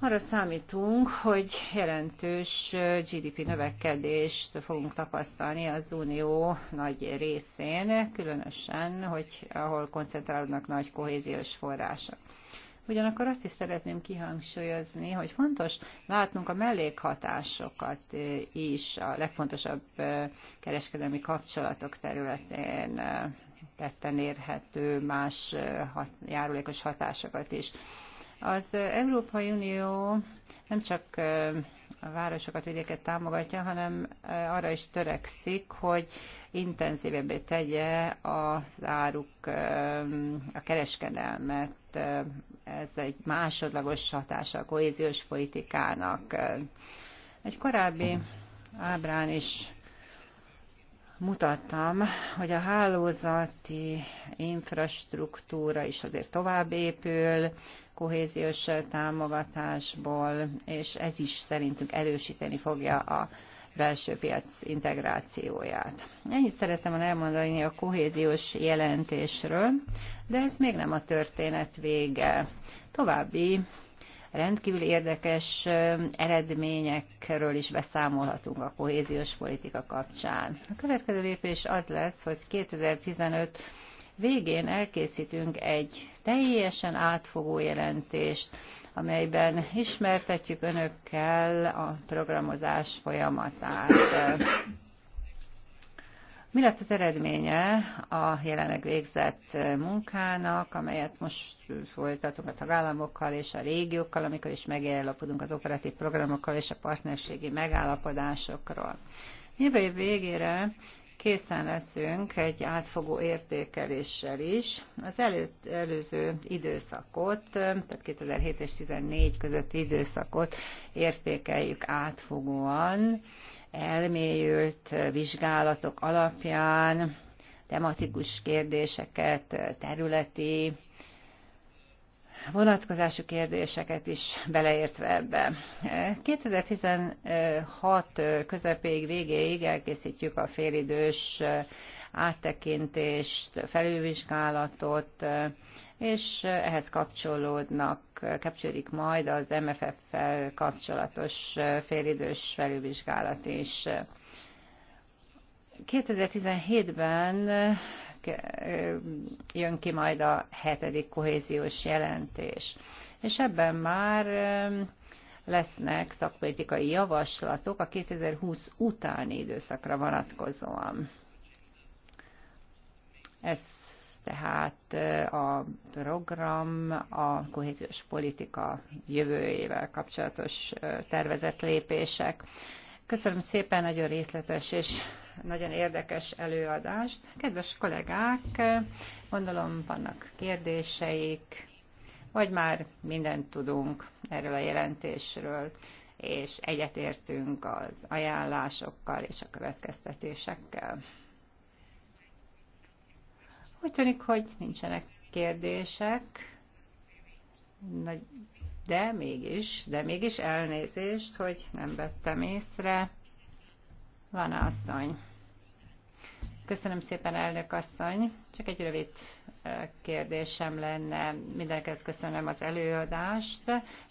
Arra számítunk, hogy jelentős GDP növekedést fogunk tapasztalni az Unió nagy részén, különösen, hogy ahol koncentrálódnak nagy kohéziós források. Ugyanakkor azt is szeretném kihangsúlyozni, hogy fontos látnunk a mellékhatásokat is a legfontosabb kereskedelmi kapcsolatok területén tetten érhető más hat, járulékos hatásokat is. Az Európai Unió nem csak a városokat, vidéket támogatja, hanem e, arra is törekszik, hogy intenzívebbé tegye az áruk, e, a kereskedelmet. E, ez egy másodlagos hatása a kohéziós politikának. Egy korábbi ábrán is mutattam, hogy a hálózati infrastruktúra is azért tovább épül, kohéziós támogatásból, és ez is szerintünk erősíteni fogja a belső piac integrációját. Ennyit szerettem elmondani a kohéziós jelentésről, de ez még nem a történet vége. További rendkívül érdekes eredményekről is beszámolhatunk a kohéziós politika kapcsán. A következő lépés az lesz, hogy 2015 végén elkészítünk egy teljesen átfogó jelentést, amelyben ismertetjük önökkel a programozás folyamatát. Mi lett az eredménye a jelenleg végzett munkának, amelyet most folytatunk a tagállamokkal és a régiókkal, amikor is megállapodunk az operatív programokkal és a partnerségi megállapodásokról? Jövő év végére készen leszünk egy átfogó értékeléssel is. Az elő, előző időszakot, tehát 2007 és 2014 közötti időszakot értékeljük átfogóan, elmélyült vizsgálatok alapján tematikus kérdéseket, területi vonatkozású kérdéseket is beleértve ebbe. 2016 közepéig, végéig elkészítjük a félidős áttekintést, felülvizsgálatot, és ehhez kapcsolódnak, kapcsolódik majd az MFF-fel kapcsolatos félidős felülvizsgálat is. 2017-ben jön ki majd a hetedik kohéziós jelentés. És ebben már lesznek szakpolitikai javaslatok a 2020 utáni időszakra vonatkozóan. Ez tehát a program a kohéziós politika jövőjével kapcsolatos tervezett lépések. Köszönöm szépen, nagyon részletes és nagyon érdekes előadást. Kedves kollégák, gondolom vannak kérdéseik, vagy már mindent tudunk erről a jelentésről, és egyetértünk az ajánlásokkal és a következtetésekkel. Úgy tűnik, hogy nincsenek kérdések, de mégis, de mégis elnézést, hogy nem vettem észre. Van asszony. Köszönöm szépen, elnök asszony. Csak egy rövid kérdésem lenne. Mindenket köszönöm az előadást.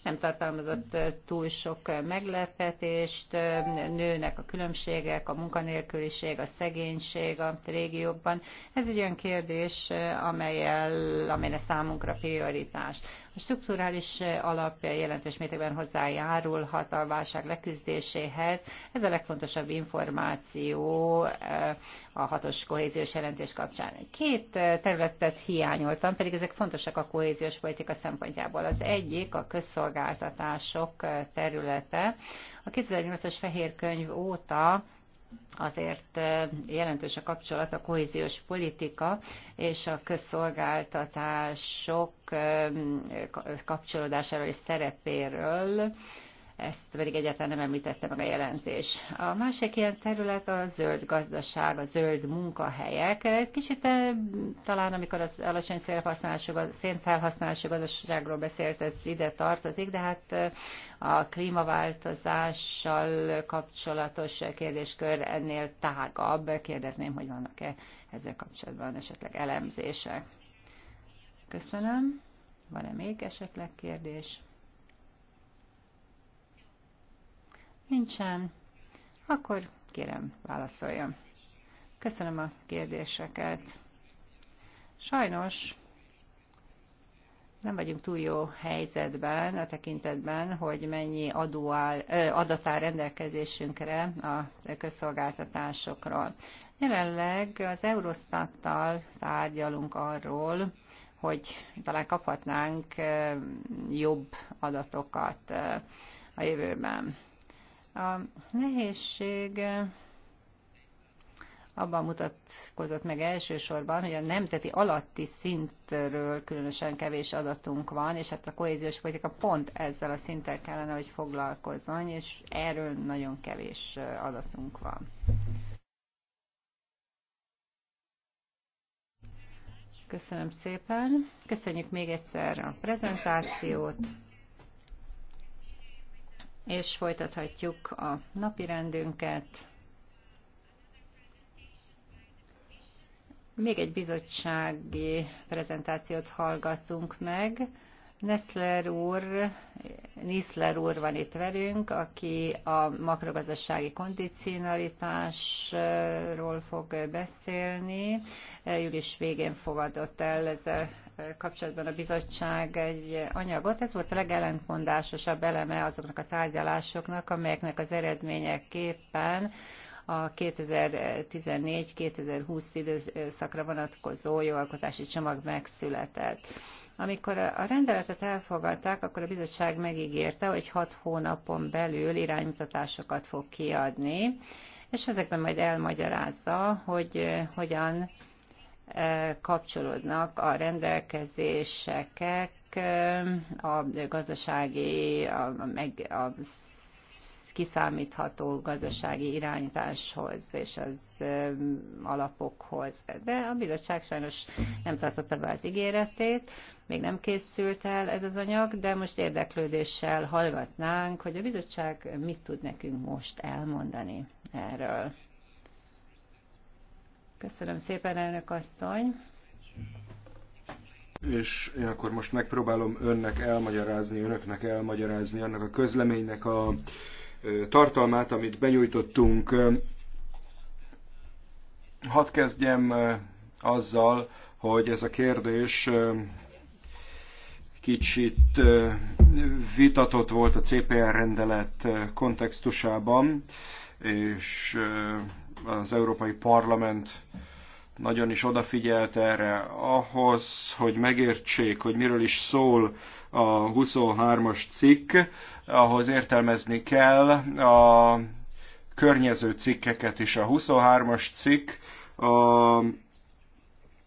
Nem tartalmazott túl sok meglepetést. Nőnek a különbségek, a munkanélküliség, a szegénység a régióban. Ez egy olyan kérdés, amelyel, amelyre számunkra prioritás. A strukturális eh, alap jelentős mértékben hozzájárulhat a válság leküzdéséhez. Ez a legfontosabb információ eh, a hatos kohéziós jelentés kapcsán. Két eh, területet hiányoltam, pedig ezek fontosak a kohéziós politika szempontjából. Az egyik a közszolgáltatások területe. A 2008-as fehér könyv óta azért jelentős a kapcsolat a kohéziós politika és a közszolgáltatások kapcsolódásáról és szerepéről ezt pedig egyáltalán nem említette meg a jelentés. A másik ilyen terület a zöld gazdaság, a zöld munkahelyek. Kicsit eh, talán, amikor az alacsony szénfelhasználású, szénfelhasználású gazdaságról beszélt, ez ide tartozik, de hát eh, a klímaváltozással kapcsolatos kérdéskör ennél tágabb. Kérdezném, hogy vannak-e ezzel kapcsolatban esetleg elemzések. Köszönöm. Van-e még esetleg kérdés? Nincsen. Akkor kérem, válaszoljam. Köszönöm a kérdéseket. Sajnos nem vagyunk túl jó helyzetben a tekintetben, hogy mennyi adó áll, adat áll rendelkezésünkre a közszolgáltatásokról. Jelenleg az Eurostattal tárgyalunk arról, hogy talán kaphatnánk jobb adatokat a jövőben. A nehézség eh, abban mutatkozott meg elsősorban, hogy a nemzeti alatti szintről különösen kevés adatunk van, és hát a kohéziós politika pont ezzel a szinttel kellene, hogy foglalkozzon, és erről nagyon kevés eh, adatunk van. Köszönöm szépen. Köszönjük még egyszer a prezentációt és folytathatjuk a napi rendünket. Még egy bizottsági prezentációt hallgatunk meg. Nessler úr, Nisler úr van itt velünk, aki a makrogazdasági kondicionalitásról fog beszélni. Július végén fogadott el ezzel kapcsolatban a bizottság egy anyagot. Ez volt a legellentmondásosabb eleme azoknak a tárgyalásoknak, amelyeknek az eredményeképpen a 2014-2020 időszakra vonatkozó jogalkotási csomag megszületett. Amikor a rendeletet elfogadták, akkor a bizottság megígérte, hogy hat hónapon belül iránymutatásokat fog kiadni, és ezekben majd elmagyarázza, hogy hogyan kapcsolódnak a rendelkezések a gazdasági, a, meg, a kiszámítható gazdasági irányításhoz és az alapokhoz. De a bizottság sajnos nem tartotta be az ígéretét, még nem készült el ez az anyag, de most érdeklődéssel hallgatnánk, hogy a bizottság mit tud nekünk most elmondani erről. Köszönöm szépen, elnök asszony! és én akkor most megpróbálom önnek elmagyarázni, önöknek elmagyarázni annak a közleménynek a tartalmát, amit benyújtottunk. Hadd kezdjem azzal, hogy ez a kérdés kicsit vitatott volt a CPR rendelet kontextusában, és az Európai Parlament nagyon is odafigyelt erre, ahhoz, hogy megértsék, hogy miről is szól a 23-as cikk, ahhoz értelmezni kell a környező cikkeket is. A 23-as cikk a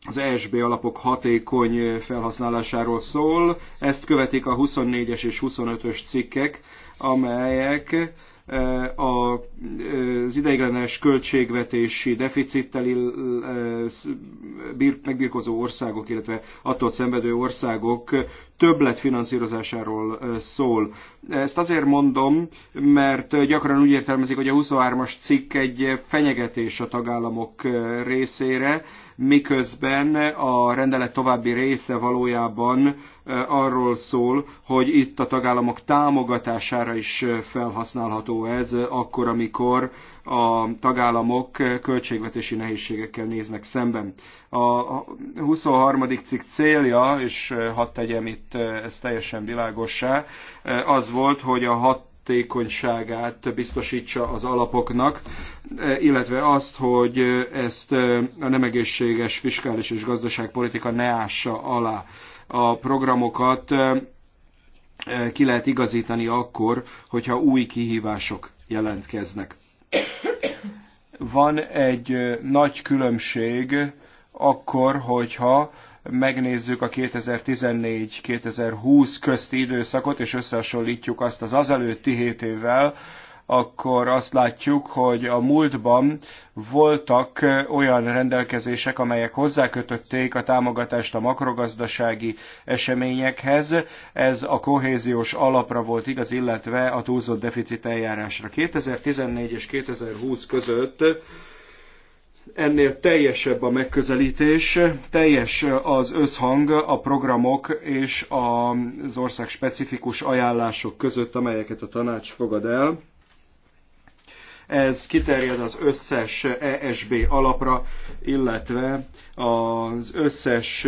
az ESB alapok hatékony felhasználásáról szól. Ezt követik a 24-es és 25-ös cikkek, amelyek eh, az ideiglenes költségvetési deficittel eh, megbírkozó országok, illetve attól szenvedő országok többlet finanszírozásáról szól. Ezt azért mondom, mert gyakran úgy értelmezik, hogy a 23-as cikk egy fenyegetés a tagállamok részére, miközben a rendelet további része valójában arról szól, hogy itt a tagállamok támogatására is felhasználható ez, akkor, amikor a tagállamok költségvetési nehézségekkel néznek szemben. A 23. cikk célja, és hadd tegyem itt ezt teljesen világosá, az volt, hogy a hat hatékonyságát biztosítsa az alapoknak, illetve azt, hogy ezt a nem egészséges fiskális és gazdaságpolitika ne ássa alá a programokat, ki lehet igazítani akkor, hogyha új kihívások jelentkeznek. Van egy nagy különbség akkor, hogyha megnézzük a 2014-2020 közti időszakot, és összehasonlítjuk azt az azelőtti hét évvel, akkor azt látjuk, hogy a múltban voltak olyan rendelkezések, amelyek hozzákötötték a támogatást a makrogazdasági eseményekhez. Ez a kohéziós alapra volt igaz, illetve a túlzott deficit eljárásra. 2014 és 2020 között ennél teljesebb a megközelítés, teljes az összhang a programok és az ország specifikus ajánlások között, amelyeket a tanács fogad el. Ez kiterjed az összes ESB alapra, illetve az összes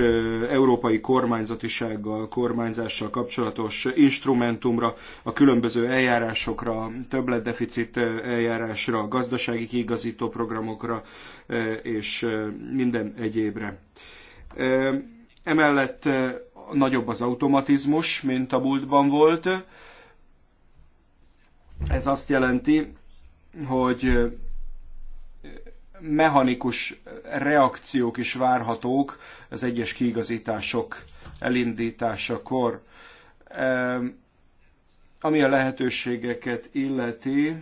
európai kormányzatisággal, kormányzással kapcsolatos instrumentumra, a különböző eljárásokra, többletdeficit eljárásra, gazdasági kiigazító programokra és minden egyébre. Emellett nagyobb az automatizmus, mint a múltban volt. Ez azt jelenti, hogy mechanikus reakciók is várhatók az egyes kiigazítások elindításakor. Ami a lehetőségeket illeti,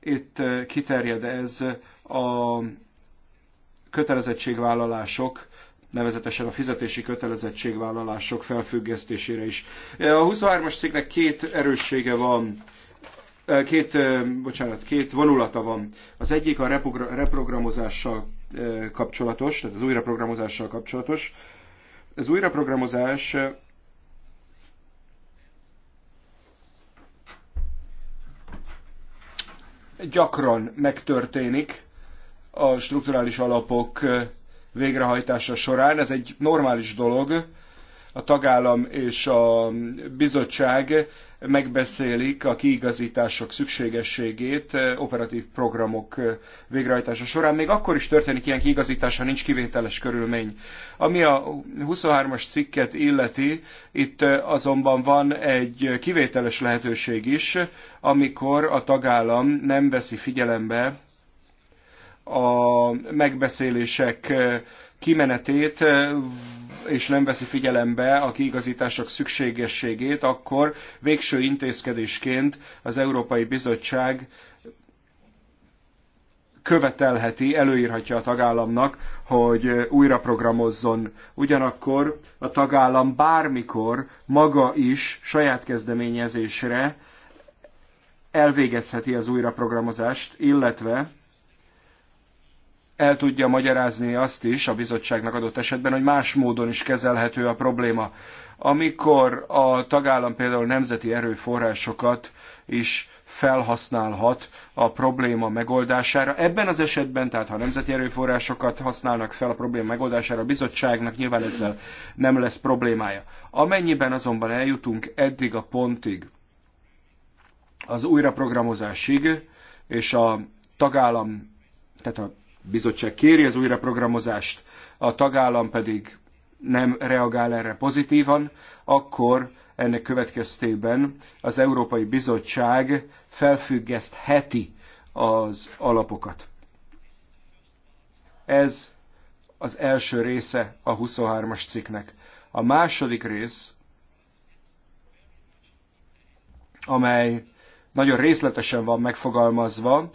itt kiterjed ez a kötelezettségvállalások nevezetesen a fizetési kötelezettségvállalások felfüggesztésére is. E, a 23-as cikknek két erőssége van, e, két, e, bocsánat, két vonulata van. Az egyik a reprogramozással kapcsolatos, tehát az újraprogramozással kapcsolatos. Az újraprogramozás gyakran megtörténik a strukturális alapok végrehajtása során. Ez egy normális dolog. A tagállam és a bizottság megbeszélik a kiigazítások szükségességét operatív programok végrehajtása során. Még akkor is történik ilyen ha nincs kivételes körülmény. Ami a 23-as cikket illeti, itt azonban van egy kivételes lehetőség is, amikor a tagállam nem veszi figyelembe a megbeszélések kimenetét, és nem veszi figyelembe a kiigazítások szükségességét, akkor végső intézkedésként az Európai Bizottság követelheti, előírhatja a tagállamnak, hogy újra programozzon. Ugyanakkor a tagállam bármikor maga is saját kezdeményezésre elvégezheti az újraprogramozást, illetve el tudja magyarázni azt is a bizottságnak adott esetben, hogy más módon is kezelhető a probléma. Amikor a tagállam például nemzeti erőforrásokat is felhasználhat a probléma megoldására. Ebben az esetben, tehát ha nemzeti erőforrásokat használnak fel a probléma megoldására, a bizottságnak nyilván ezzel nem lesz problémája. Amennyiben azonban eljutunk eddig a pontig, az újraprogramozásig, és a tagállam, tehát a bizottság kéri az újraprogramozást, a tagállam pedig nem reagál erre pozitívan, akkor ennek következtében az Európai Bizottság felfüggesztheti az alapokat. Ez az első része a 23-as cikknek. A második rész, amely nagyon részletesen van megfogalmazva,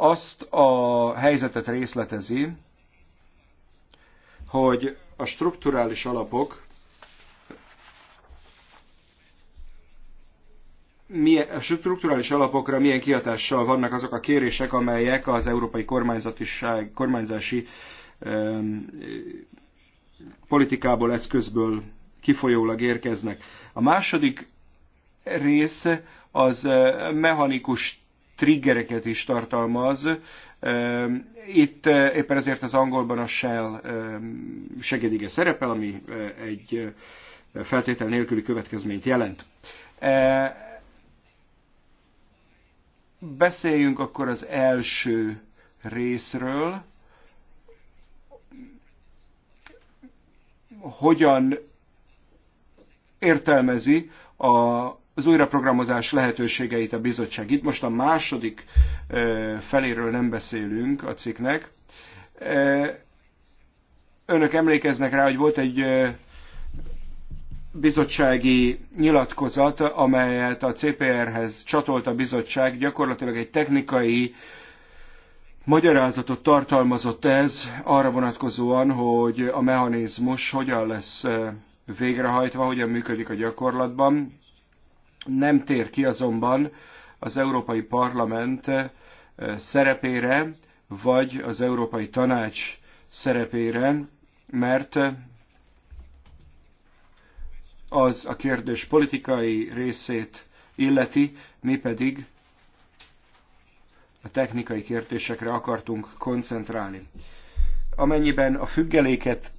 azt a helyzetet részletezi, hogy a strukturális alapok milyen, a strukturális alapokra milyen kihatással vannak azok a kérések, amelyek az európai kormányzatiság, kormányzási um, politikából, eszközből kifolyólag érkeznek. A második rész az mechanikus triggereket is tartalmaz. Ehm, itt eh, éppen ezért az angolban a shell ehm, segédige szerepel, ami eh, egy eh, feltétel nélküli következményt jelent. Beszéljünk akkor az első részről. Hogyan értelmezi a az újraprogramozás lehetőségeit a bizottság. Itt most a második feléről nem beszélünk a cikknek. Önök emlékeznek rá, hogy volt egy bizottsági nyilatkozat, amelyet a CPR-hez csatolt a bizottság, gyakorlatilag egy technikai magyarázatot tartalmazott ez arra vonatkozóan, hogy a mechanizmus hogyan lesz végrehajtva, hogyan működik a gyakorlatban. Nem tér ki azonban az Európai Parlament eh, szerepére, vagy az Európai Tanács szerepére, mert eh, az a kérdés politikai részét illeti, mi pedig a technikai kérdésekre akartunk koncentrálni. Amennyiben a függeléket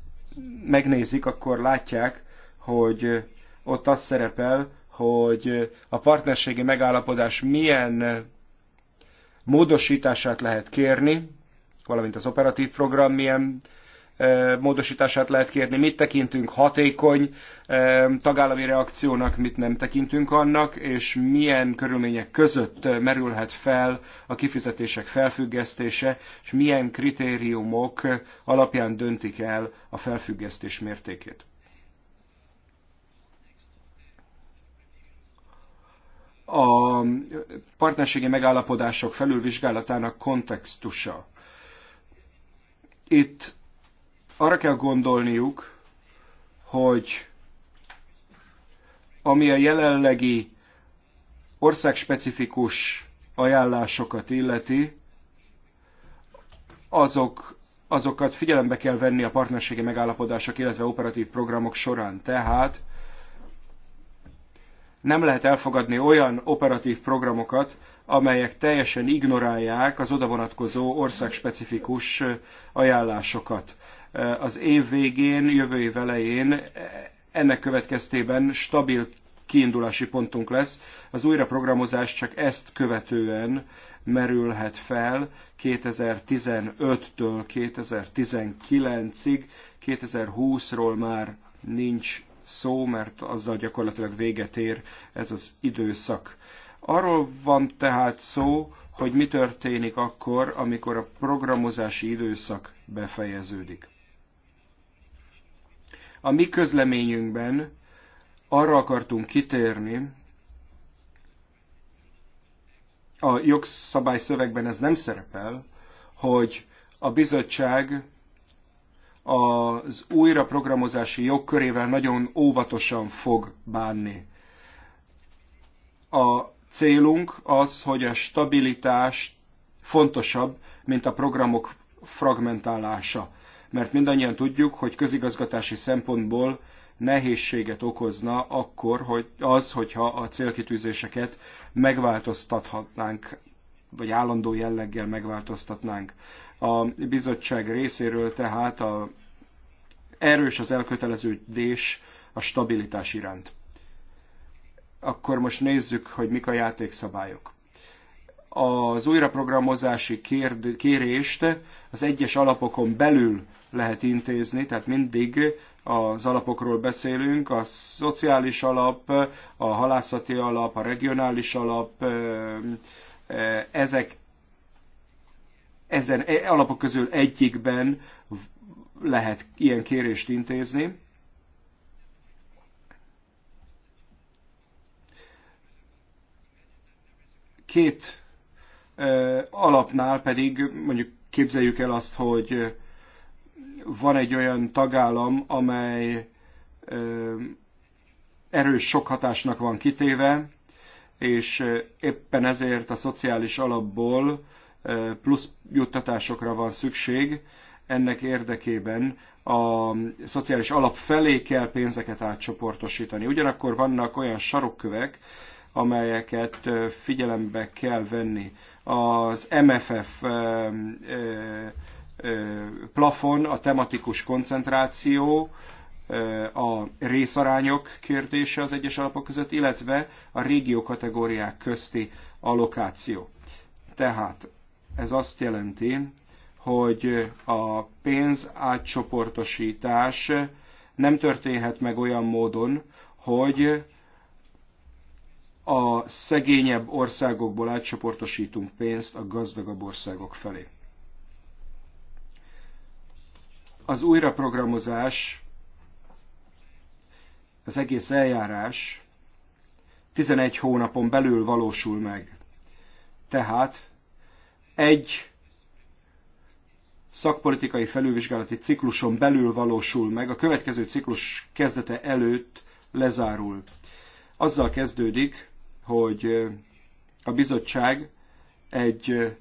megnézik, akkor látják, hogy ott az szerepel, hogy a partnerségi megállapodás milyen módosítását lehet kérni, valamint az operatív program milyen e, módosítását lehet kérni, mit tekintünk hatékony e, tagállami reakciónak, mit nem tekintünk annak, és milyen körülmények között merülhet fel a kifizetések felfüggesztése, és milyen kritériumok alapján döntik el a felfüggesztés mértékét. a partnerségi megállapodások felülvizsgálatának kontextusa. Itt arra kell gondolniuk, hogy ami a jelenlegi országspecifikus ajánlásokat illeti, azok, azokat figyelembe kell venni a partnerségi megállapodások, illetve operatív programok során. Tehát nem lehet elfogadni olyan operatív programokat, amelyek teljesen ignorálják az oda vonatkozó országspecifikus eh, ajánlásokat. Eh, az év végén, jövő év elején eh, ennek következtében stabil kiindulási pontunk lesz. Az újraprogramozás csak ezt követően merülhet fel 2015-től 2019-ig, 2020-ról már nincs szó, mert azzal gyakorlatilag véget ér ez az időszak. Arról van tehát szó, hogy mi történik akkor, amikor a programozási időszak befejeződik. A mi közleményünkben arra akartunk kitérni, a szövegben ez nem szerepel, hogy a bizottság az újraprogramozási jogkörével nagyon óvatosan fog bánni. A célunk az, hogy a stabilitás fontosabb, mint a programok fragmentálása. Mert mindannyian tudjuk, hogy közigazgatási szempontból nehézséget okozna akkor, hogy az, hogyha a célkitűzéseket megváltoztathatnánk, vagy állandó jelleggel megváltoztatnánk. A bizottság részéről tehát a erős az elköteleződés a stabilitás iránt. Akkor most nézzük, hogy mik a játékszabályok. Az újraprogramozási kérést az egyes alapokon belül lehet intézni, tehát mindig az alapokról beszélünk, a szociális alap, a halászati alap, a regionális alap, ezek ezen e-, alapok közül egyikben lehet ilyen kérést intézni. Két alapnál pedig mondjuk képzeljük el azt, hogy van egy olyan tagállam, amely erős sok hatásnak van kitéve, és éppen ezért a szociális alapból plusz juttatásokra van szükség, ennek érdekében a szociális alap felé kell pénzeket átcsoportosítani. Ugyanakkor vannak olyan sarokkövek, amelyeket figyelembe kell venni. Az MFF plafon, a tematikus koncentráció, a részarányok kérdése az egyes alapok között, illetve a régió kategóriák közti allokáció. Tehát ez azt jelenti, hogy a pénz átcsoportosítás nem történhet meg olyan módon, hogy a szegényebb országokból átcsoportosítunk pénzt a gazdagabb országok felé. Az újraprogramozás, az egész eljárás 11 hónapon belül valósul meg. Tehát egy szakpolitikai felülvizsgálati cikluson belül valósul meg, a következő ciklus kezdete előtt lezárul. Azzal kezdődik, hogy a bizottság egy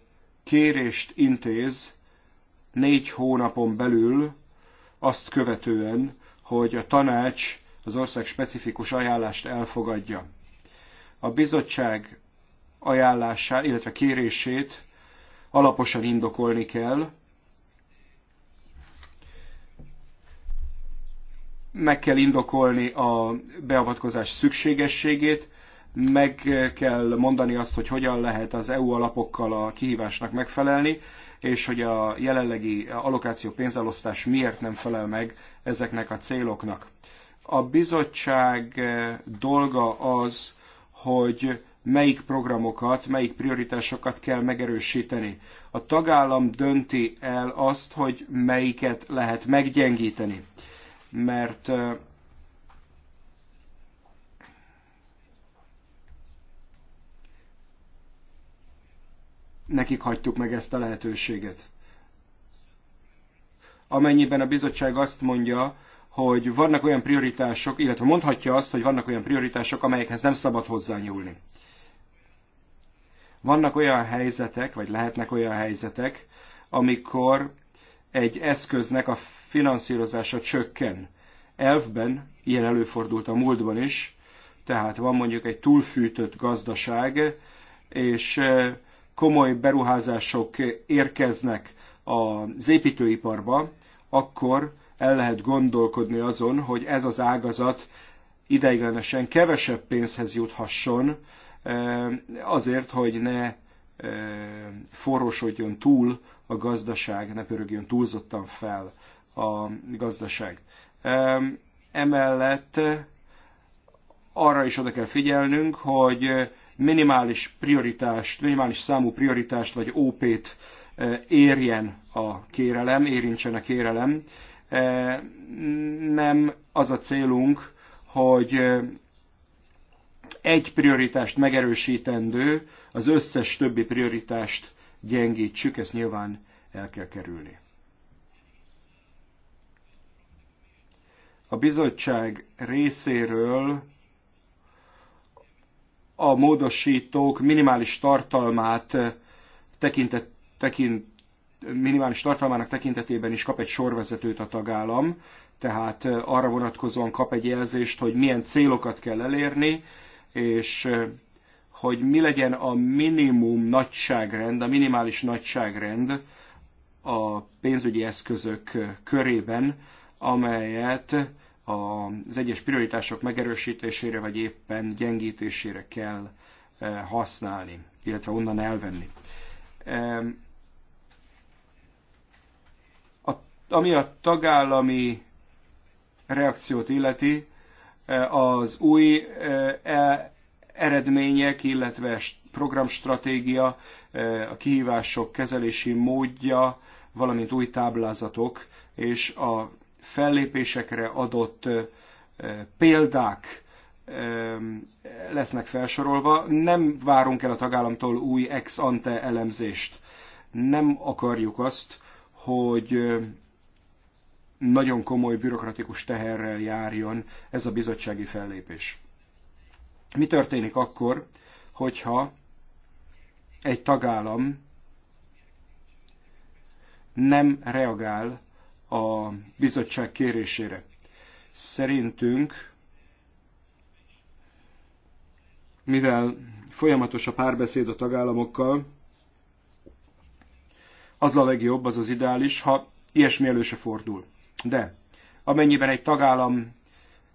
kérést intéz négy hónapon belül azt követően, hogy a tanács az ország specifikus ajánlást elfogadja. A bizottság ajánlását, illetve kérését alaposan indokolni kell, meg kell indokolni a beavatkozás szükségességét, meg kell mondani azt, hogy hogyan lehet az EU alapokkal a kihívásnak megfelelni, és hogy a jelenlegi allokáció pénzelosztás miért nem felel meg ezeknek a céloknak. A bizottság dolga az, hogy melyik programokat, melyik prioritásokat kell megerősíteni. A tagállam dönti el azt, hogy melyiket lehet meggyengíteni mert nekik hagytuk meg ezt a lehetőséget. Amennyiben a bizottság azt mondja, hogy vannak olyan prioritások, illetve mondhatja azt, hogy vannak olyan prioritások, amelyekhez nem szabad hozzányúlni. Vannak olyan helyzetek, vagy lehetnek olyan helyzetek, amikor egy eszköznek a finanszírozása csökken. Elfben ilyen előfordult a múltban is, tehát van mondjuk egy túlfűtött gazdaság, és eh, komoly beruházások érkeznek az építőiparba, akkor el lehet gondolkodni azon, hogy ez az ágazat ideiglenesen kevesebb pénzhez juthasson, eh, azért, hogy ne eh, forrósodjon túl a gazdaság, ne pörögjön túlzottan fel a gazdaság. Emellett arra is oda kell figyelnünk, hogy minimális prioritást, minimális számú prioritást vagy OP-t e, érjen a kérelem, érintsen a kérelem. E, nem az a célunk, hogy egy prioritást megerősítendő, az összes többi prioritást gyengítsük, ezt nyilván el kell kerülni. a bizottság részéről a módosítók minimális tartalmát tekintet, tekint, minimális tartalmának tekintetében is kap egy sorvezetőt a tagállam, tehát arra vonatkozóan kap egy jelzést, hogy milyen célokat kell elérni, és hogy mi legyen a minimum nagyságrend, a minimális nagyságrend a pénzügyi eszközök körében, amelyet az egyes prioritások megerősítésére vagy éppen gyengítésére kell eh, használni, illetve onnan elvenni. A, ami a tagállami reakciót illeti, eh, az új eh, e, eredmények, illetve programstratégia, a kihívások kezelési módja, valamint új táblázatok és a fellépésekre adott példák lesznek felsorolva. Nem várunk el a tagállamtól új ex ante elemzést. Nem akarjuk azt, hogy nagyon komoly bürokratikus teherrel járjon ez a bizottsági fellépés. Mi történik akkor, hogyha egy tagállam nem reagál a bizottság kérésére. Szerintünk, mivel folyamatos a párbeszéd a tagállamokkal, az a legjobb, az az ideális, ha ilyesmi elő se fordul. De amennyiben egy tagállam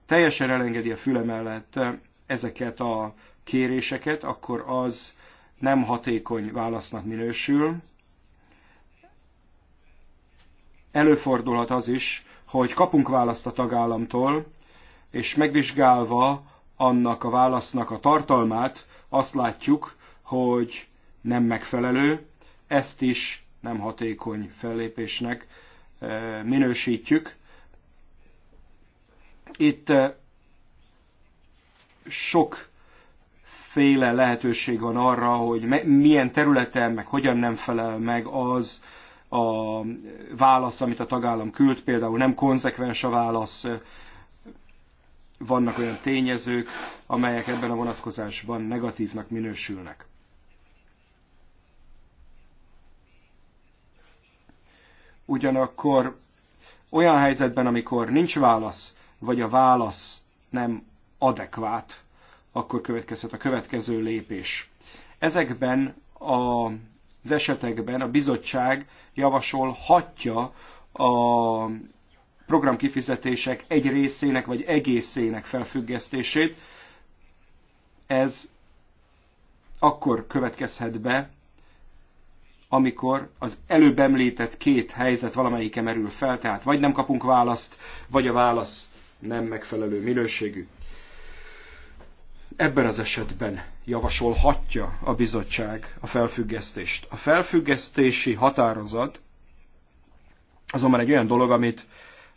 teljesen elengedi a füle mellett eh, ezeket a kéréseket, akkor az nem hatékony válasznak minősül, előfordulhat az is, hogy kapunk választ a tagállamtól, és megvizsgálva annak a válasznak a tartalmát, azt látjuk, hogy nem megfelelő, ezt is nem hatékony fellépésnek eh, minősítjük. Itt eh, sok féle lehetőség van arra, hogy milyen területen, meg hogyan nem felel meg az, a válasz, amit a tagállam küld, például nem konzekvens a válasz, vannak olyan tényezők, amelyek ebben a vonatkozásban negatívnak minősülnek. Ugyanakkor olyan helyzetben, amikor nincs válasz, vagy a válasz nem adekvát, akkor következhet a következő lépés. Ezekben a az esetekben a bizottság javasolhatja a programkifizetések egy részének vagy egészének felfüggesztését. Ez akkor következhet be, amikor az előbb említett két helyzet valamelyike merül fel, tehát vagy nem kapunk választ, vagy a válasz nem megfelelő minőségű. Ebben az esetben javasolhatja a bizottság a felfüggesztést. A felfüggesztési határozat azonban egy olyan dolog, amit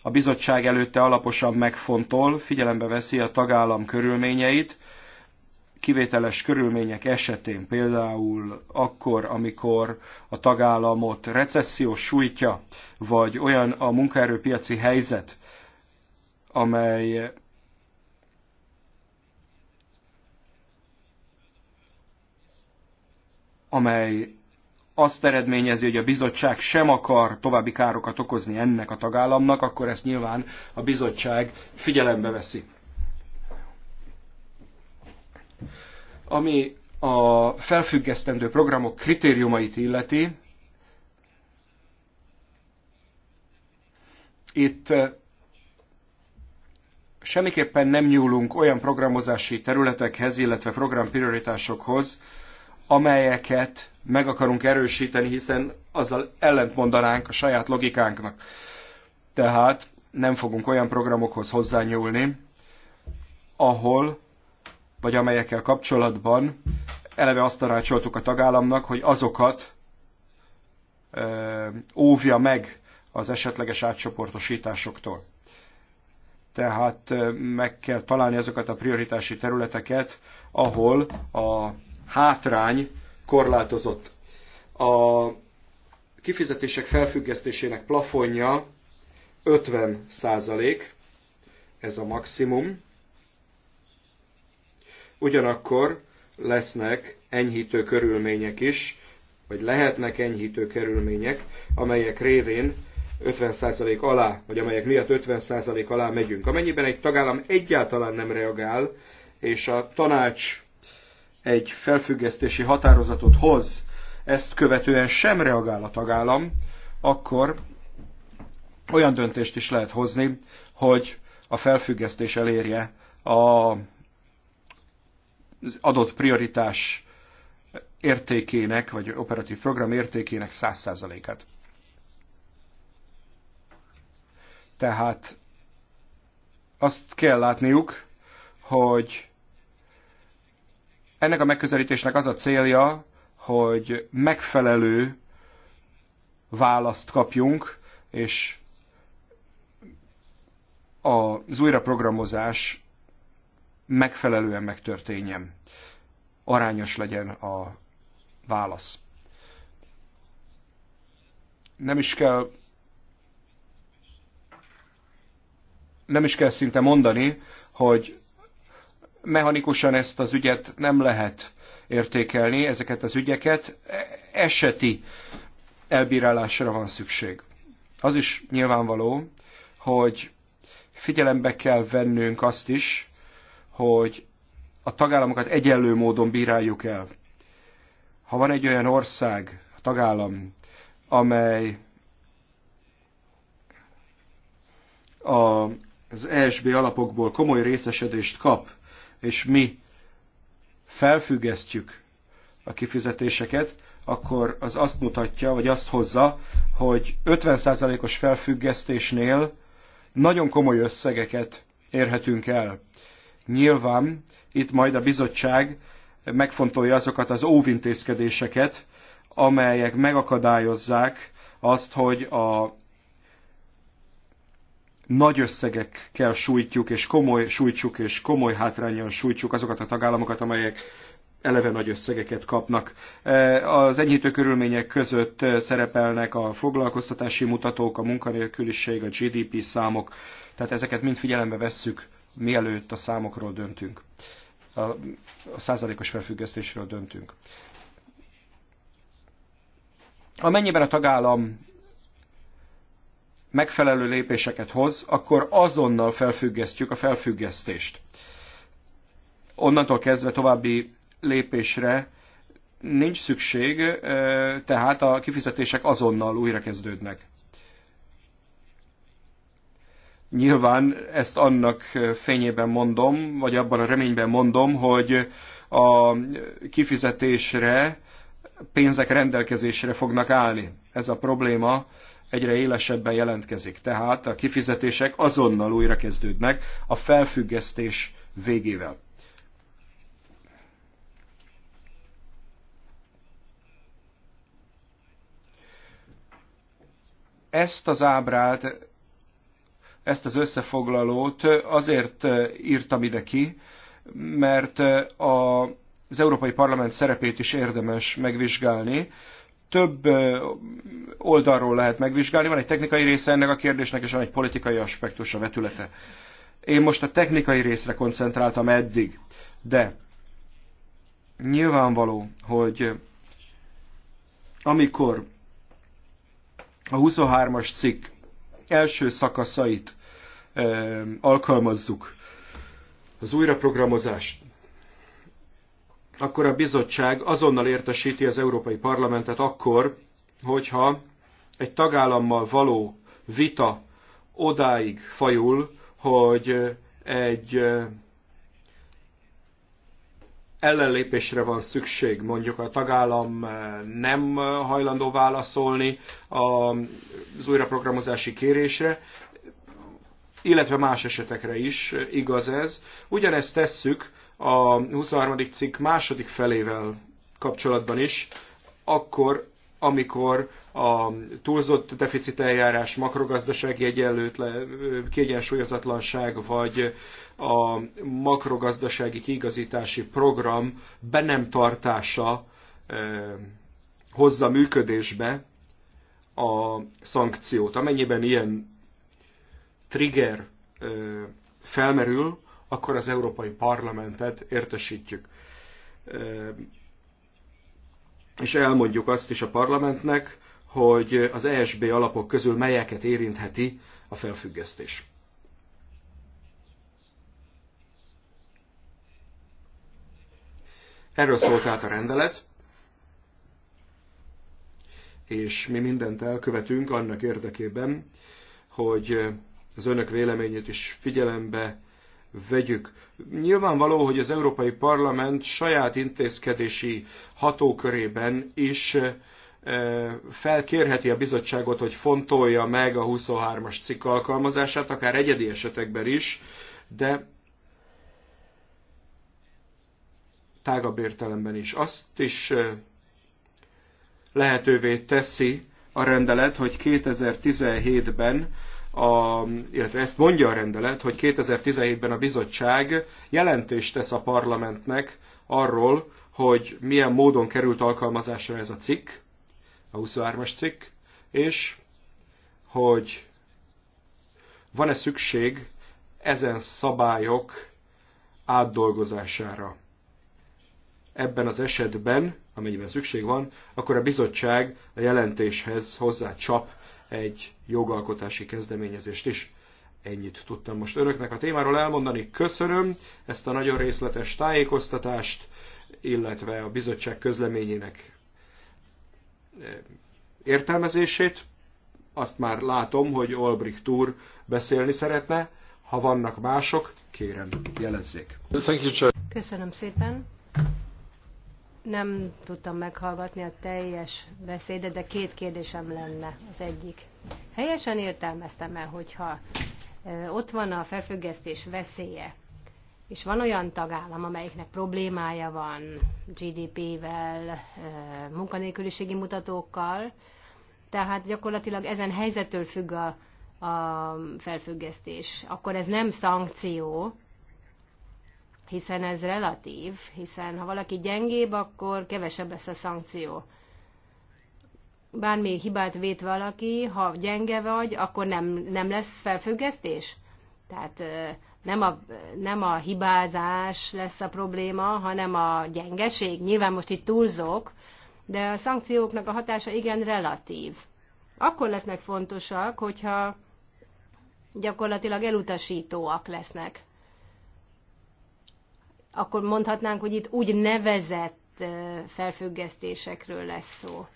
a bizottság előtte alaposan megfontol, figyelembe veszi a tagállam körülményeit, kivételes körülmények esetén, például akkor, amikor a tagállamot recesszió sújtja, vagy olyan a munkaerőpiaci helyzet, amely amely azt eredményezi, hogy a bizottság sem akar további károkat okozni ennek a tagállamnak, akkor ezt nyilván a bizottság figyelembe veszi. Ami a felfüggesztendő programok kritériumait illeti, itt eh, semmiképpen nem nyúlunk olyan programozási területekhez, illetve programprioritásokhoz, amelyeket meg akarunk erősíteni, hiszen azzal ellentmondanánk a saját logikánknak. Tehát nem fogunk olyan programokhoz hozzányúlni, ahol, vagy amelyekkel kapcsolatban eleve azt tanácsoltuk a tagállamnak, hogy azokat ö, óvja meg az esetleges átcsoportosításoktól. Tehát meg kell találni azokat a prioritási területeket, ahol a hátrány korlátozott. A kifizetések felfüggesztésének plafonja 50 százalék, ez a maximum. Ugyanakkor lesznek enyhítő körülmények is, vagy lehetnek enyhítő körülmények, amelyek révén 50% alá, vagy amelyek miatt 50% alá megyünk. Amennyiben egy tagállam egyáltalán nem reagál, és a tanács egy felfüggesztési határozatot hoz, ezt követően sem reagál a tagállam, akkor olyan döntést is lehet hozni, hogy a felfüggesztés elérje a, az adott prioritás értékének, vagy operatív program értékének 100%-át. Tehát azt kell látniuk, hogy ennek a megközelítésnek az a célja, hogy megfelelő választ kapjunk, és az újraprogramozás megfelelően megtörténjen. Arányos legyen a válasz. Nem is kell nem is kell szinte mondani, hogy Mechanikusan ezt az ügyet nem lehet értékelni, ezeket az ügyeket. Eseti elbírálásra van szükség. Az is nyilvánvaló, hogy figyelembe kell vennünk azt is, hogy a tagállamokat egyenlő módon bíráljuk el. Ha van egy olyan ország, tagállam, amely az ESB alapokból komoly részesedést kap, és mi felfüggesztjük a kifizetéseket, akkor az azt mutatja, vagy azt hozza, hogy 50%-os felfüggesztésnél nagyon komoly összegeket érhetünk el. Nyilván itt majd a bizottság megfontolja azokat az óvintézkedéseket, amelyek megakadályozzák azt, hogy a nagy összegekkel sújtjuk, és komoly sújtsuk, és komoly hátrányon sújtsuk azokat a tagállamokat, amelyek eleve nagy összegeket kapnak. E, az enyhítő körülmények között e, szerepelnek a foglalkoztatási mutatók, a munkanélküliség, a GDP számok, tehát ezeket mind figyelembe vesszük, mielőtt a számokról döntünk. A, a százalékos felfüggesztésről döntünk. Amennyiben a tagállam megfelelő lépéseket hoz, akkor azonnal felfüggesztjük a felfüggesztést. Onnantól kezdve további lépésre nincs szükség, tehát a kifizetések azonnal újrakezdődnek. Nyilván ezt annak fényében mondom, vagy abban a reményben mondom, hogy a kifizetésre pénzek rendelkezésre fognak állni. Ez a probléma egyre élesebben jelentkezik. Tehát a kifizetések azonnal újra kezdődnek a felfüggesztés végével. Ezt az ábrát, ezt az összefoglalót azért írtam ide ki, mert a, az Európai Parlament szerepét is érdemes megvizsgálni több oldalról lehet megvizsgálni. Van egy technikai része ennek a kérdésnek, és van egy politikai aspektus a vetülete. Én most a technikai részre koncentráltam eddig, de nyilvánvaló, hogy amikor a 23-as cikk első szakaszait alkalmazzuk, az újraprogramozást akkor a bizottság azonnal értesíti az Európai Parlamentet akkor, hogyha egy tagállammal való vita odáig fajul, hogy egy ellenlépésre van szükség, mondjuk a tagállam nem hajlandó válaszolni az újraprogramozási kérésre, illetve más esetekre is igaz ez. Ugyanezt tesszük a 23. cikk második felével kapcsolatban is, akkor, amikor a túlzott deficit eljárás, makrogazdasági egyenlőtlen kiegyensúlyozatlanság, vagy a makrogazdasági kiigazítási program be nem tartása hozza működésbe a szankciót. Amennyiben ilyen trigger felmerül, akkor az Európai Parlamentet értesítjük. És elmondjuk azt is a parlamentnek, hogy az ESB alapok közül melyeket érintheti a felfüggesztés. Erről szólt át a rendelet, és mi mindent elkövetünk annak érdekében, hogy az önök véleményét is figyelembe vegyük. Nyilvánvaló, hogy az Európai Parlament saját intézkedési hatókörében is felkérheti a bizottságot, hogy fontolja meg a 23-as cikk alkalmazását, akár egyedi esetekben is, de tágabb értelemben is. Azt is lehetővé teszi a rendelet, hogy 2017-ben a, illetve ezt mondja a rendelet, hogy 2017-ben a bizottság jelentést tesz a parlamentnek arról, hogy milyen módon került alkalmazásra ez a cikk, a 23-as cikk, és hogy van-e szükség ezen szabályok átdolgozására. Ebben az esetben, amennyiben szükség van, akkor a bizottság a jelentéshez hozzá csap egy jogalkotási kezdeményezést is. Ennyit tudtam most öröknek a témáról elmondani. Köszönöm ezt a nagyon részletes tájékoztatást, illetve a bizottság közleményének eh, értelmezését. Azt már látom, hogy Olbricht úr beszélni szeretne. Ha vannak mások, kérem, jelezzék. Köszönöm szépen nem tudtam meghallgatni a teljes beszédet, de két kérdésem lenne az egyik. Helyesen értelmeztem el, hogyha ott van a felfüggesztés veszélye, és van olyan tagállam, amelyiknek problémája van GDP-vel, munkanélküliségi mutatókkal, tehát gyakorlatilag ezen helyzettől függ a, a felfüggesztés. Akkor ez nem szankció, hiszen ez relatív, hiszen ha valaki gyengébb, akkor kevesebb lesz a szankció. Bármi hibát vét valaki, ha gyenge vagy, akkor nem, nem lesz felfüggesztés? Tehát nem a, nem a hibázás lesz a probléma, hanem a gyengeség. Nyilván most itt túlzok, de a szankcióknak a hatása igen relatív. Akkor lesznek fontosak, hogyha gyakorlatilag elutasítóak lesznek akkor mondhatnánk, hogy itt úgy nevezett felfüggesztésekről lesz szó.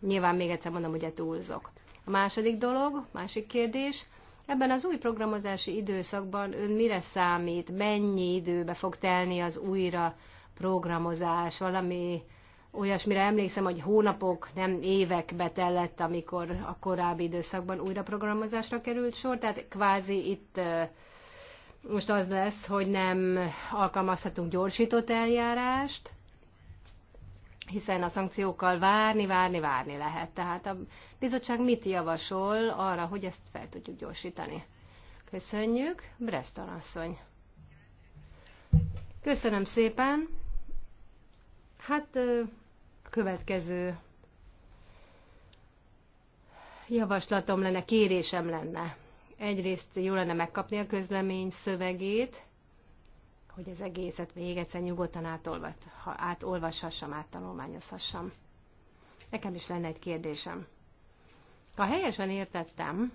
Nyilván még egyszer mondom, hogy túlzok. A második dolog, másik kérdés, ebben az új programozási időszakban ön mire számít, mennyi időbe fog telni az újra programozás, valami olyasmire emlékszem, hogy hónapok, nem évekbe tellett, amikor a korábbi időszakban újra programozásra került sor, tehát kvázi itt most az lesz, hogy nem alkalmazhatunk gyorsított eljárást, hiszen a szankciókkal várni, várni, várni lehet. Tehát a bizottság mit javasol arra, hogy ezt fel tudjuk gyorsítani? Köszönjük, Breston asszony. Köszönöm szépen. Hát a következő javaslatom lenne, kérésem lenne Egyrészt jó lenne megkapni a közlemény szövegét, hogy az egészet még egyszer nyugodtan átolvat, ha átolvashassam, áttanulmányozhassam. Nekem is lenne egy kérdésem. Ha helyesen értettem,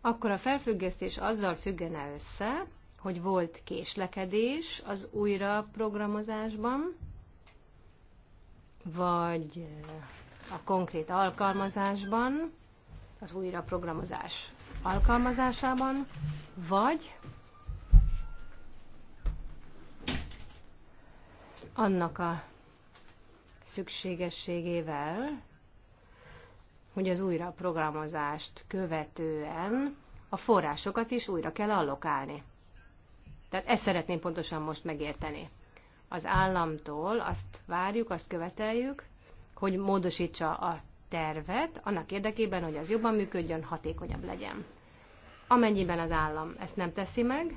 akkor a felfüggesztés azzal függene össze, hogy volt késlekedés az újraprogramozásban, vagy a konkrét alkalmazásban, az újra programozás alkalmazásában, vagy annak a szükségességével, hogy az újra programozást követően a forrásokat is újra kell allokálni. Tehát ezt szeretném pontosan most megérteni. Az államtól azt várjuk, azt követeljük, hogy módosítsa a tervet annak érdekében, hogy az jobban működjön, hatékonyabb legyen. Amennyiben az állam ezt nem teszi meg,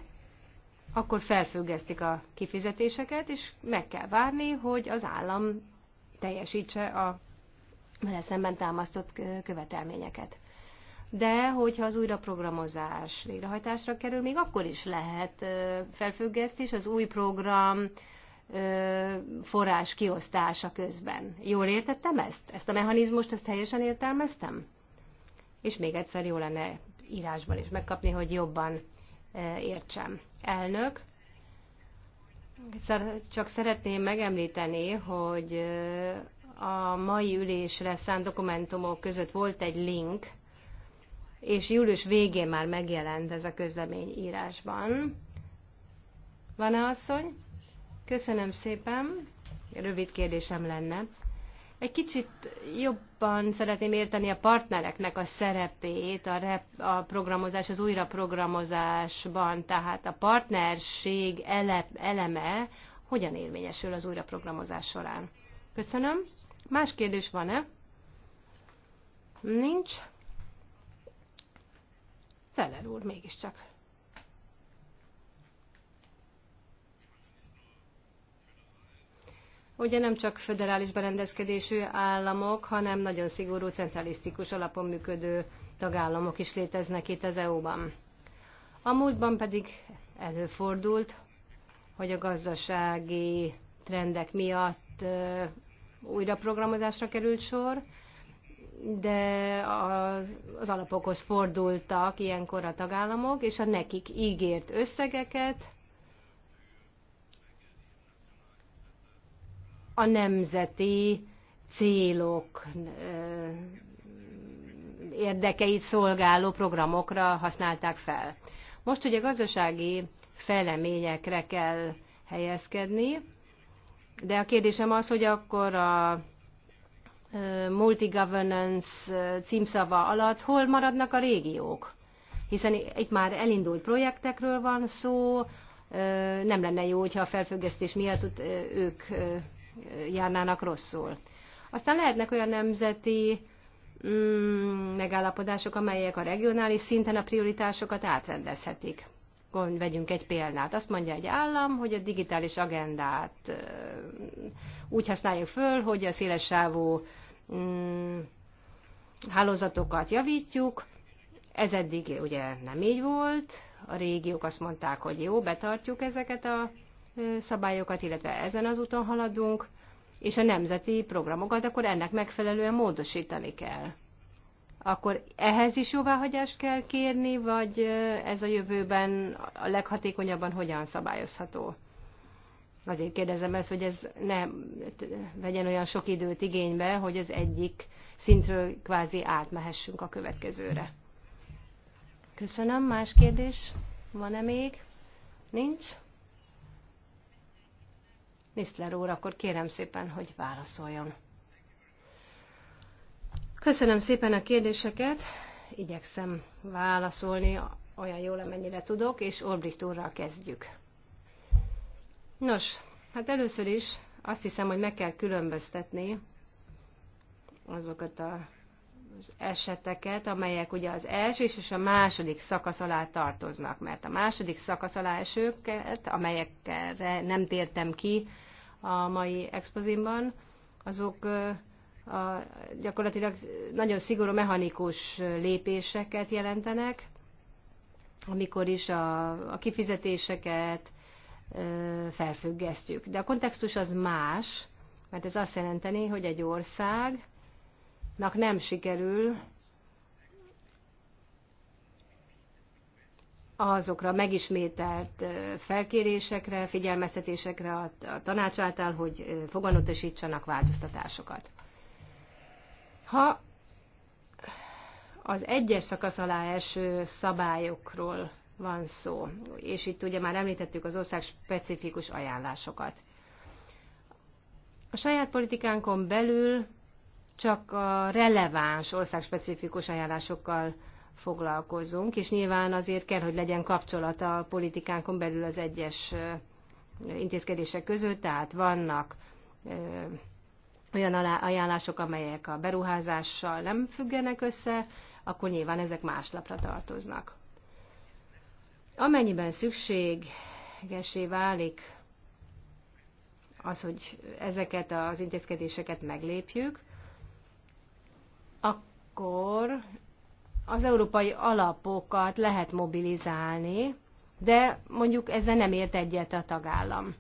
akkor felfüggesztik a kifizetéseket, és meg kell várni, hogy az állam teljesítse a vele szemben támasztott követelményeket. De hogyha az újraprogramozás végrehajtásra kerül, még akkor is lehet felfüggesztés, az új program forrás kiosztása közben. Jól értettem ezt? Ezt a mechanizmust, ezt helyesen értelmeztem? És még egyszer jó lenne írásban is megkapni, hogy jobban értsem. Elnök, csak szeretném megemlíteni, hogy a mai ülésre szánt dokumentumok között volt egy link, és július végén már megjelent ez a közlemény írásban. Van-e asszony? Köszönöm szépen. Rövid kérdésem lenne. Egy kicsit jobban szeretném érteni a partnereknek a szerepét a, rep, a programozás, az újraprogramozásban. Tehát a partnerség ele, eleme hogyan érvényesül az újraprogramozás során? Köszönöm. Más kérdés van-e? Nincs. Szeller úr mégiscsak. Ugye nem csak föderális berendezkedésű államok, hanem nagyon szigorú centralisztikus alapon működő tagállamok is léteznek itt az EU-ban. A múltban pedig előfordult, hogy a gazdasági trendek miatt újra programozásra került sor, de az, az alapokhoz fordultak ilyenkor a tagállamok, és a nekik ígért összegeket a nemzeti célok érdekeit szolgáló programokra használták fel. Most ugye gazdasági fejleményekre kell helyezkedni, de a kérdésem az, hogy akkor a multi-governance címszava alatt hol maradnak a régiók? Hiszen itt már elindult projektekről van szó, nem lenne jó, hogyha a felfüggesztés miatt ők járnának rosszul. Aztán lehetnek olyan nemzeti mm, megállapodások, amelyek a regionális szinten a prioritásokat átrendezhetik. Gond, vegyünk egy példát. Azt mondja egy állam, hogy a digitális agendát ö, úgy használjuk föl, hogy a szélessávú mm, hálózatokat javítjuk. Ez eddig ugye nem így volt. A régiók azt mondták, hogy jó, betartjuk ezeket a szabályokat, illetve ezen az úton haladunk, és a nemzeti programokat akkor ennek megfelelően módosítani kell. Akkor ehhez is jóváhagyást kell kérni, vagy ez a jövőben a leghatékonyabban hogyan szabályozható? Azért kérdezem ezt, hogy ez ne vegyen olyan sok időt igénybe, hogy az egyik szintről kvázi átmehessünk a következőre. Köszönöm. Más kérdés van-e még? Nincs? Nisztler úr, akkor kérem szépen, hogy válaszoljon. Köszönöm szépen a kérdéseket. Igyekszem válaszolni olyan jól, amennyire tudok, és Olbricht úrral kezdjük. Nos, hát először is azt hiszem, hogy meg kell különböztetni azokat a az eseteket, amelyek ugye az első és a második szakasz alá tartoznak, mert a második szakasz alá esőket, amelyekre nem tértem ki a mai expozimban, azok a, gyakorlatilag nagyon szigorú mechanikus lépéseket jelentenek, amikor is a, a kifizetéseket ö, felfüggesztjük. De a kontextus az más, mert ez azt jelenteni, hogy egy ország nak nem sikerül azokra megismételt felkérésekre, figyelmeztetésekre a tanács által, hogy foganatosítsanak változtatásokat. Ha az egyes szakasz alá eső szabályokról van szó, és itt ugye már említettük az ország specifikus ajánlásokat. A saját politikánkon belül csak a releváns országspecifikus ajánlásokkal foglalkozunk, és nyilván azért kell, hogy legyen kapcsolat a politikánkon belül az egyes intézkedések között, tehát vannak olyan ajánlások, amelyek a beruházással nem függenek össze, akkor nyilván ezek más lapra tartoznak. Amennyiben szükségesé válik az, hogy ezeket az intézkedéseket meglépjük, akkor az európai alapokat lehet mobilizálni, de mondjuk ezzel nem ért egyet a tagállam.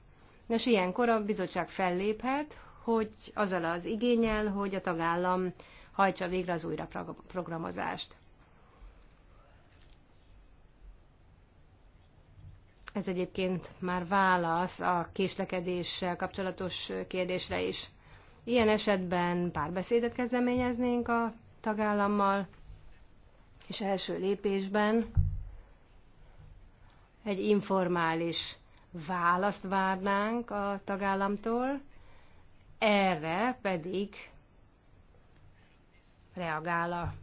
Nos, ilyenkor a bizottság felléphet, hogy azzal az igényel, hogy a tagállam hajtsa végre az újraprogramozást. Ez egyébként már válasz a késlekedéssel kapcsolatos kérdésre is. Ilyen esetben párbeszédet kezdeményeznénk a tagállammal, és első lépésben egy informális választ várnánk a tagállamtól, erre pedig reagál a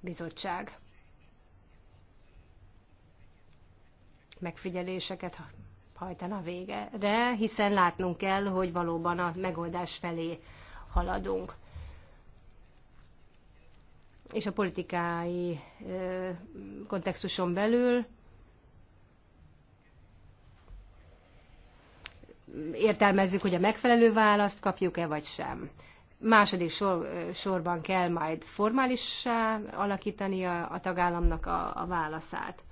bizottság. Megfigyeléseket hajtana végre, hiszen látnunk kell, hogy valóban a megoldás felé haladunk. És a politikai kontextuson belül értelmezzük, hogy a megfelelő választ kapjuk-e vagy sem. Második sor, sorban kell majd formálissá alakítani a, a tagállamnak a, a válaszát.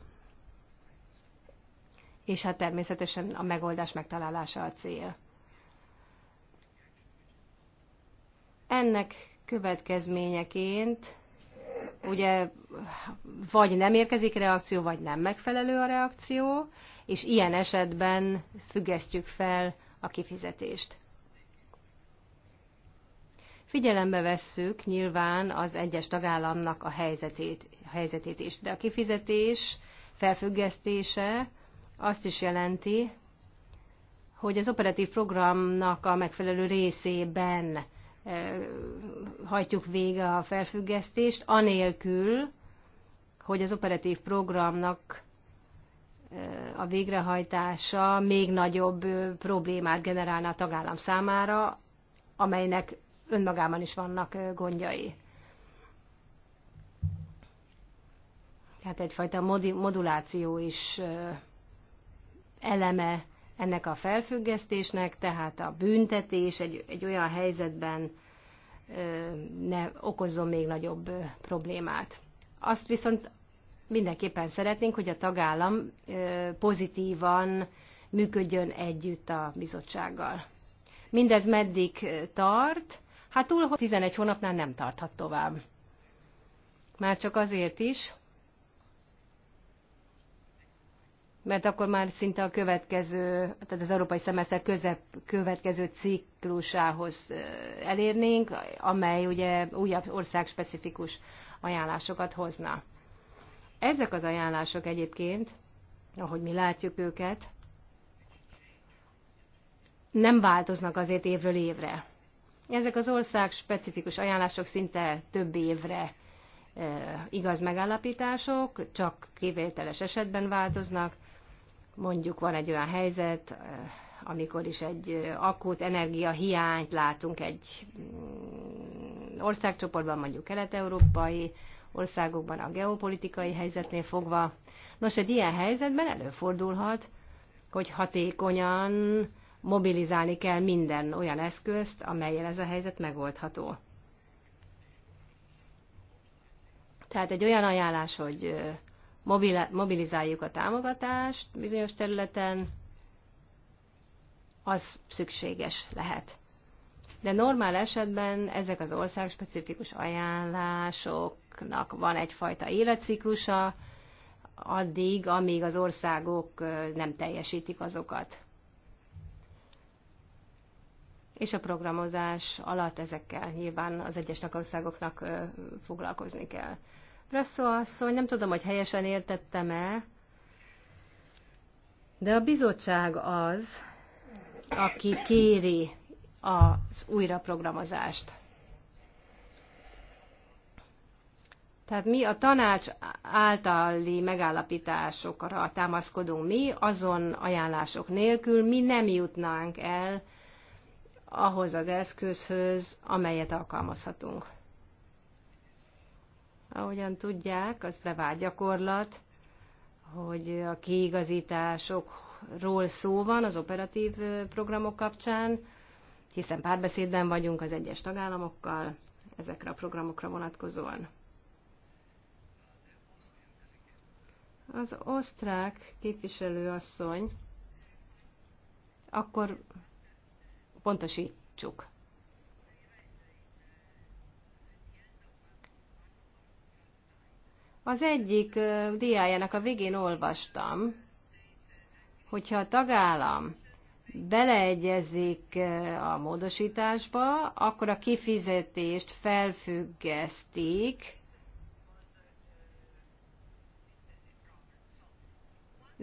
És hát természetesen a megoldás megtalálása a cél. Ennek következményeként ugye vagy nem érkezik reakció, vagy nem megfelelő a reakció, és ilyen esetben függesztjük fel a kifizetést. Figyelembe vesszük nyilván az egyes tagállamnak a helyzetét, a helyzetét is, de a kifizetés felfüggesztése azt is jelenti, hogy az operatív programnak a megfelelő részében hajtjuk vége a felfüggesztést, anélkül, hogy az operatív programnak a végrehajtása még nagyobb problémát generálna a tagállam számára, amelynek önmagában is vannak gondjai. Tehát egyfajta moduláció is eleme ennek a felfüggesztésnek, tehát a büntetés egy, egy olyan helyzetben ne okozzon még nagyobb problémát. Azt viszont mindenképpen szeretnénk, hogy a tagállam pozitívan működjön együtt a bizottsággal. Mindez meddig tart? Hát túl 11 hónapnál nem tarthat tovább. Már csak azért is, mert akkor már szinte a következő, tehát az európai szemeszter közep következő ciklusához elérnénk, amely ugye újabb országspecifikus ajánlásokat hozna. Ezek az ajánlások egyébként, ahogy mi látjuk őket, nem változnak azért évről évre. Ezek az ország specifikus ajánlások szinte több évre igaz megállapítások, csak kivételes esetben változnak, mondjuk van egy olyan helyzet, eh, amikor is egy eh, akut energiahiányt látunk egy mm, országcsoportban, mondjuk kelet-európai országokban a geopolitikai helyzetnél fogva. Nos, egy ilyen helyzetben előfordulhat, hogy hatékonyan mobilizálni kell minden olyan eszközt, amelyen ez a helyzet megoldható. Tehát egy olyan ajánlás, hogy eh, mobilizáljuk a támogatást bizonyos területen, az szükséges lehet. De normál esetben ezek az országspecifikus ajánlásoknak van egyfajta életciklusa, addig, amíg az országok nem teljesítik azokat. És a programozás alatt ezekkel nyilván az egyes országoknak foglalkozni kell. Rasszó asszony, nem tudom, hogy helyesen értettem-e, de a bizottság az, aki kéri az újraprogramozást. Tehát mi a tanács általi megállapításokra támaszkodunk mi, azon ajánlások nélkül mi nem jutnánk el ahhoz az eszközhöz, amelyet alkalmazhatunk. Ahogyan tudják, az bevált gyakorlat, hogy a kiigazításokról szó van az operatív programok kapcsán, hiszen párbeszédben vagyunk az egyes tagállamokkal ezekre a programokra vonatkozóan. Az osztrák képviselőasszony, akkor pontosítsuk. Az egyik diájának a végén olvastam, hogyha a tagállam beleegyezik a módosításba, akkor a kifizetést felfüggesztik,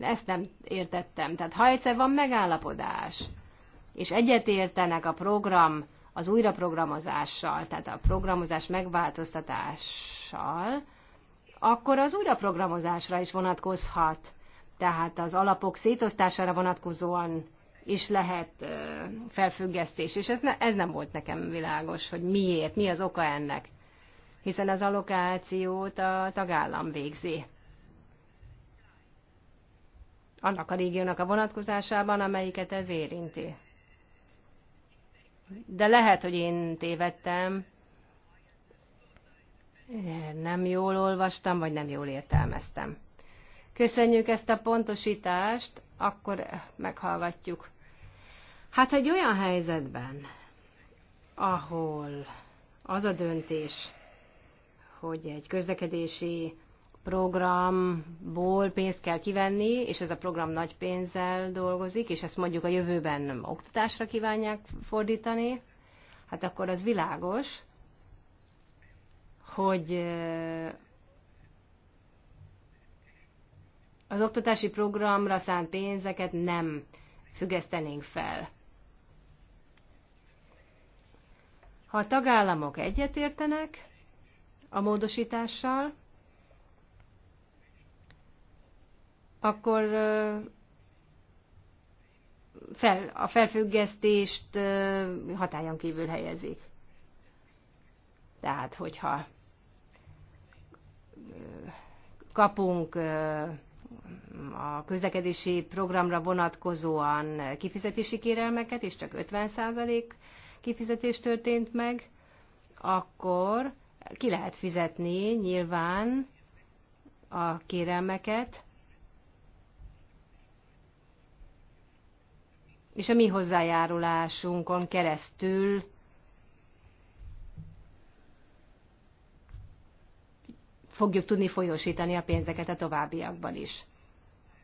Ezt nem értettem. Tehát ha egyszer van megállapodás, és egyetértenek a program az újraprogramozással, tehát a programozás megváltoztatással, akkor az újraprogramozásra is vonatkozhat. Tehát az alapok szétosztására vonatkozóan is lehet felfüggesztés. És ez, ne, ez nem volt nekem világos, hogy miért, mi az oka ennek. Hiszen az allokációt a tagállam végzi. Annak a régiónak a vonatkozásában, amelyiket ez érinti. De lehet, hogy én tévedtem, nem jól olvastam, vagy nem jól értelmeztem. Köszönjük ezt a pontosítást, akkor meghallgatjuk. Hát egy olyan helyzetben, ahol az a döntés, hogy egy közlekedési programból pénzt kell kivenni, és ez a program nagy pénzzel dolgozik, és ezt mondjuk a jövőben oktatásra kívánják fordítani, hát akkor az világos, hogy az oktatási programra szánt pénzeket nem függesztenénk fel. Ha a tagállamok egyetértenek a módosítással, akkor fel, a felfüggesztést hatályon kívül helyezik. Tehát, hogyha kapunk a közlekedési programra vonatkozóan kifizetési kérelmeket, és csak 50% kifizetés történt meg, akkor ki lehet fizetni nyilván a kérelmeket, és a mi hozzájárulásunkon keresztül fogjuk tudni folyósítani a pénzeket a továbbiakban is.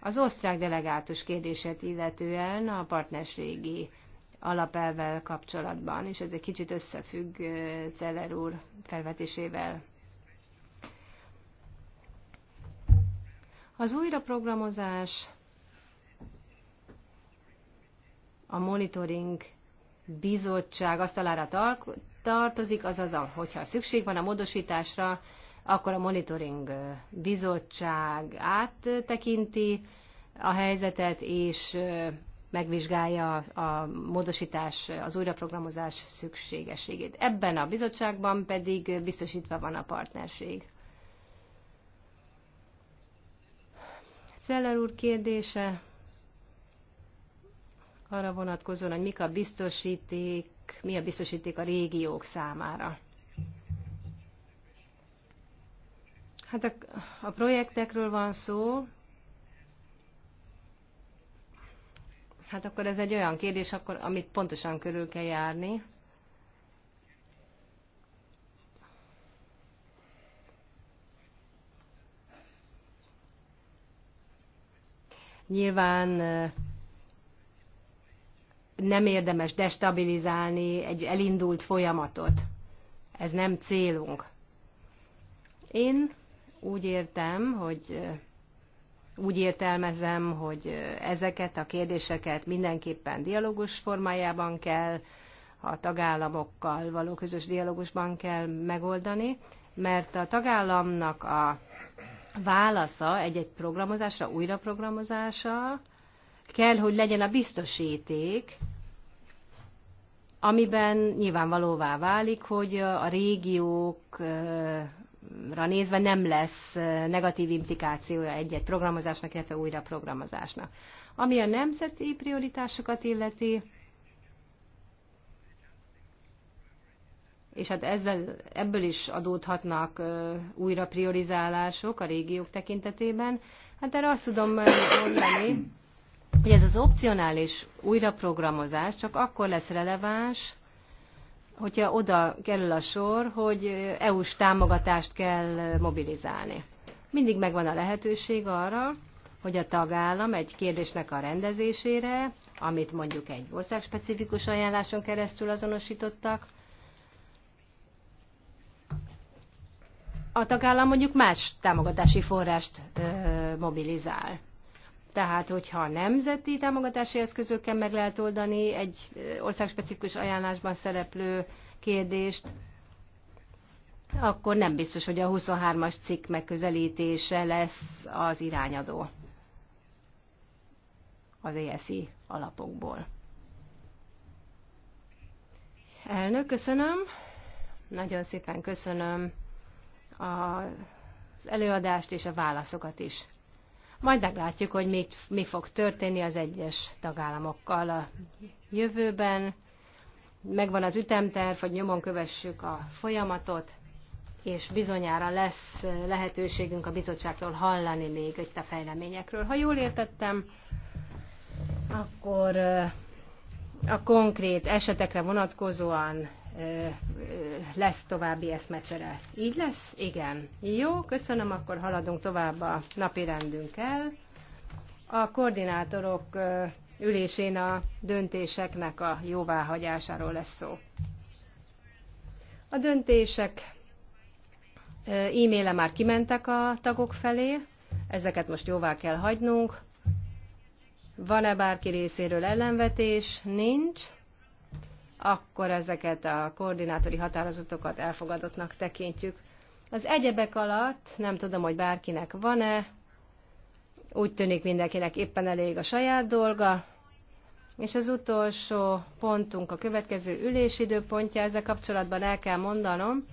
Az osztrák delegátus kérdését illetően a partnerségi alapelvel kapcsolatban, és ez egy kicsit összefügg Celler úr felvetésével. Az újraprogramozás, a monitoring bizottság alára tartozik, azaz, hogyha szükség van a módosításra, akkor a monitoring bizottság áttekinti a helyzetet, és megvizsgálja a módosítás, az újraprogramozás szükségességét. Ebben a bizottságban pedig biztosítva van a partnerség. Szeller úr kérdése arra vonatkozóan, hogy mik a biztosíték, mi a biztosíték a régiók számára. Hát a, a projektekről van szó. Hát akkor ez egy olyan kérdés, akkor, amit pontosan körül kell járni. Nyilván nem érdemes destabilizálni egy elindult folyamatot. Ez nem célunk. Én úgy értem, hogy eh, úgy értelmezem, hogy eh, ezeket a kérdéseket mindenképpen dialógus formájában kell, a tagállamokkal való közös dialógusban kell megoldani, mert a tagállamnak a válasza egy-egy programozásra, újraprogramozása kell, hogy legyen a biztosíték, amiben nyilvánvalóvá válik, hogy a régiók eh, ra nézve nem lesz negatív implikációja egy-egy programozásnak, illetve újra programozásnak. Ami a nemzeti prioritásokat illeti, és hát ezzel, ebből is adódhatnak újra priorizálások a régiók tekintetében. Hát erre azt tudom mondani, hogy ez az opcionális újraprogramozás csak akkor lesz releváns, hogyha oda kerül a sor, hogy EU-s támogatást kell mobilizálni. Mindig megvan a lehetőség arra, hogy a tagállam egy kérdésnek a rendezésére, amit mondjuk egy országspecifikus ajánláson keresztül azonosítottak, a tagállam mondjuk más támogatási forrást ö, mobilizál. Tehát, hogyha nemzeti támogatási eszközökkel meg lehet oldani egy országspecifikus ajánlásban szereplő kérdést, akkor nem biztos, hogy a 23-as cikk megközelítése lesz az irányadó az ESI alapokból. Elnök, köszönöm. Nagyon szépen köszönöm az előadást és a válaszokat is majd meglátjuk, hogy mit, mi fog történni az egyes tagállamokkal a jövőben. Megvan az ütemterv, hogy nyomon kövessük a folyamatot, és bizonyára lesz lehetőségünk a bizottságtól hallani még itt a fejleményekről. Ha jól értettem, akkor eh, a konkrét esetekre vonatkozóan lesz további eszmecsere. Így lesz? Igen. Jó, köszönöm, akkor haladunk tovább a napi rendünkkel. A koordinátorok ülésén a döntéseknek a jóváhagyásáról lesz szó. A döntések e-maile már kimentek a tagok felé, ezeket most jóvá kell hagynunk. Van-e bárki részéről ellenvetés? Nincs akkor ezeket a koordinátori határozatokat elfogadottnak tekintjük. Az egyebek alatt nem tudom, hogy bárkinek van-e, úgy tűnik mindenkinek éppen elég a saját dolga, és az utolsó pontunk a következő ülésidőpontja, ezzel kapcsolatban el kell mondanom,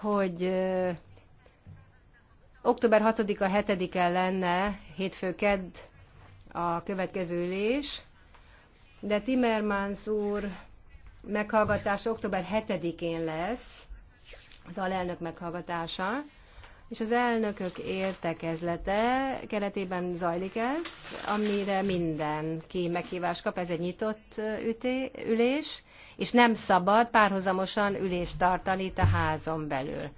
hogy október 6-a, 7-e lenne, hétfő kedd a következő ülés, de Timmermans úr meghallgatása október 7-én lesz, az alelnök meghallgatása, és az elnökök értekezlete keretében zajlik ez, amire mindenki meghívást kap, ez egy nyitott üté, ülés, és nem szabad párhuzamosan ülést tartani itt a házon belül.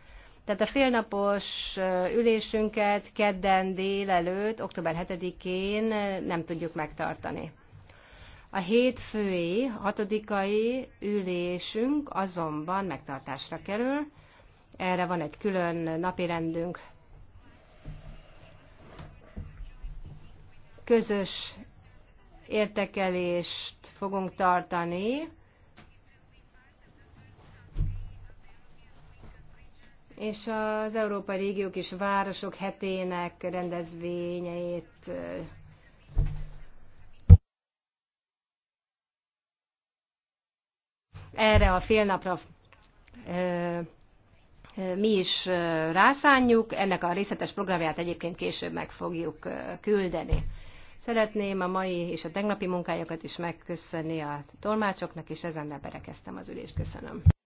Tehát a félnapos ülésünket kedden délelőtt, október 7-én nem tudjuk megtartani. A hétfői, hatodikai ülésünk azonban megtartásra kerül. Erre van egy külön rendünk. Közös értekelést fogunk tartani. és az Európai Régiók és Városok hetének rendezvényeit erre a fél napra mi is rászánjuk, ennek a részletes programját egyébként később meg fogjuk küldeni. Szeretném a mai és a tegnapi munkájukat is megköszönni a tolmácsoknak, és ezennel berekeztem az ülést. Köszönöm.